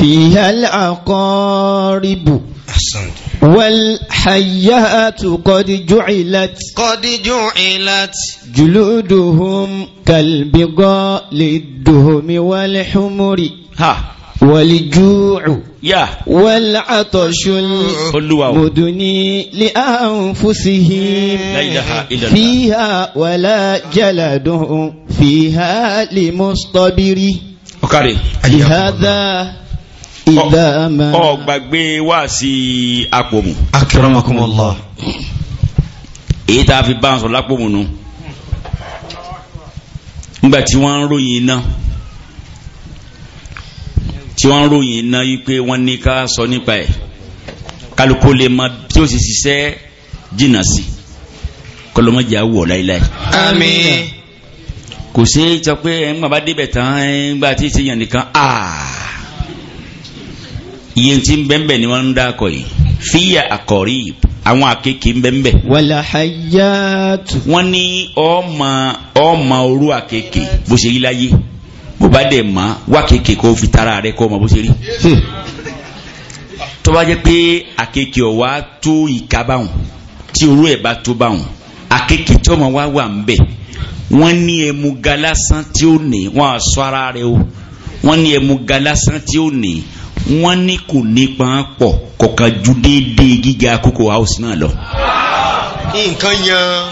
فيها العقارب أحسنت والحيات قد جعلت قد جعلت جلودهم كالبغال الدهم والحمر ها والجوع يا والعطش المدني لأنفسهم فيها ولا جلدهم فيها لمصطبري ọ̀kàrẹ̀ ìhádá ìdámà ọ̀gbàgbé wà sí apòmù akramakumullah èyí tá a fi bá ń sọ lápòmù nù nígbà tí wọ́n ń ròyìn iná tí wọ́n ń ròyìn iná yí pé ní ká sọ nípa ẹ̀ kálukú lè mọ tí ó sì ṣiṣẹ́ jìnnà sí kọlọmọjà wọ̀ láíláí. àmín kò sí sọ pé ẹ̀ ń gbà bá débẹ̀ tán ẹ̀ ń gbà tí ì ti yàn nìkan iye tí ń bẹ́ẹ̀ ni wọ́n ń dákọ̀ yìí fíyà àkọ̀rí àwọn àkekè ń bẹ́ẹ̀. wàlà hayatu. wọ́n ní ọmọ ọmọ orú àkekè bó ṣe rí láyé bó bá dẹ̀ mọ́ wá kéèké kó fi tara rẹ kọ́ ọmọ bó ṣe rí. tó bá jẹ́ pé àkekè ọ̀wá tó ìka báwọn tí orú ẹ̀ bá tó báwọn àkekè tí ọmọ wa wà ń bẹ̀ wọ́n ní ẹmu ga lásán tí ó ní wọ́n á sọ ara rẹ o wọ́n ní ẹmu ga tí ó ní wọ́n ní kò ní pàápọ̀ kọ̀ọ̀kan ju déédéé gíga kókò house náà lọ. nǹkan yan.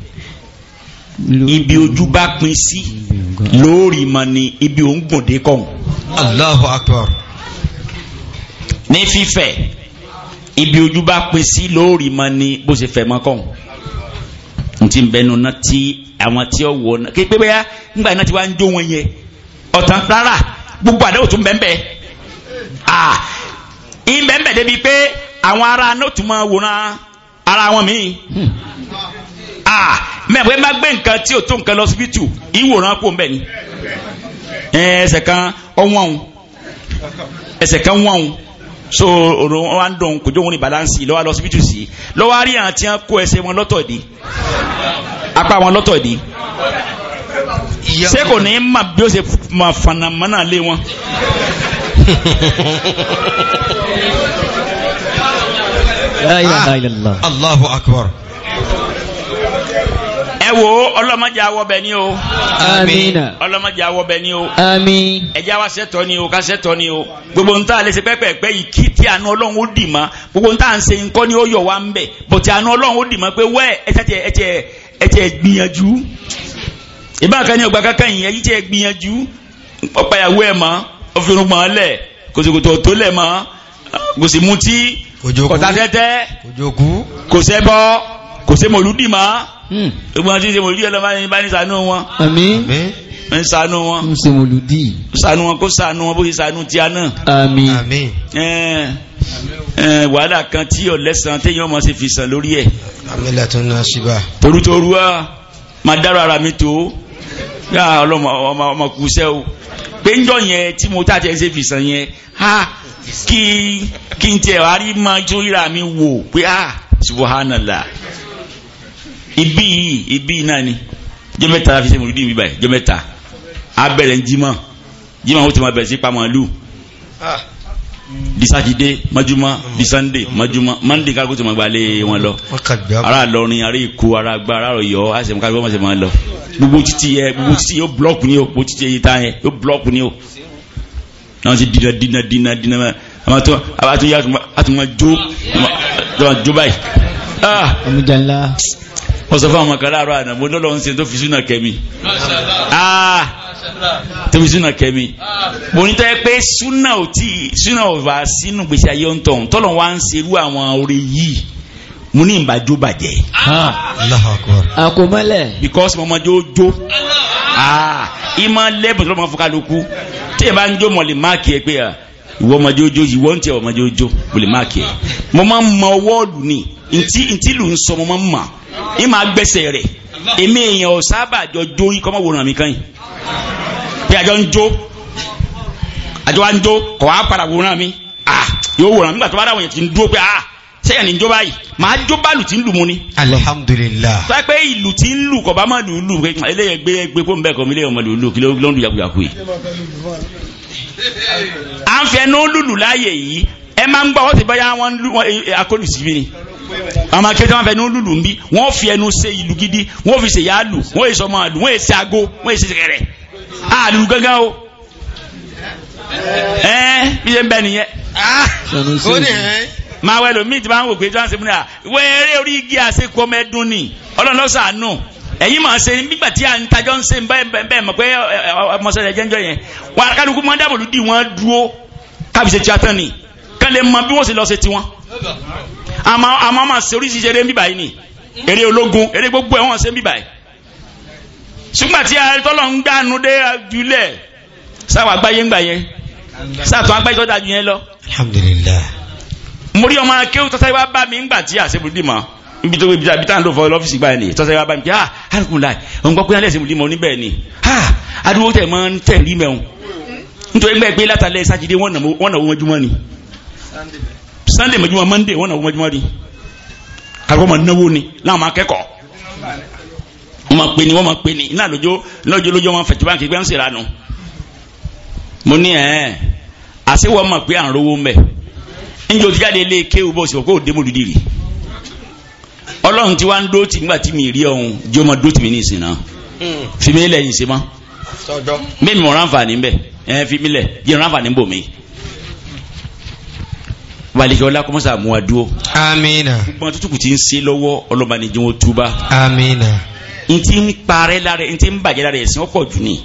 ibi ojú bá pin sí lórí mọ̀ ni ibi òun gùndé kọ̀hún. Allahu Akbar. ní fífẹ̀ ibi ojú bá pin sí lórí mọ̀ ni bó ṣe fẹ̀ mọ́ kọ̀hún. n ti bẹnu náà tí àwọn tí ó wọ̀ náà képe bẹ́yà ńgbà náà ti wá ń jó wọn yẹn ọ̀tàn rárá gbogbo àdáwò tún bẹ́ẹ̀ bẹ́ẹ̀ ah ìbẹ́ẹ̀ bẹ́ẹ̀ débi pé àwọn ará náà tún máa wòran ara wọn míì. Hmm ah mẹ́wẹ́ má gbé nǹkan tí ò tó nǹkan lọ síbítù ìwòran kò mbẹ́ ni ẹsẹ̀ kan ọ̀wọ́n òun ẹsẹ̀ kan wọ́n òun so ọ̀rọ̀ wọn wá ń dùn kò jóun ní balansi lọ́wọ́ lọ síbítù sí lọ́wọ́ àárín àti wọn kó ẹsẹ̀ wọn lọ́tọ̀ di apá wọn lọ́tọ̀ di ṣé kò ní mà bí ó ṣe mà fànàmánà lé wọn la ilaha akbar ẹ wo ọlọ́mọdé awọ bẹ ni o. amiina. ọlọ́mọdé awọ bẹ ni o. ami. ẹja wa sẹ́tọ̀ ni o ká sẹ́tọ̀ ni o. gbogbo ntá lè ṣe pẹ́pẹ́pẹ́ yìí kí tí àánú ọlọ́run ó dì mọ́ gbogbo ntá ń ṣe nǹkan ni ó yọ̀ wá ń bẹ̀ bọ̀tí àánú ọlọ́run ó dì mọ́ pé wẹ́ ẹ̀tẹ̀ ẹ̀tẹ̀ ẹ̀tẹ̀ gbìyànjú. ìbá kan ní ọgbà kankan yìí ẹ̀yí tẹ̀ gbìyànjú ọ̀páyàwó ẹ̀ mọ́ ọ̀fìnrún mọ́ lẹ̀ kòsìkòtò tó lẹ̀ mọ́ kòsìmùtì kòtàtẹ́tẹ́ kòsẹ́bọ́ kò sí mòlúdì má ìgbọ́n hmm. tí ń ṣe mòlúdì ọlọ́ba ní bá ní ṣàánú wọn. àmín ń ṣàánú wọn. ń ṣe mòlúdì. ṣàánú wọn kó ṣàánú wọn bó ṣe ṣàánú tíá náà. àmín. ẹ ẹ wàhálà kan tí ọ̀lẹ́sàn téèyàn ọmọ ṣe fi sàn lórí ẹ̀. amílẹ̀ tó ná síbà. torutoru wa máa dára ara mi tó yá ọlọ́mọ ọmọ kù o pé ń jọ yẹn tí mo tà tẹ́ ṣe fi sàn yẹn ha kí kí n tẹ̀ wá rí máa jó ríra mi wò pé ha subhanallah ibi yìí ibi yìí náà ni jẹ́mẹ́ta la fi ṣe mòlúdì mi báyìí jẹ́mẹ́ta abẹ́rẹ́ ń jímọ̀ jímọ̀ ó ti máa bẹ̀rẹ̀ sí pamọ́ lù ah. disatide majuma disande majuma mande kágo tó ma gba lé wọn lọ ara lọrin ara ikú ara gba ara yọ àṣẹ mọ kágo ma ṣe ma lọ gbogbo títí yẹ gbogbo títí yóò blọọkù ni o gbogbo títí yẹ tán yẹ yóò blọọkù ni o náà ti dina dina dina dina mẹ àwọn tó àwọn tó yà àtúmọ̀ jó àtúmọ̀ jó báyìí. Ah wọ́n sọ fún àwọn kan láàárọ̀ àná mo lọ́lọ́ ń ṣe tó fi súnà kẹ́mi ah, tó fi súnà kẹ́mi ah. mo ní tẹ́ pé súnà ò tí súnà ò bá sínú gbèsè ayé ń tọ̀ tọ́lọ̀ wá ń serú àwọn orí yìí mo ní ìbàjó bàjẹ́. àkómọ́lẹ̀. Ah, because mo máa jó jó ìmọ̀ lẹ́bùn tó lọ́ máa fọ́ kálukú tí ẹ ń jó mọ̀lẹ́ máàkì ẹ pé ìwọ ọmọdé ojo ìwọ ń tẹ ọmọdé ojo wòlé máàkì ẹ mo máa ń mọ wọ́ọ̀lù ni ntí ntí lù ń sọ mo máa ń mọ ẹ máa gbẹ́sẹ̀ rẹ̀ èmi èèyàn ọ̀sáàbà àjọ jó yìí kọ́mọ́ wòran mi kan yìí pé àjọ ń jó àjọ wa ń jó kọ̀ wá padà wòran mi ah yóò wòran mi gbà tó bá dáwọn yẹn ti ń dúró pé ah sẹ́yìn ní jóba yìí màá jóba lù tí ń lù mu ni. alihamdulilah. tó yẹ pé ìlù tí ń lù kọ̀ bá má lù lù eléyẹ gbé gbé fóun bẹ́ẹ̀ kọ́ mi lé ọmọ lù lù kí ló ń lu à ń fẹ́ ní ó lùlù láàyè yìí ẹ máa ń gbọ́ wọ́n ti bá yá wọn akólù síbí ni àwọn akéwìtì wọn fẹ́ ní ó lùlù ń bí wọ́n fi ẹnu ṣe ìlú gidi wọ́n fi ṣe yáàlù wọ́n èso ọmọ àlù wọ́n èso ago wọ́n èso kẹ̀kẹ́rẹ́ àlù gángan o ẹ bí ṣe ń bẹ nìyẹn máa wẹ lómi tí wọn wò pé tí wọn wẹ́ẹ́rẹ́ orí igi àṣekọ́mẹ́dún ni ọlọ́run lọ́sàn-án nù ẹ̀yin máa ṣe nígbà tí à ń tajọ́ ń ṣe bẹ́ẹ̀ mọ̀ pé ọmọọṣẹ́ rẹ̀ jẹ́njọ́ yẹn wọn akálukú máa dábòlù dì wọ́n dúró kábíyèsí tí a tán ni kán lè mọ bí wọ́n ṣe lọ ṣe tiwọn. àmọ́ àmọ́ máa ṣe oríṣiríṣi eré bíbà yìí ni eré ológun eré gbogbo ẹ̀ wọ́n ṣe bíbà yìí. ṣùgbọ́n tí tọ́lọ̀ ń gbàánu dé julẹ̀ sáwà gbáyé ńgbà yẹn sáàtún agbáyé tó dájú yẹn lọ. Alhamdulillah. mo rí ọmọ akéwù tọ́tà ìwà bá mi ńgbà tí àṣebùdì mọ́ níbi tó gbé bí táwọn lò fọ lọ́fíìsì gbà ní tọ́sẹ̀ wa bá mi pé ah alukun láì òun gbọ́ pé alẹ́ ìsìnkú limọ̀ níbẹ̀ ni ah adúgbò tẹ̀ mọ́ ń tẹ̀ rí mẹ́un nítorí gbẹ́ pé látàlẹ́ sátidé wọ́n nàwó mọ́júmọ́ ni sunday mọ́júmọ́ monday wọ́n nàwó mọ́júmọ́ ni kàlùkọ́ mọ́ náwó ni láwọn máa kẹ́kọ̀ọ́ wọ́n máa pe ni wọ́n máa pe ni iná lójó lọ́jọ́ lójó wọn fẹ̀tí báńkì gbẹ́nsẹ̀ ránu mo ní ẹ̀ àṣewọ́ mọ̀ pé à ń rówó mẹ́ ń jò ti jáde ilé kéwù bọ́ọ̀sì kò ọlọ́run tí wá ń dóòtì nígbà tí mi rí ọ̀hún jẹ́ ọmọ dóòtì mi ní ìsìn náà hmm. fi mi lẹ́yìn sí mọ́ mímu ránfààní bẹ́ẹ̀ ẹ̀ fi mi lẹ̀ jẹ́ ránfààní bò mí balẹ̀kẹ́ ọlá kọ́mọ́sà mú wa dúró. amina. gbọ́n tuntun kù ti ń ṣe lọ́wọ́ ọlọ́ba ni jẹun túbá. amina. n ti ń parẹ́ lára n ti ń bàjẹ́ lára ẹ̀sìn ọ̀pọ̀ jù ni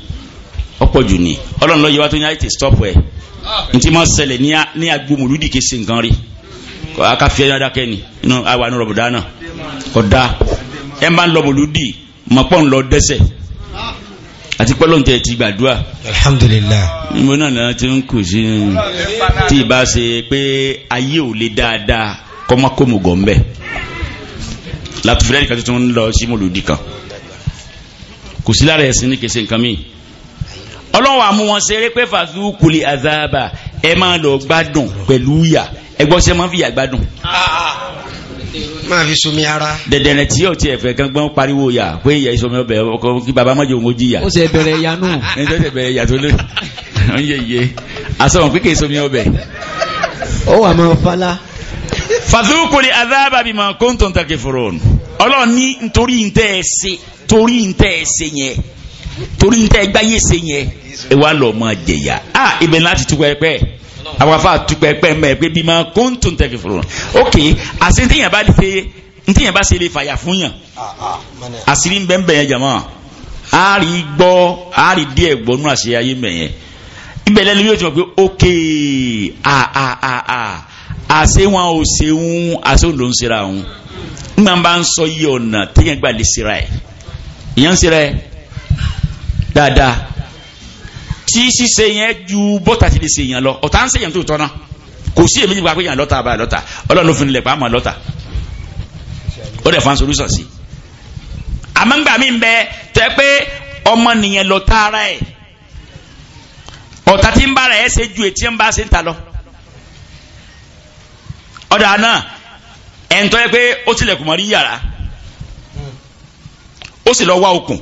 ọ̀pọ̀ jù ni ọlọ́run lọ́ọ́ yẹ wá tó ní ayé stop ẹ̀ n ti máa ṣẹlẹ̀ ní agbomolúdì kì í nǹkan rí ká fi ẹ̀yọ́ ni inú àwa ní rọ̀bùdá náà ọ̀dà ẹ̀ máa ń lọ mọ̀lúdì mọ̀pọ̀ ń lọ dẹ́sẹ̀ àti pẹ́lọ́n tẹ́ ti gbàdúrà alhamdulillah mo náà náà ti ń kù sí tí ìbá ṣe pé ayé ò lè dáadáa kọ́mọ́kọ́mọ́ gọ̀ ń bẹ̀ látùfẹ́lẹ́ nìkan tuntun ń lọ sí mọ̀lúdì kan kò sí lára ẹ̀sìn ní kèsè nǹkan míì ọlọ́run àmú wọn ṣeré pé fàzú kùlì àzáàbà ẹ máa lọ gbádùn pẹ̀lú ìyà ẹgbọ́n ṣe máa fi ìyà gbádùn máa fi sumi ara. dẹ̀dẹ̀nẹ̀ tí yóò tiẹ̀ fẹ́ gangan pariwo ya pé ìyá ìsọmi ọbẹ̀ ọkọ kí baba má jẹun kó jìyà. ó ṣe bẹ̀rẹ̀ yanu. ní tó ṣe bẹ̀rẹ̀ yàtọ̀ lé o yé iye asọ̀rọ̀ pé kì í sọmi ọbẹ̀. ó wà máa fala. fàdúkùlì adáàbà bímọ kóńtò ta kẹfọrọ Ọlọ́run ní nítorí ń tẹ ẹ ṣe torí ń tẹ ẹ ṣe yẹn torí ń tẹ ẹ gbáyé ṣe yẹn ẹ wá lọ máa jẹyà ah ibẹ̀ láti tukọ̀ ẹ pẹ́ẹ́ àwọn afa tukpẹ pẹmẹ pé bí máa kó ń tún tẹ fi fòrò ok àti ntìyàn bá ṣe ntìyàn bá ṣe lè fàyà fún yàn àṣírí nbẹ̀nbẹ̀ yẹn jàmọ́ a rí gbọ́ a rí díẹ̀ gbọ́ nínú àṣẹ ayé mẹ̀yẹn ibẹ̀ lẹ́nu yóò ti mọ̀ pé ok a a a a àṣẹ wọn ò ṣeun àṣẹ òun ló ń ṣera òun nígbà bá ń sọ yí ọ̀nà téèyàn gbà lè ṣera ẹ̀ ìyẹn ń ṣera ẹ̀ dáadáa tí ṣíṣe yẹn ju bọ́tà ti lè ṣe yẹn lọ ọ̀tá ń ṣe yẹn tó tọ́ náà kò sí èmi nípa pé yẹn lọ́tà àbá lọ́tà ọlọ́run ló fi nílẹ̀ pàmò lọ́tà ó dẹ̀ fún solution sí. àmọ́ ńgbà mí bẹ tẹ́ pé ọmọ nìyẹn lọ tààrà ẹ̀ ọ̀tá tí ń bá rẹ̀ ṣe ju ètí ń bá ṣe ń ta lọ. ọ̀dà náà ẹ̀ ń tọ́ ẹ pé ó tilẹ̀kùn mọ́ rí yàrá ó sì lọ wá okùn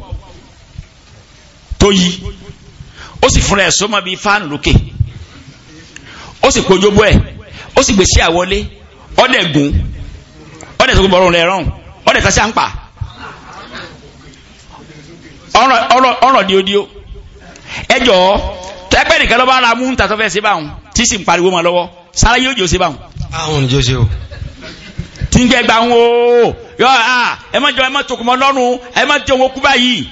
tó yí ó sì fúnra ẹ̀ sọ́mọ́ bíi fáànù lókè ó sì kojú bọ́ ẹ̀ ó sì gbèsè àwọlé ọ̀dẹ̀ gùn ọ̀dẹ̀ sọ́kùn bọ̀rọ̀ rẹ̀ rọrùn ọ̀dẹ̀ kan ṣá ń pa ọ̀rọ̀ díodíó ẹjọ́ tẹ́pẹ́ nìkan ló bá ra mú tàtọ́ fẹ́ sí báwọn tí sì ń pariwo mọ́ lọ́wọ́ sára yóò jò sí báwọn. àwọn ò ní o. tí ń jẹ́ gba ń wo yọ a ẹ má jọ ẹ má tokùnmọ́ lọ́rùn ẹ má jẹun okú báyìí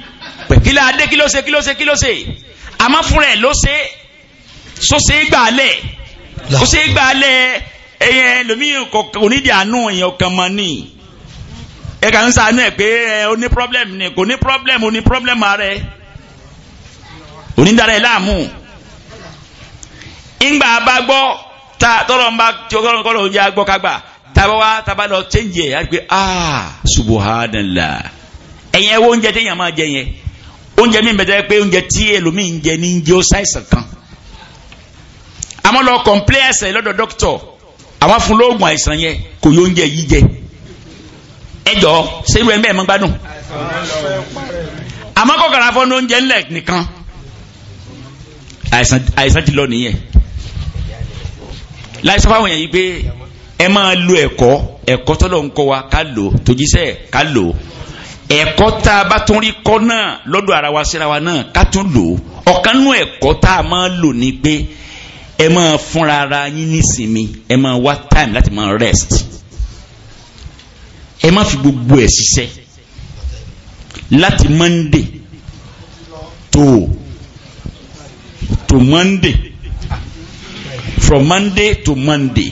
pẹ̀ kí ló ṣe kí ló ṣe kí ló ṣe àmọ́ fúnra ẹ̀ ló ṣe so ṣe é gbàálẹ̀ ó ṣe é gbàálẹ̀ ẹ̀yẹ lomi onídìí àánú èèyàn kan mọ́ ni ẹ kàn ń sàánú ẹ pé ẹ ó ní problem ni kò ní problem ó ní problem rẹ onídàrẹ́ láàmú ìgbà bá gbọ́ ta tọ́lọ́ ń bá tọ́lọ́ kọ́lọ́ ń yá gbọ́ kagbà tàbá wa tàbá lọ change ẹ̀ á pé ah subhanallah ẹ̀yẹ wo oúnjẹ téèyàn máa jẹ yẹn oúnjẹ mi bẹ̀rẹ̀ pé oúnjẹ tí ẹlòmíì ń jẹ ní ń jẹ ó ṣàìsàn kan àmọ́ lọ kọ̀ǹplẹ́ ẹsẹ̀ lọ́dọ̀ dókítọ̀ àwọn fún lóògùn àìsàn yẹn kò yóò ń jẹ yìí jẹ ẹ jọ sẹ́yìn rẹ̀ mẹ́ẹ̀mọ́ gbádùn àmọ́ kọ̀kàrà fọ́nú oúnjẹ ńlẹ̀ nìkan àìsàn ti lọ nìyẹn láìsàn fáwọn èèyàn yìí pé ẹ máa lo ẹ̀kọ́ ẹ̀kọ́ tọ́lọ̀ ń kọ́ wa ká lò tòjíṣẹ́ ká lò ẹ̀kọ́ tá a bá tún rí kọ́ náà lọ́dọ̀ ara wa síra wa náà ká tún lò ó ọ̀kan nú ẹ̀kọ́ tá a máa lò ní pé ẹ máa fúnra ara yín nísìnyí ẹ máa wá time láti máa rest ẹ má fi gbogbo ẹ̀ ṣiṣẹ́ láti Monday to to Monday from Monday to Monday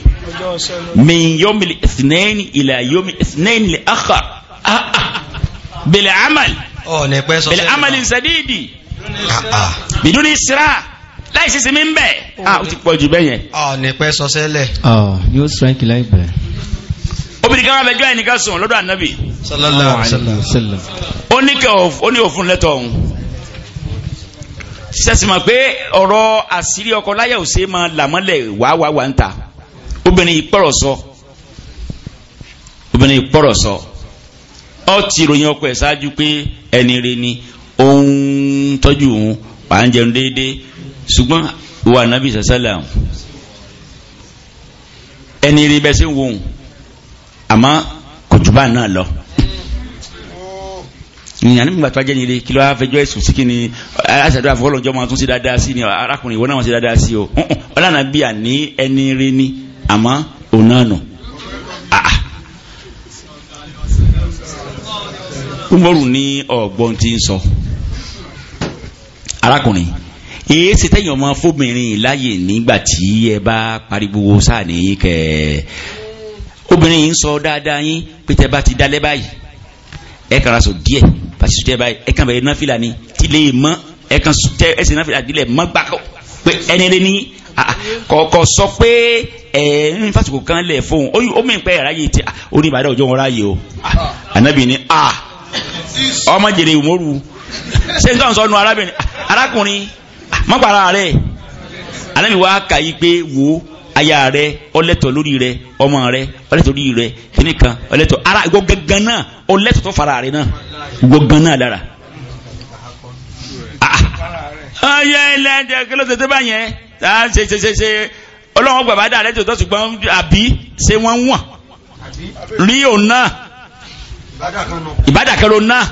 mi yomi ethneni ila yomi ethneni le akhar ah ah bẹ̀lẹ̀ amal bẹ̀lẹ̀ amal ìsẹ̀díìdì bìdún ní ah, ah. sira láìsí sí mi ń bẹ̀ ah ó ti pọ̀ jù bẹ́yẹn. ọ̀nìpẹ́ sọ sẹ́lẹ̀. ọ̀ yóò sọ́ńkì láìpẹ́. obìnrin kan wà fẹjọ́ ẹnìkan sùn lọ́dọ̀ ànábì. sallallahu alaihi wasallam. ó ní kẹ́ ó ní òfun lẹ́tọ̀ ọ̀hún. sẹ́sì mọ̀ pé ọ̀rọ̀ àṣírí ọkọ láyà ò ṣe máa làmọ́lẹ̀ wàá wàá wà ń ta obìnrin ìpọ̀rọ̀ sọ obìnrin ìpọ̀rọ̀ sọ ọ ti ròyìn ọkọ ẹ̀ ṣáájú pé ẹni rẹ ni òun tọ́jú òun wà á ń jẹun déédéé ṣùgbọ́n wà nábì sàṣàlà ẹni rí bẹ́ẹ̀ sí ń wòun àmọ́ kò jù bá náà lọ ìyàn nígbà tó ajẹ́ nílé kí ló á fẹjọ́ ẹ̀sùn sí kí ni aṣàdúrà àfọwọ́lọ́jọ́ máa tún sí dáadáa sí ni arákùnrin ìwọ náà máa sí dáadáa sí o ọlànà bíi ẹni rí ni àmọ́ òun náà nù. umaru ní ọ̀gbọ́n tí ń sọ arákùnrin èyí sì tẹ́yìn ọmọ fóbìnrin láàyè nígbà tí ẹ bá pariwo sáàní kẹ obìnrin yìí ń sọ dáadáa yín pé tẹ bá ti dalẹ́ báyìí ẹ kàn ra sọ díẹ̀ pàṣẹ tẹ báyìí ẹ kàn bẹ̀rẹ̀ náfìlà ni tí lè mọ́ ẹ kàn tẹ ẹ náfìlà dílẹ̀ mọ́ gbàkọ́ pé ẹni lé ní kọ̀ọ̀kọ̀ sọ pé ẹ̀ ń fásitì kan lẹ̀ fóun ó mìíràn pé ẹ̀ráyè tí oníbàdàn òjò wọn ráyè o ànábì ni a. Ah. ọmọ jèrè ìmọ̀rù ṣé sọ nu arábìnrin arákùnrin rẹ̀ kà yí pé aya ọlẹ́tọ̀ lórí ọmọ ọlẹ́tọ̀ lórí kíní kan ọlẹ́tọ̀ ara gangan náà ọlẹ́tọ̀ tó fara náà ah, ah. ilẹ̀ kí ló ìbádàkan ló náà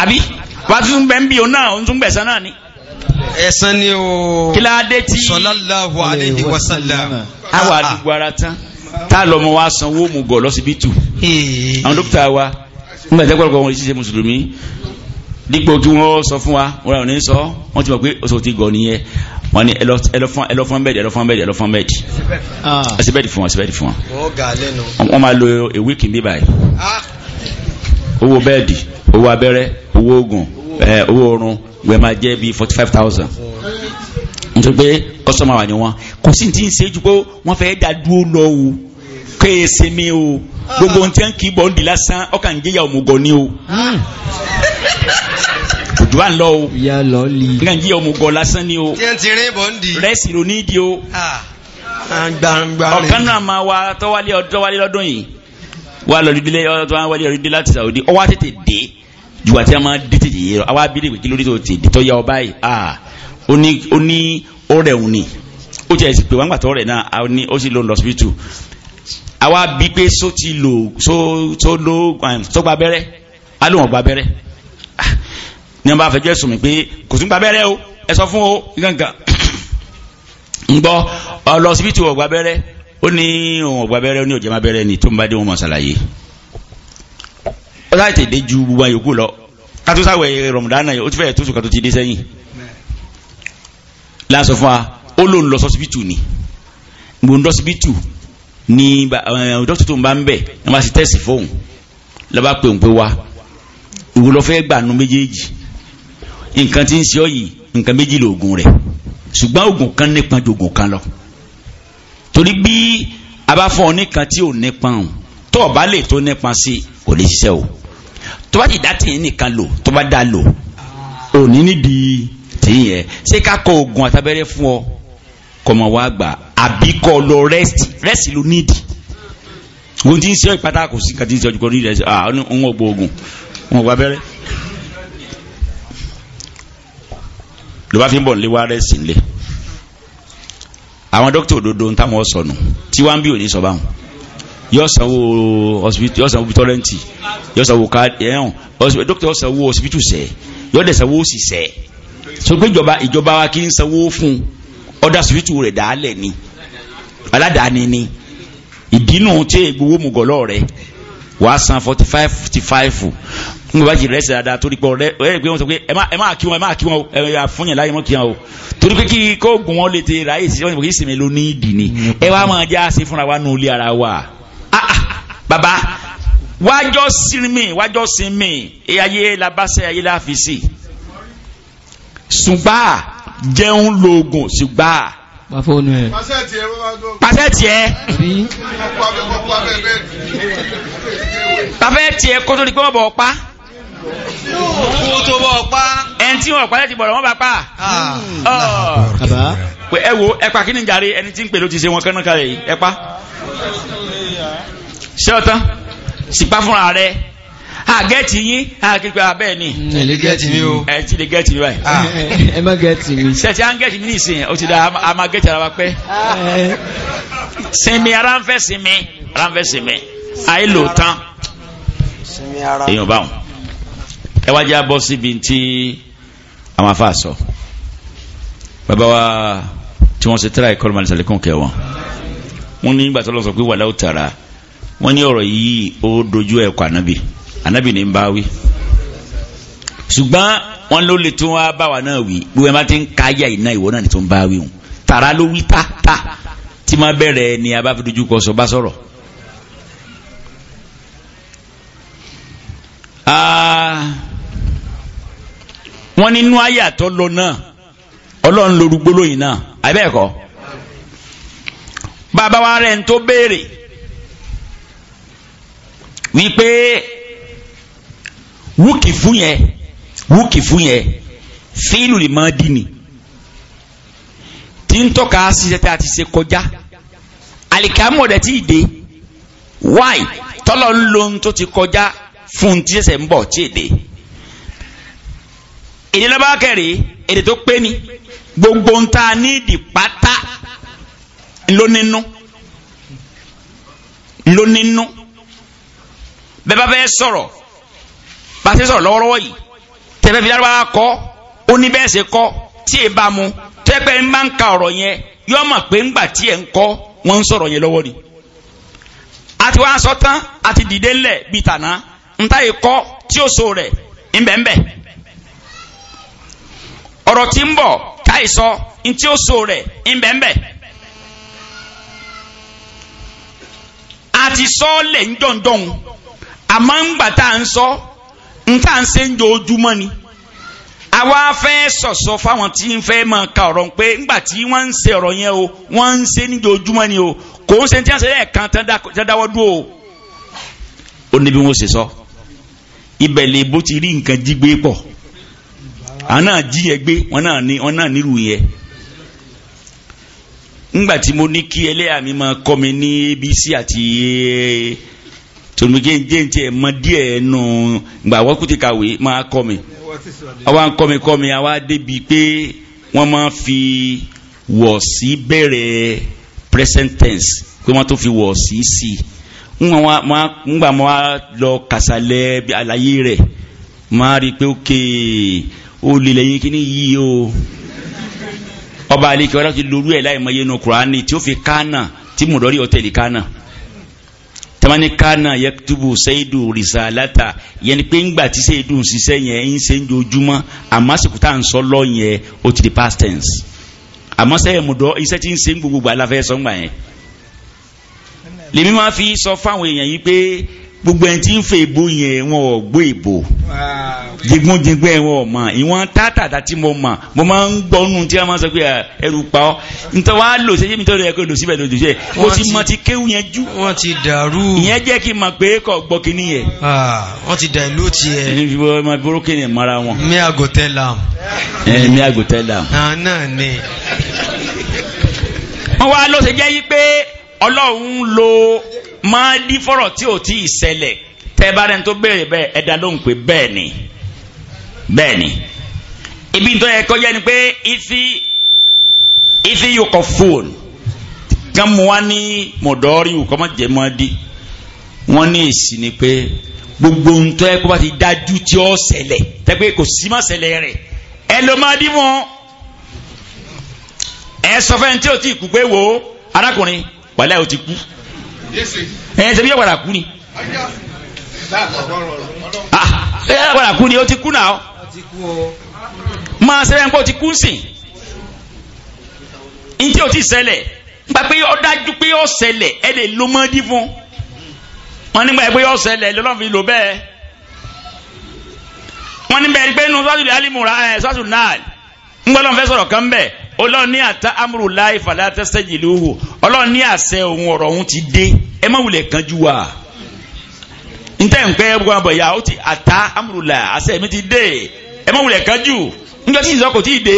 àbí wàá tún bẹ́ẹ̀ ń bí òun náà òun tún gbẹ̀sán náà ni. ẹ̀sán ni o kíládé tí sallallahu alaihi wasallam àwọn àdúgbò ara tán ah, ah. tá a lọ́mọ wa sanwó mu gọ̀ lọ́sibítù àwọn dókítà wa nígbà tí wọ́n kọ́ wọn ṣiṣẹ́ mùsùlùmí dípò kí wọ́n sọ fún wa wọ́n rà ní sọ wọ́n ti mọ̀ pé oṣù ti gọ̀ nìyẹn wọ́n ní ẹlọ́fọ́n bẹ́ẹ̀dì ẹlọ́fọ́n bẹ́ẹ̀dì ẹlọ́fọ́n bẹ́ẹ̀dì ah. ẹsẹ̀ bẹ́ẹ̀dì fún wọn ẹsẹ̀ bẹ́ẹ̀dì fún wọn. wọ́n máa lo ewé kìíní báyìí. owó bẹ́ẹ̀dì owó abẹ́rẹ́ owó oògùn owó orun wẹ́ máa jẹ́ bíi forty five thousand nítorí pé kọ́sọ́mà wà ní wọn kò sí ti ń ṣe jù pé wọ́n fẹ́ o gbogbo ohun tí wọ́n kì í bọ̀ ń di lásán ọkàn ń ni o jù à ń lọ o ọkàn ń jẹ́yà òmùgọ̀ ni o rẹ́sì ló o ah. Ah, ọ̀kan náà máa wá tọ́wálé ọdún wà lọ rídílé ọ̀rọ̀ tó wà wọlé rídílé láti Saudi ọwọ́ àtètè dé ju àti àmọ́ dètè yé rọ àwọn abílẹ̀ ìwé kí lórí tó ti dé tó yá ọ báyìí a ó ní ó ní ó rẹ̀ òun ni ó jẹ́ ìsìnkú wọn gbàtọ́ rẹ̀ náà ó ní ó sì lọ lọ́sibítù àwa bí pé só ti lò só tó ló tó gba abẹ́rẹ́ á lò wọ́n ní wọn bá fẹjọ́ mi pé kò tún gba abẹ́rẹ́ o ẹ sọ fún o gángan [coughs] ń gbọ́ ọ lọ́sibítù ọ̀ gba ó ní òun ọ̀gbà bẹ́rẹ́ ó ní òjẹ́ bẹ́rẹ́ ni tó ń bá dé wọn mọ̀ ṣàlàyé ó sáà tètè ju gbogbo àyòkù lọ kátó sáwẹ̀ rọ̀mùdánà ó ti fẹ́ẹ̀ tó sùkà tó ti dé sẹ́yìn láàsọ fún wa ó lóun lọ sọ́sibítù ni mo ń dọ́sibítù ni dókítà tó ń bá ń bẹ̀ ẹ má sì tẹ̀sí fóun lọ́ba pé òun pé wa ìwò lọ fẹ́ gbà nu méjèèjì nǹkan tí ń ṣe ọ yìí nǹkan méjì lóògùn rẹ̀ ṣùgbọ́n òògùn kan nípa ju òògùn kan lọ torí bí a bá fún ọ nìkan tí ò nípa o tó o bá lè tó nípa sí kò lè ṣiṣẹ́ o tó bá ti dá tìyẹn nìkan lò tó bá dá lò ò ní nídìí tìyẹn ṣé ká kọ oògùn àtàbẹ́rẹ́ fún ọ kọ́ mọ wá gbà àbí kọ́ lọ rẹ́sì rẹ́sì ló nídìí ohun tí ń ṣe ìpátá kò sí kàtí ń ṣe ọjọ́ orí rẹ̀ ṣe ah òun ò gbóògùn òun ò gbà bẹ́rẹ́ ló bá fi ń bọ̀ nílé wá rẹ́sì nílé àwọn dókítà òdodo ń táwọn sọnù tí wọ́n ń bí òní sọ báwọn yóò sanwó hospital yóò sanwó bitọ́lẹ́ǹtì yóò sanwó káàdì ẹ̀hún dókítà yóò sanwó hospital sẹ̀ yóò dẹ̀ sanwó sì sẹ̀ so pé ìjọba ìjọba wa kì í sanwó fún ọ̀dà hospital rẹ̀ dàálẹ̀ ni aládàáni ni ìdínú tí ègbówó mùgọ́lọ́ rẹ̀ wàá san forty five fifty five n kò bá jìrì lẹ́sẹ̀ dáadáa torí pé ọ̀rẹ́ ẹ̀ pé wọ́n sọ pé ẹ má kí wọn ẹ má kí wọn ẹ yà fún yẹn láyé mọ́ kí wọn o torí pé kí kó gùn wọn lè te ráyè sí wọn kò kí sèmi ló ní ìdì ni ẹ wá máa já sí fúnra wa nù ilé ara wa bàbá wájọ́ sinmi wájọ́ sinmi ayé labásẹ́ ayé láfiṣì ṣùgbọ́n jẹun lóògùn ṣùgbọ́n pàfẹ́ ònú ẹ̀ pàfẹ́ tí ẹ pàfẹ́ tí pé wọ́n bọ̀ ọ́ pa kú tó bọ́ pa. ẹn tí wọn pàdé ti bọ̀rọ̀ wọn bá pa. Ah. ẹ wo ẹ pa kí ni jàre ẹni tí ń pè ló ti ṣe wọn kánná kalẹ̀ yìí ẹ pa. ṣé o tán sípa fúnra rẹ àgẹ́tì yín àkíkọ́ abẹ́ ah, ni. ẹ lè gẹ́tì mi o. ẹ ti lè gẹ́tì mi báyìí. Ah. ẹ má gẹ́tì mi. sẹ́tì à ń gẹ́tì mi ní o ti da a ma gẹ́tì ara wa pẹ́. sinmi ara ń fẹ́ sinmi ara ń fẹ́ sinmi àìlò tán èèyàn báwọn ẹ wá jẹ́ abọ́ síbi tí àwọn afa sọ bàbá wa tí wọ́n ṣe tẹ́lá ìkọlù màlẹ́sàlẹ̀ kún kẹ́ wọn wọ́n ní ìgbà tó lọ sọ pé wàlá òtara wọ́n ní ọ̀rọ̀ yìí ó dojú ẹ̀ kọ́ ànábì ànábì ní ń bá wí ṣùgbọ́n wọ́n ló lè tún wá bá wa náà wí bí wọ́n bá ti ń ka ayé ìwọ náà ni tó ń bá wí hùn tààrà ló wí tá tá tí máa bẹ̀rẹ̀ ni a bá fi dojú kọ sọ bá sọ̀rọ̀. Ah wọ́n nínú àyà tó lọ náà ọlọ́run lóru gbólóyìn náà àbẹ́ẹ̀kọ́ bàbá wa rẹ̀ ń tó béèrè wípé wúkì fún yẹn wúkì fún yẹn fíìlù lè máa dì ní tí ń tọ́ka ṣiṣẹ́ tí a ti ṣe kọjá àlìkámọ̀ rẹ̀ tí dé wáì tọ́lọ́ ń lo ohun tó ti kọjá fún un tí ṣẹ̀ṣẹ̀ ń bọ̀ tí èdè èdè lọ́ba kẹrì èdè tó pé ni gbogbo ń ta ní ìdí pátá ló nínú ló nínú bẹ́ẹ̀ bá fẹ́ sọ̀rọ̀ bá fẹ́ sọ̀rọ̀ lọ́wọ́lọ́wọ́ yìí tẹ́fẹ́ fi lárúbáwá kọ́ ó ní bẹ́ẹ̀ ṣe kọ́ tí ì bá mu tẹ́pẹ́ ń bá ń ka ọ̀rọ̀ yẹn yọ mọ̀ pé ńgbà tí ẹ̀ ń kọ́ wọ́n ń sọ̀rọ̀ yẹn lọ́wọ́ ni. a ti wá tán a dìde ńlẹ̀ bíi tàná ń táyé kọ́ tí ó so rẹ̀ ńbẹ̀ńbẹ̀. ọ̀rọ̀ tí ń bọ̀ káìsọ ntí ó so rẹ̀ ńbẹ̀ńbẹ̀. àti sọ́ọ̀lẹ̀ ńjọ̀ǹjọ̀ǹ àmọ́ ńgbà tá à ń sọ ńta à ń ṣe ń ni àwa fẹ́ sọ̀sọ fáwọn tí ń fẹ́ ka ọ̀rọ̀ pé ńgbà tí wọ́n ń ṣe ọ̀rọ̀ yẹn o wọ́n ń ṣe o kò ń ṣe tí wọ́n ṣe lẹ́ẹ̀kan o ó ní bí wọ́n ṣe sọ ibẹ̀ lè bó ti rí nǹkan jígbé pọ̀. àwọn náà gbé wọn náà ní wọn náà nílùú tí mo ní kí ẹlẹ́yà mi máa kọ́ mi ní abc àti tòmíkẹ́ jẹ́ǹtì mọ díẹ̀ nù gbà wọ́n kú kàwé máa kọ́ mi àwa ń kọ́ mi kọ́ mi àwa débi pé wọ́n máa fi wọ̀ sí bẹ̀rẹ̀ present tense pé wọ́n fi wọ̀ sí sí ngba mo wá lọ kàsálẹ̀ àlàyé rẹ̀ máa rí i pé ókè. Okay ó lè lẹ́yìn kíní yìí o ọba àlekè ọlá ti lorú ẹ̀ láì mọye nu kùránì tí ó fi kánà tí mùdọ́rí ọ̀tẹ̀lì kánà tamani kana yaktubu seidu risalata yẹni pé ńgbà tí seidu ń ṣiṣẹ́ yẹn ń ṣe ń jojúmọ́ àmọ́ àsìkò tá à ń sọ lọ yẹn ó ti di past tense àmọ́ sẹ́yìn mùdọ́ iṣẹ́ tí ń ṣe ń gbogbo gbà sọ́ngbà yẹn lèmi máa fi sọ fáwọn èèyàn yìí pé gbogbo ẹni tí ń fẹ́ ìbò yẹn wọn ò gbọ́ ìbò jigunjigun wọn ò mọ ìwọn tátàtà tí mo mọ mo máa ń gbọnu tí a máa sọ pé ẹrù pa ọ nítorí wàá lò sẹ́yìn mi tọ́jú ẹ kó lò síbẹ̀ lójú ṣe mo ti mọ ti kéwù yẹn jú. wọ́n ti dàrú. ìyẹn jẹ́ kí n mọ̀ pé kò gbọ́ kínní yẹn. wọ́n ti dà ìlú tiẹ̀. ní fi wọ́n máa ni mara wọn. mi àgò tẹ́ la. ẹ mi àgò tẹ́ la. náà ni. wọ́n wá lọ sí jẹ́ yí pé ọlọ́run lo máa dí fọ́rọ̀ tí ò tí ì ṣẹlẹ̀ tẹ́ bá rẹ̀ tó béèrè bẹ́ẹ̀ ẹ̀dá ló ń pè bẹ́ẹ̀ ni bẹ́ẹ̀ ni ibi tó yẹ kọjá ni pé ifi ifi yòókọ̀ fóònù kan mu wa ní mọ̀dọ́rí kọ́mọ jẹ́ mọ́ di wọ́n ní èsì ni pé gbogbo ń tọ́ kó bá ti dájú tí ó ṣẹlẹ̀ tẹ́ pé kò sí má ṣẹlẹ̀ rẹ̀ ẹ ló má dí mọ́ ẹ sọ fẹ́ni tí o ti kú pé wo arákùnrin wàlẹ́ o ti kú ẹ̀ ṣe bí ọ̀padà kú ni ah, ẹ̀ ọ̀padà kú ni ó ti kú náà máa ṣe ẹ̀ńpọ̀ ti kú sìn ní tí o ti ṣẹlẹ̀ nípa pé ó dájú pé ó ṣẹlẹ̀ ẹ lè lo mọ́dí fún wọn nígbà pé ó ṣẹlẹ̀ lọ́nà fi lò bẹ́ẹ̀ wọn níbẹ̀ pé nínú sọ́tù alimura ẹ̀ sọ́tù náà ńgbọ́dọ̀ fẹ́ sọ̀rọ̀ kan bẹ́ẹ̀ ọlọ́run ní àtà amúrù láì fàlẹ́ àtẹ́sẹ́jì lóhùn ọlọ́run àṣẹ òun ọ̀rọ̀ òun ti dé ẹ má wulẹ̀ kanjú wa ntẹ nkpẹ bọ abọ ya o ti ata amurula ase mi ti de ẹ má wulẹ̀ kanjú njọ tí ìzọ kò tí de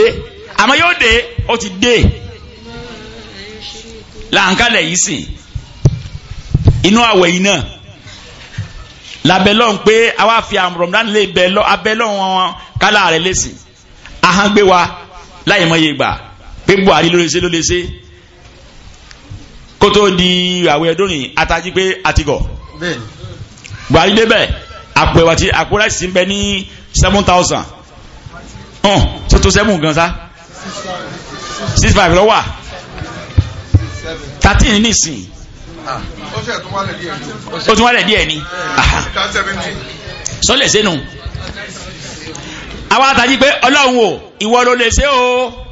àmọ́ yóò de o ti de lànkalẹ̀ yìí sìn inú àwẹ̀ yìí náà labẹ́lọ́n pé àwa fi àmọ̀ràn lè bẹ́lọ́ abẹ́lọ́n wọn kálá rẹ̀ lẹ́sìn ahangbe wa láyé mọ́ yé gbà pé Buhari ló lè ṣe ló lè ṣe kótó di àwẹ̀ ẹ̀dọ́nì àtàjì pé àtìgọ̀ buhari débẹ̀ àpẹwàtí àpẹwàtí ń bẹ ní seven thousand hàn tó tó seven gan sa six five lọ́wọ́ thirteen nísìn ah, ó tún wálẹ̀ díẹ̀ ni sọlẹ̀ sẹ́nu àwọn àtàjì pé ọlọ́run o ìwọ ló lè ṣe o.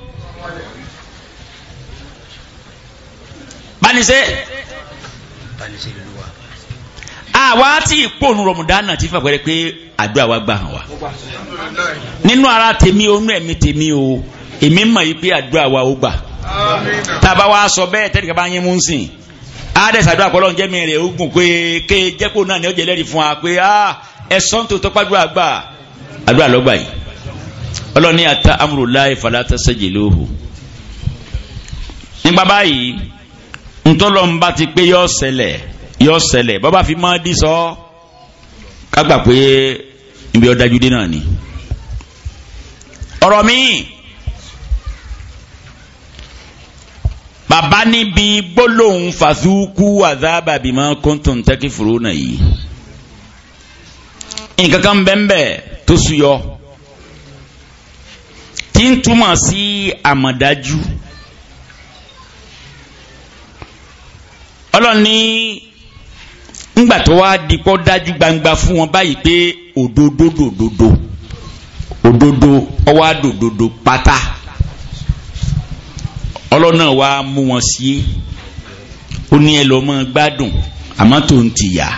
bánisẹ́ àwa tí ìpòrun rọmùdánà ti fà pẹ́rẹ́ pé àdúrà wa gbà hàn wá nínú ara tèmi o ẹ̀mí tèmi o èmi mọ̀ yìí pé àdúrà wa ó gbà tá a bá wa sọ bẹ́ẹ̀ tẹ́lifà bá yín mú sìn àádẹ́sì àdúrà pọ́lọ́ jẹ́ mi rẹ̀ ogun pé ké jẹ́kò náà ni ó jẹ́ fún wa pé ẹ̀sán tó tọ́pá àdúrà gbà àdúrà yìí ọlọ́ni ata amúrò láì fàlà tẹ́sẹ̀ jèlóhù báyìí ntọ́lọ́mba ti pé yọ ṣẹlẹ̀ yọ ṣẹlẹ̀ bàbá fi máa di sọ kágbà pé ibi ọ̀dájú dé náà ni. ọ̀rọ̀ mi bàbá níbi gbólóhùn fàṣúkú àzábà bímọ kóńtùn tẹ́kí fúró náà yìí nǹkan kan bẹ́ẹ̀ tó súyọ tí ń túmọ̀ sí àmọ̀dájú. Si ọlọ́run ní ńgbà tó wá dipọ́ dájú gbangba fún wọn báyìí pé òdodo dòdodo òdodo ọwọ́ àdòdodo pátá ọlọ́run náà wá mú wọn sí ó ní ẹ lọ́ọ́ mọ́ gbádùn àmọ́ tó ń tìyà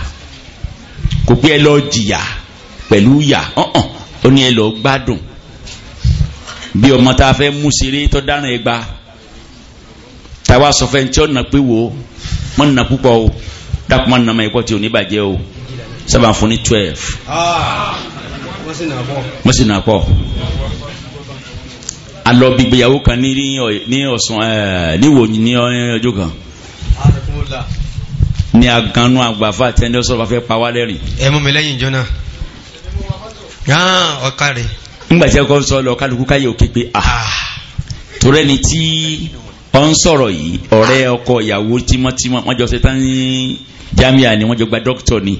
kò pé ẹ lọ jìyà pẹ̀lú yà ọ̀hàn ó ní ẹ lọ gbádùn bí ọmọ tá a fẹ́ mú ṣeré tó dáná ẹgba táwa sọ fẹ́ tí ó pé wò ó mọ nà púpọ̀ o dákun mọ nà mọ ẹ̀kọ́ tí o ní bàjẹ́ o sábà fún ní twelve. Ah, wọ́n sì nà pọ̀. a lọ bí ìgbéyàwó kan ní ọ̀sán níwò ní ọjọ́ kan ní aganu àgbàfà tẹ́ndẹ́ sọ̀rọ̀ fẹ́ pa wá lẹ́rìn. ẹ mú mi lẹ́yìn jọ́nà yáà ọ̀ka rẹ̀. ńgbàjẹ́ kọ́ sọ lọ kálukú káyé òkè pé ah torẹ́ni tí ọ ń sọ̀rọ̀ yìí ọ̀rẹ́ ọkọ ìyàwó tímọ́tímọ́ wọ́n jọ ṣe ní jamiu ni wọ́n jọ gba dókítọ̀ ni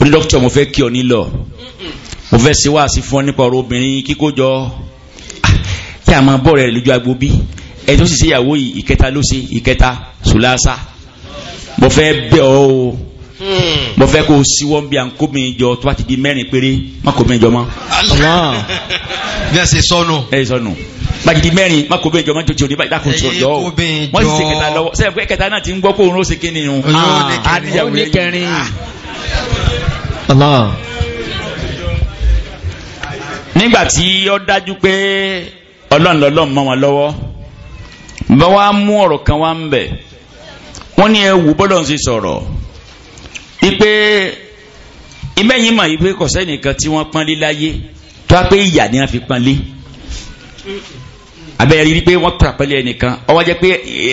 ó ní dókítọ̀ mo fẹ́ kí ọ nílọ mo fẹ́ ṣe wáàsí fún ọ nípa ọ̀rọ̀ obìnrin kíkójọ kí a máa bọ̀ rẹ̀ lójú agbo bí ẹ tó sì ṣe ìyàwó yìí ìkẹta ló ṣe ìkẹta sùlásà mo fẹ́ bẹ̀ ọ́ o mo fẹ́ kó o síwọ́ bí àǹkómi jọ tó bá ti di mẹ́rin péré má kó mi jọ mọ́. bí a ṣe sọnù. ẹ sọnù gbàgìdì mẹ́rin má kó bẹ́ẹ̀ jọ má jòjì òní báyìí kò jọ yọ o wọ́n sì ṣe kẹta lọ́wọ́ sẹ́yìn pé kẹta náà ti ń gbọ́ kó òun ó ṣe kíni o ah, àdìyàwó kẹrin. Ah. nígbà tí ó dájú pé ọlọ́run lọ́lọ́run mọ́ wọn lọ́wọ́ bá wa mú ọ̀rọ̀ kan wá ń bẹ̀ wọ́n ní ẹ wù ṣe sọ̀rọ̀ ipe imẹ́yìn mọ̀ ipe kọ̀sẹ́ nìkan tí wọ́n pọ́n lé láyé tó a pé ìyà ni wọ́n fi pọ́n lé abẹ́ rírí pé wọ́n pàpẹ́lẹ́ ẹnìkan ọwọ́ jẹ́ pé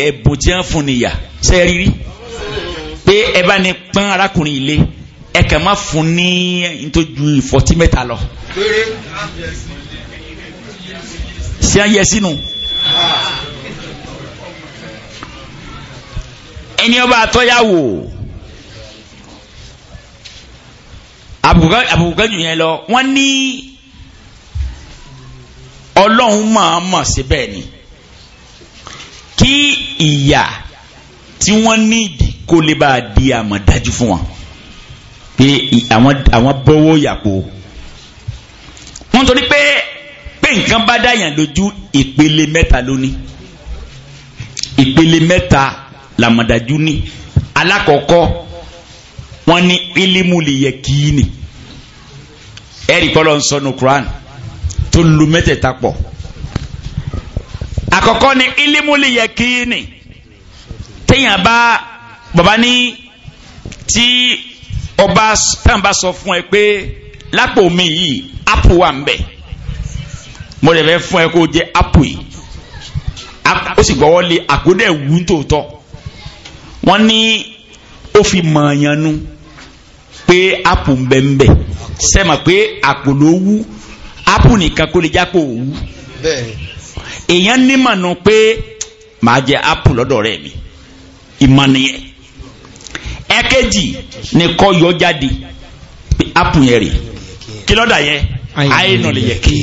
ẹ̀bùn tí wọ́n fún nìyà ṣe é rírí pé ẹ bá ní pọ́n arákùnrin ilé ẹ kàn má fún ní nítorí ìfọ̀tí mẹ́ta lọ. ṣé à yẹ sínú. ẹni ọba àtọ́yàwó àbùkù kan yẹn lọ wọ́n ní ọlọ́run máa mọ̀ sí bẹ́ẹ̀ ni kí ìyà tí wọ́n ní ìdí kó lè bá a di àmọ̀dájú fún wọn pé àwọn bọ́wọ́ yàpò wọ́n torí pé pé nǹkan bá dáyàn lójú ìpele mẹ́ta lónìí ìpele mẹ́ta làmọ̀dájú ní alákọ̀ọ́kọ́ wọ́n ní ilimuli yẹ kí ni ẹ̀rí kọ́ ló ń sọ ní Quran tó lu mẹ́tẹ̀ẹ̀ta pọ̀ àkọ́kọ́ ni ilimuli yakini téèyàn bá bàbá ní tí ọba táwọn bá sọ fún ẹ pé lápò mi yìí apu wà ń bẹ mo lè fẹ́ fún ẹ kó jẹ apu yìí ó sì gbọ́wọ́ lé àgódẹ̀ wù ń tòótọ́ wọ́n ní ó fi mọ̀ pé apu ń bẹ ń bẹ sẹ́mà pé àpò ló wú apple nìkan kó lè jápò òwú èèyàn nímọ̀nà pé màá jẹ apple lọ́dọ̀ rẹ̀ mi ìmọ̀ nìyẹn ẹ̀kejì ni kọ́ yọ jáde pé apple yẹn rè kí lọ́dà yẹn ayé nà lè yẹ kí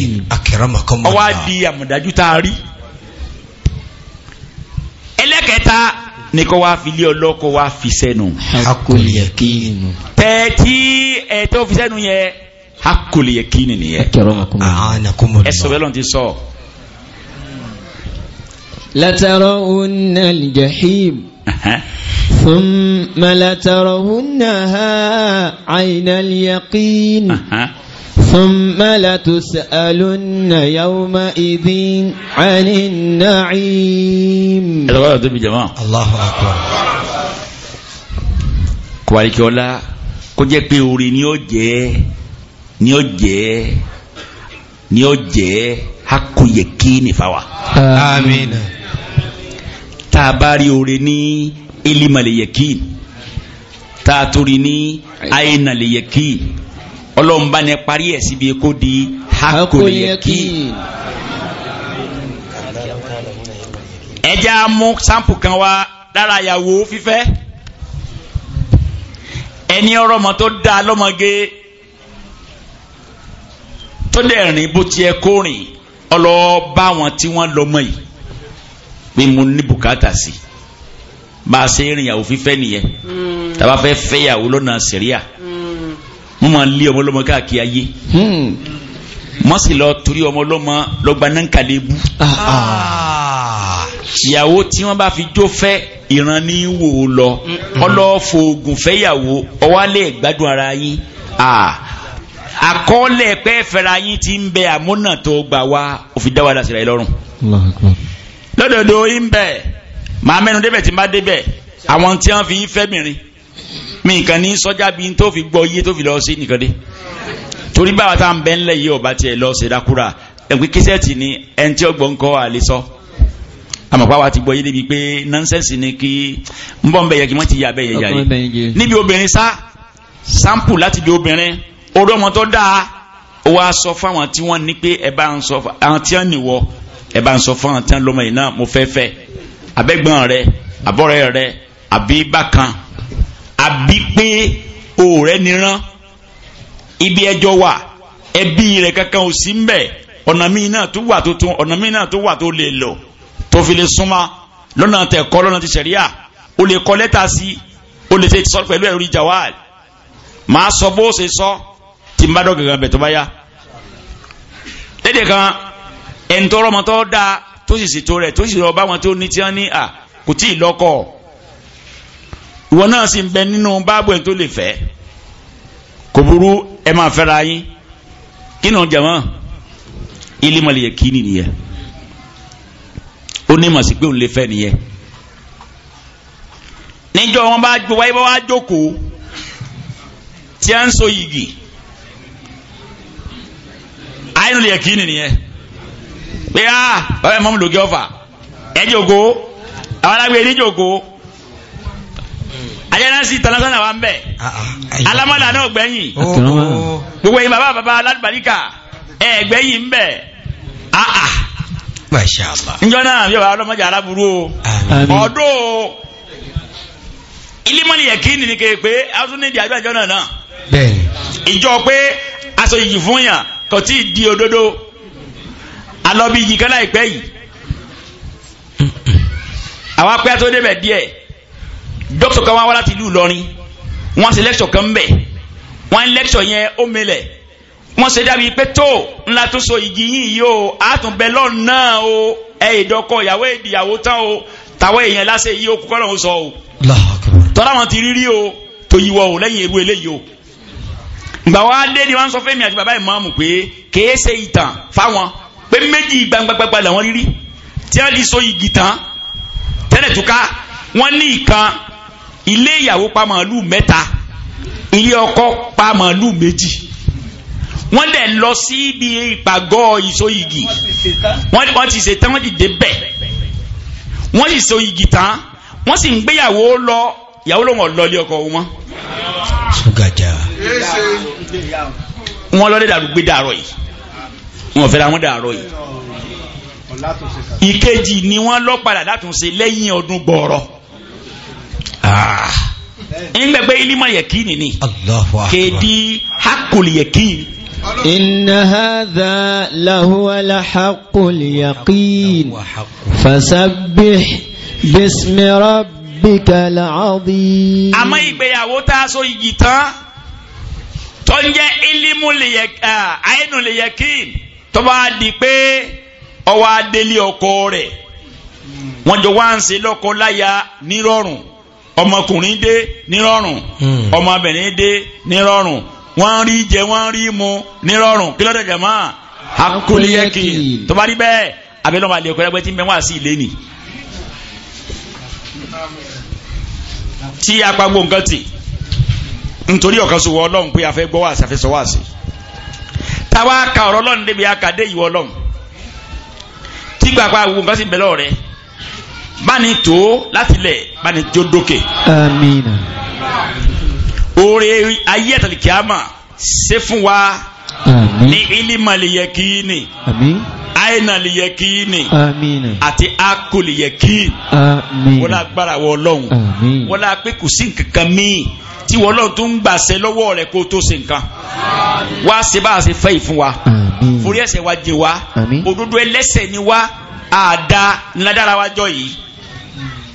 ọwọ́ di àmọ̀dájú tá a rí ẹlẹ́kẹta ní kọ́ wá fi lé ọlọ́kọ̀ wá fi sẹ́nu. akóliyẹ kí inú. tẹ́ tí ẹ̀ tó fi sẹ́nu yẹn. hakoli yakini nìyẹn. ẹsọ bẹ́ẹ̀ lọ́n ti sọ. لترون الجحيم ثم لترونها عين اليقين ثم لتسألن يومئذ عن النعيم الله أكبر kò wà ní kí ọlá ni ó jẹ́ ni ó jẹ́ hakoyeki nífa wa. àmín. tá a bá rí oore ní elimaleyeki tá a torí ní ayinaleyeki ọlọ́run bá ní parí ẹ̀ síbi kó di hakoyeki. ẹja mú sampo kan wá lára ìyàwó fífẹ́ ẹni ọrọ̀ tó dáa lọ́mọge tó dẹ̀ rìn bó ti yẹ kó rìn ọlọ́ọ́ bá wọn tí wọ́n lọ mọ́ yìí pé mo ní bùkátà sí bá a ṣe rìnyàwó fífẹ́ nìyẹn hmm. tàbá fẹ́ fẹ́yàwó lọ́nà sẹ̀ríà hmm. mo máa ń lé ọmọ ọlọ́mọ káàkiri ayé hmm. mo sì lọ torí ọmọ ọlọ́mọ lọ́gba náà ń kàlẹ́ bú ah. ìyàwó tí wọ́n bá fi jó fẹ́ ìran ní wò ó lọ ọlọ́ọ̀fọ̀ oògùn fẹ́yàwó ọwálẹ̀ gbádùn ara yín ah àkọọ́lẹ̀ pẹ́ fẹ́ra yín ti ń bẹ àmúnà tó gbà wá òfin dáwà dá sílẹ̀ lọ́rùn. lódodo ń bẹ màá mẹ́nu débẹ̀ tí má débẹ̀ àwọn tí wọ́n fi fẹ́ mìíràn mi nǹkan ní sọ́jà bí tó fi gbọ́ iye tó fi lọ sí nìkan dé torí báwa tá à ń bẹ́ ńlẹ̀ yìí ọba tiẹ̀ lọ ṣe dákúrà ẹ̀pẹ́ kíṣẹ́ẹ̀tì ni ẹni tí ọgbọ́n kọ́ àlè sọ àmọ̀pá wa ti gbọ́ yé débi pé nọ́nsẹ̀nsì ni kí ń bọ́ ń bẹ̀yẹ kí wọ́n ti yà bẹ́yẹ yà yìí níbi obìnrin sá sáǹpù láti di obìnrin orí ọmọ tó dáa ó wá sọ fáwọn tí wọ́n ní pé ẹ bá ń sọ àwọn tí wọ́n nìwọ ẹ bá ń sọ fáwọn tí wọ́n lọ́mọ yìí náà mo fẹ́ fẹ́ abẹ́gbọ́n rẹ àbọ̀rẹ́ rẹ àbí bákan àbí pé òòrẹ́ nìran ibi ẹjọ́ wà ẹbí rẹ kankan ò sí mbẹ̀ ọ̀nà míì náà tó wà tó tún ọ̀nà míì náà tó wà tó lè lọ tó fi lè súnmọ́ lọ́nà tẹ̀ kọ́ lọ́nà ti ṣẹ̀ríà o lè kọ́ lẹ́tà sí o lè ṣe sọ pẹ̀lú ẹ̀rí jawal màá sọ bó ṣe sọ. So tí n bá dọ̀ gàgà bẹ̀ tó bá yá lédè kan ẹni tọrọ ọmọ tó dáa tó sì ṣètò rẹ̀ tó sì lọ bá wọn tó ní tí wọn ní à kò tí ì lọ́kọ ìwọ náà sì ń bẹ nínú báàbò ẹni tó lè fẹ́ kò burú ẹ máa fẹ́ra yín kí nà jàmọ́ ilé mọ̀lẹ́ kí ni nìyẹn ó ní màsí pé òun lè fẹ́ nìyẹn níjọ́ wọn bá wáyé bá wá jókòó tí a ń so yìgì. Ah, àyìnlò ah, ah, oh, oh, oh. yẹ kí nìyẹn pé a bàbá ìmọ̀mù lògì ọ̀fà ẹ jòkó àwọn alágbèrè ní jòkó ajanasi tanasana wa nbẹ alamada náà gbẹ̀yìn gbogbo yìí bàbá bàbá alábàríkà ẹ gbẹ̀yìn nbẹ aa njọ náà yóò wá ọlọmọdé aláburú o ọdọ ilimọni yẹ kí nìyí kéèké awusu ní ìdí àjọ àjọ náà náà ìjọ pé aṣọ yìí fún yàn kò tí ì di òdodo alọ́bí yìí kan láìpẹ́ yìí àwọn apẹ́ tó débẹ̀ díẹ̀ dókítà kan wá wá láti ìlú Ìlọrin wọ́n ṣe lẹ́kṣọ̀ kan bẹ̀ wọ́n lẹ́kṣọ̀ yẹn ó melẹ̀ wọ́n ṣe dábìí pé tó ńlá tó so igi yìí yìí o àtúnbẹ̀ lọ́ọ̀ náà o ẹ̀ ìdọ́kọ̀ ìyàwó ìdìyàwó tán o tàwọn èèyàn láṣẹ yìí o kúkọ́ lọ́hùn sọ o tọ́lá wọn ti rírí o tó yíwọ́ o lẹ́yìn irú eléyìí o gbà wá dé ni wọ́n sọ fẹ́mi àti bàbá ìmáàmù pé kèé ṣe ìtàn fáwọn pé méjì gbangbangba làwọn rírí tí a lè so igi tán tẹ́lẹ̀ tó ká wọ́n ní ìkan ilé ìyàwó pa màálù mẹ́ta ilé ọkọ pa màálù méjì wọ́n dẹ̀ lọ sí ibi ìpàgọ́ ìso igi wọ́n ti ṣe tán wọ́n ti dé bẹ̀ wọ́n sì so igi tán wọ́n sì ń gbéyàwó lọ ìyàwó lòun ọ̀ lọ ilé ọkọ wọn. sọgàjà. So wọn lọ́dẹ̀ dàrú gbé dàrọ̀ yìí wọn fẹ́ra wọn dàrọ̀ yìí ìkejì ni wọ́n lọ padà látúnṣe lẹ́yìn ọdún gbọ́ọ̀rọ̀ ngbẹgbẹ ah. ilimọ yẹkini ni kedi hakuli yẹkini. inna hadha lahuwa la hakul yaqin fasabbih bismi rabbika al-azim. àmọ́ ìgbéyàwó tá a so igi tán tó ń jẹ́ ilimu àyínú lè yẹ kín tó bá di pé ọwọ́ adélé ọkọ rẹ̀ wọ́n jọ wá ń ṣe lọ́kọ láya nírọ̀rùn ọmọkùnrin dé nírọ̀rùn hmm. ọmọbìnrin dé nírọ̀rùn wọ́n rí jẹ wọ́n rí mu nírọ̀rùn kí lọ́dọ̀ jẹ̀mọ́ akukuliyeki tó bá rí bẹ́ẹ̀ abẹ́lẹ́ wà lè ẹgbẹ́ tí ń bẹ wá sí ilé tí apagbó nǹkan tì nítorí ọ̀kan sọ wọ ọlọ́run pé a fẹ́ gbọ́ wàásì a fẹ́ sọ wàásì táwa ka ọ̀rọ̀ ọlọ́run débi akadé ìwọ ọlọ́run tí gbàgbà gbogbo nǹkan sì bẹ̀rẹ̀ rẹ báni tó láti lẹ̀ báni tó dókè. oore ayé ẹ̀tàlì kìámà ṣe fún wa ní ilima lè yẹ kí ni aina lè yẹ kí ni àti ako lè yẹ kí wọ́n lágbára wọ ọlọ́run wọ́n lápẹ́ kò sí nǹkan tí wọ́n lọ́n tó ń gbàṣẹ lọ́wọ́ rẹ̀ kó tó ṣe nǹkan wá ṣe bá a ṣe fẹ́ yìí fún wa forí ẹ̀ṣẹ̀ wa jẹ wa òdodo ẹlẹ́ṣẹ̀ ni wa àdá ńládára wa jọ yìí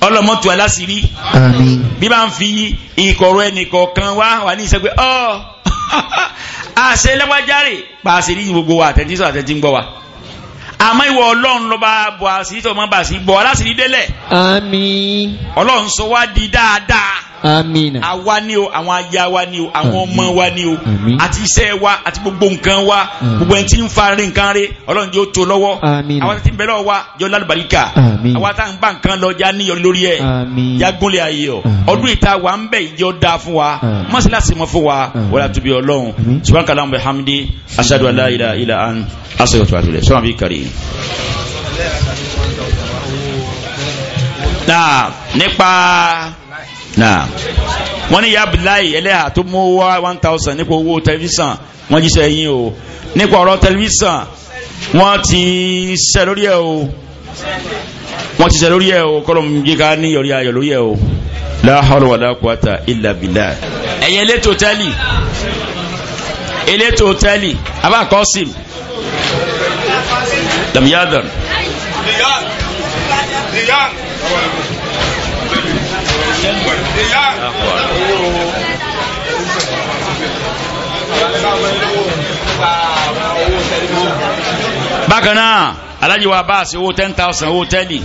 ọlọmọtò aláṣìírí bí bá ń fi ìkọ̀rọ̀ ẹnìkọ̀ọ̀kan wá wà ní ìṣẹ́gbẹ́ ọ́ [laughs] àṣẹ lẹ́wájáre pàṣẹ ní gbogbo wa àtẹ̀jísọ àtẹ̀jí ń gbọ́ wa àmọ́ ìwọ ọlọ́run lọ bọ̀ àṣírí tó mọ́ bá sí bọ̀ aláṣírí délẹ̀. ọlọ́run sọ wá di dáadáa àmín àwa ni o àwọn aya wa ni o àwọn ọmọ wa ni o àti iṣẹ́ wa àti gbogbo nǹkan wa gbogbo ẹni tí ń fa rí nǹkan rí ọlọ́run yóò tó lọ́wọ́ àmín àwa tí ń bẹ̀rẹ̀ wa yọ lálùbáríkà àmín àwa tá à ń bá nǹkan lọ já níyọ lórí ẹ̀ àmín ayé ọ ọdún ìta wa ń bẹ̀ ìjọ da fún wa mọ́sálásí mọ́ fún wa wàlá tóbi ọlọ́run subhanaka allahumma bihamdi ashhadu an la ilaha illa ant astaghfiruka wa atubu náà wọ́n ní yabilayi ẹlẹ́yà tó mú wá one thousand nípa owó tẹlifíṣàn wọ́n jíṣẹ́ yín o nípa ọ̀rọ̀ tẹlifíṣàn wọ́n ti ṣe lórí ẹ̀ o wọ́n ti ṣe lórí ẹ̀ o kọ́lọ̀ mú jíká ní yọrí ayọ̀ lórí ẹ̀ o la hawla wala quwata illa billah ẹ̀yẹ elétò tẹ́lì elétò tẹ́lì abá kọ́sìm dàmíyàdàn bákan náà alájí wa bá àṣẹ owó ten thousand owó tẹ́lì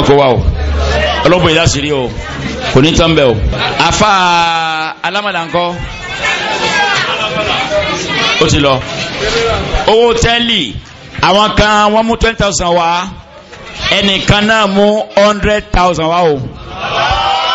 ọkọ̀ wa o ọlọ́bùn ìlà sí rí o kò ní tán bẹ́ o àfa alámàdà ńkọ́ ó ti lọ owó tẹ́lì àwọn kan wọ́n mú twenty thousand wá ẹnìkan náà mú hundred thousand wá o.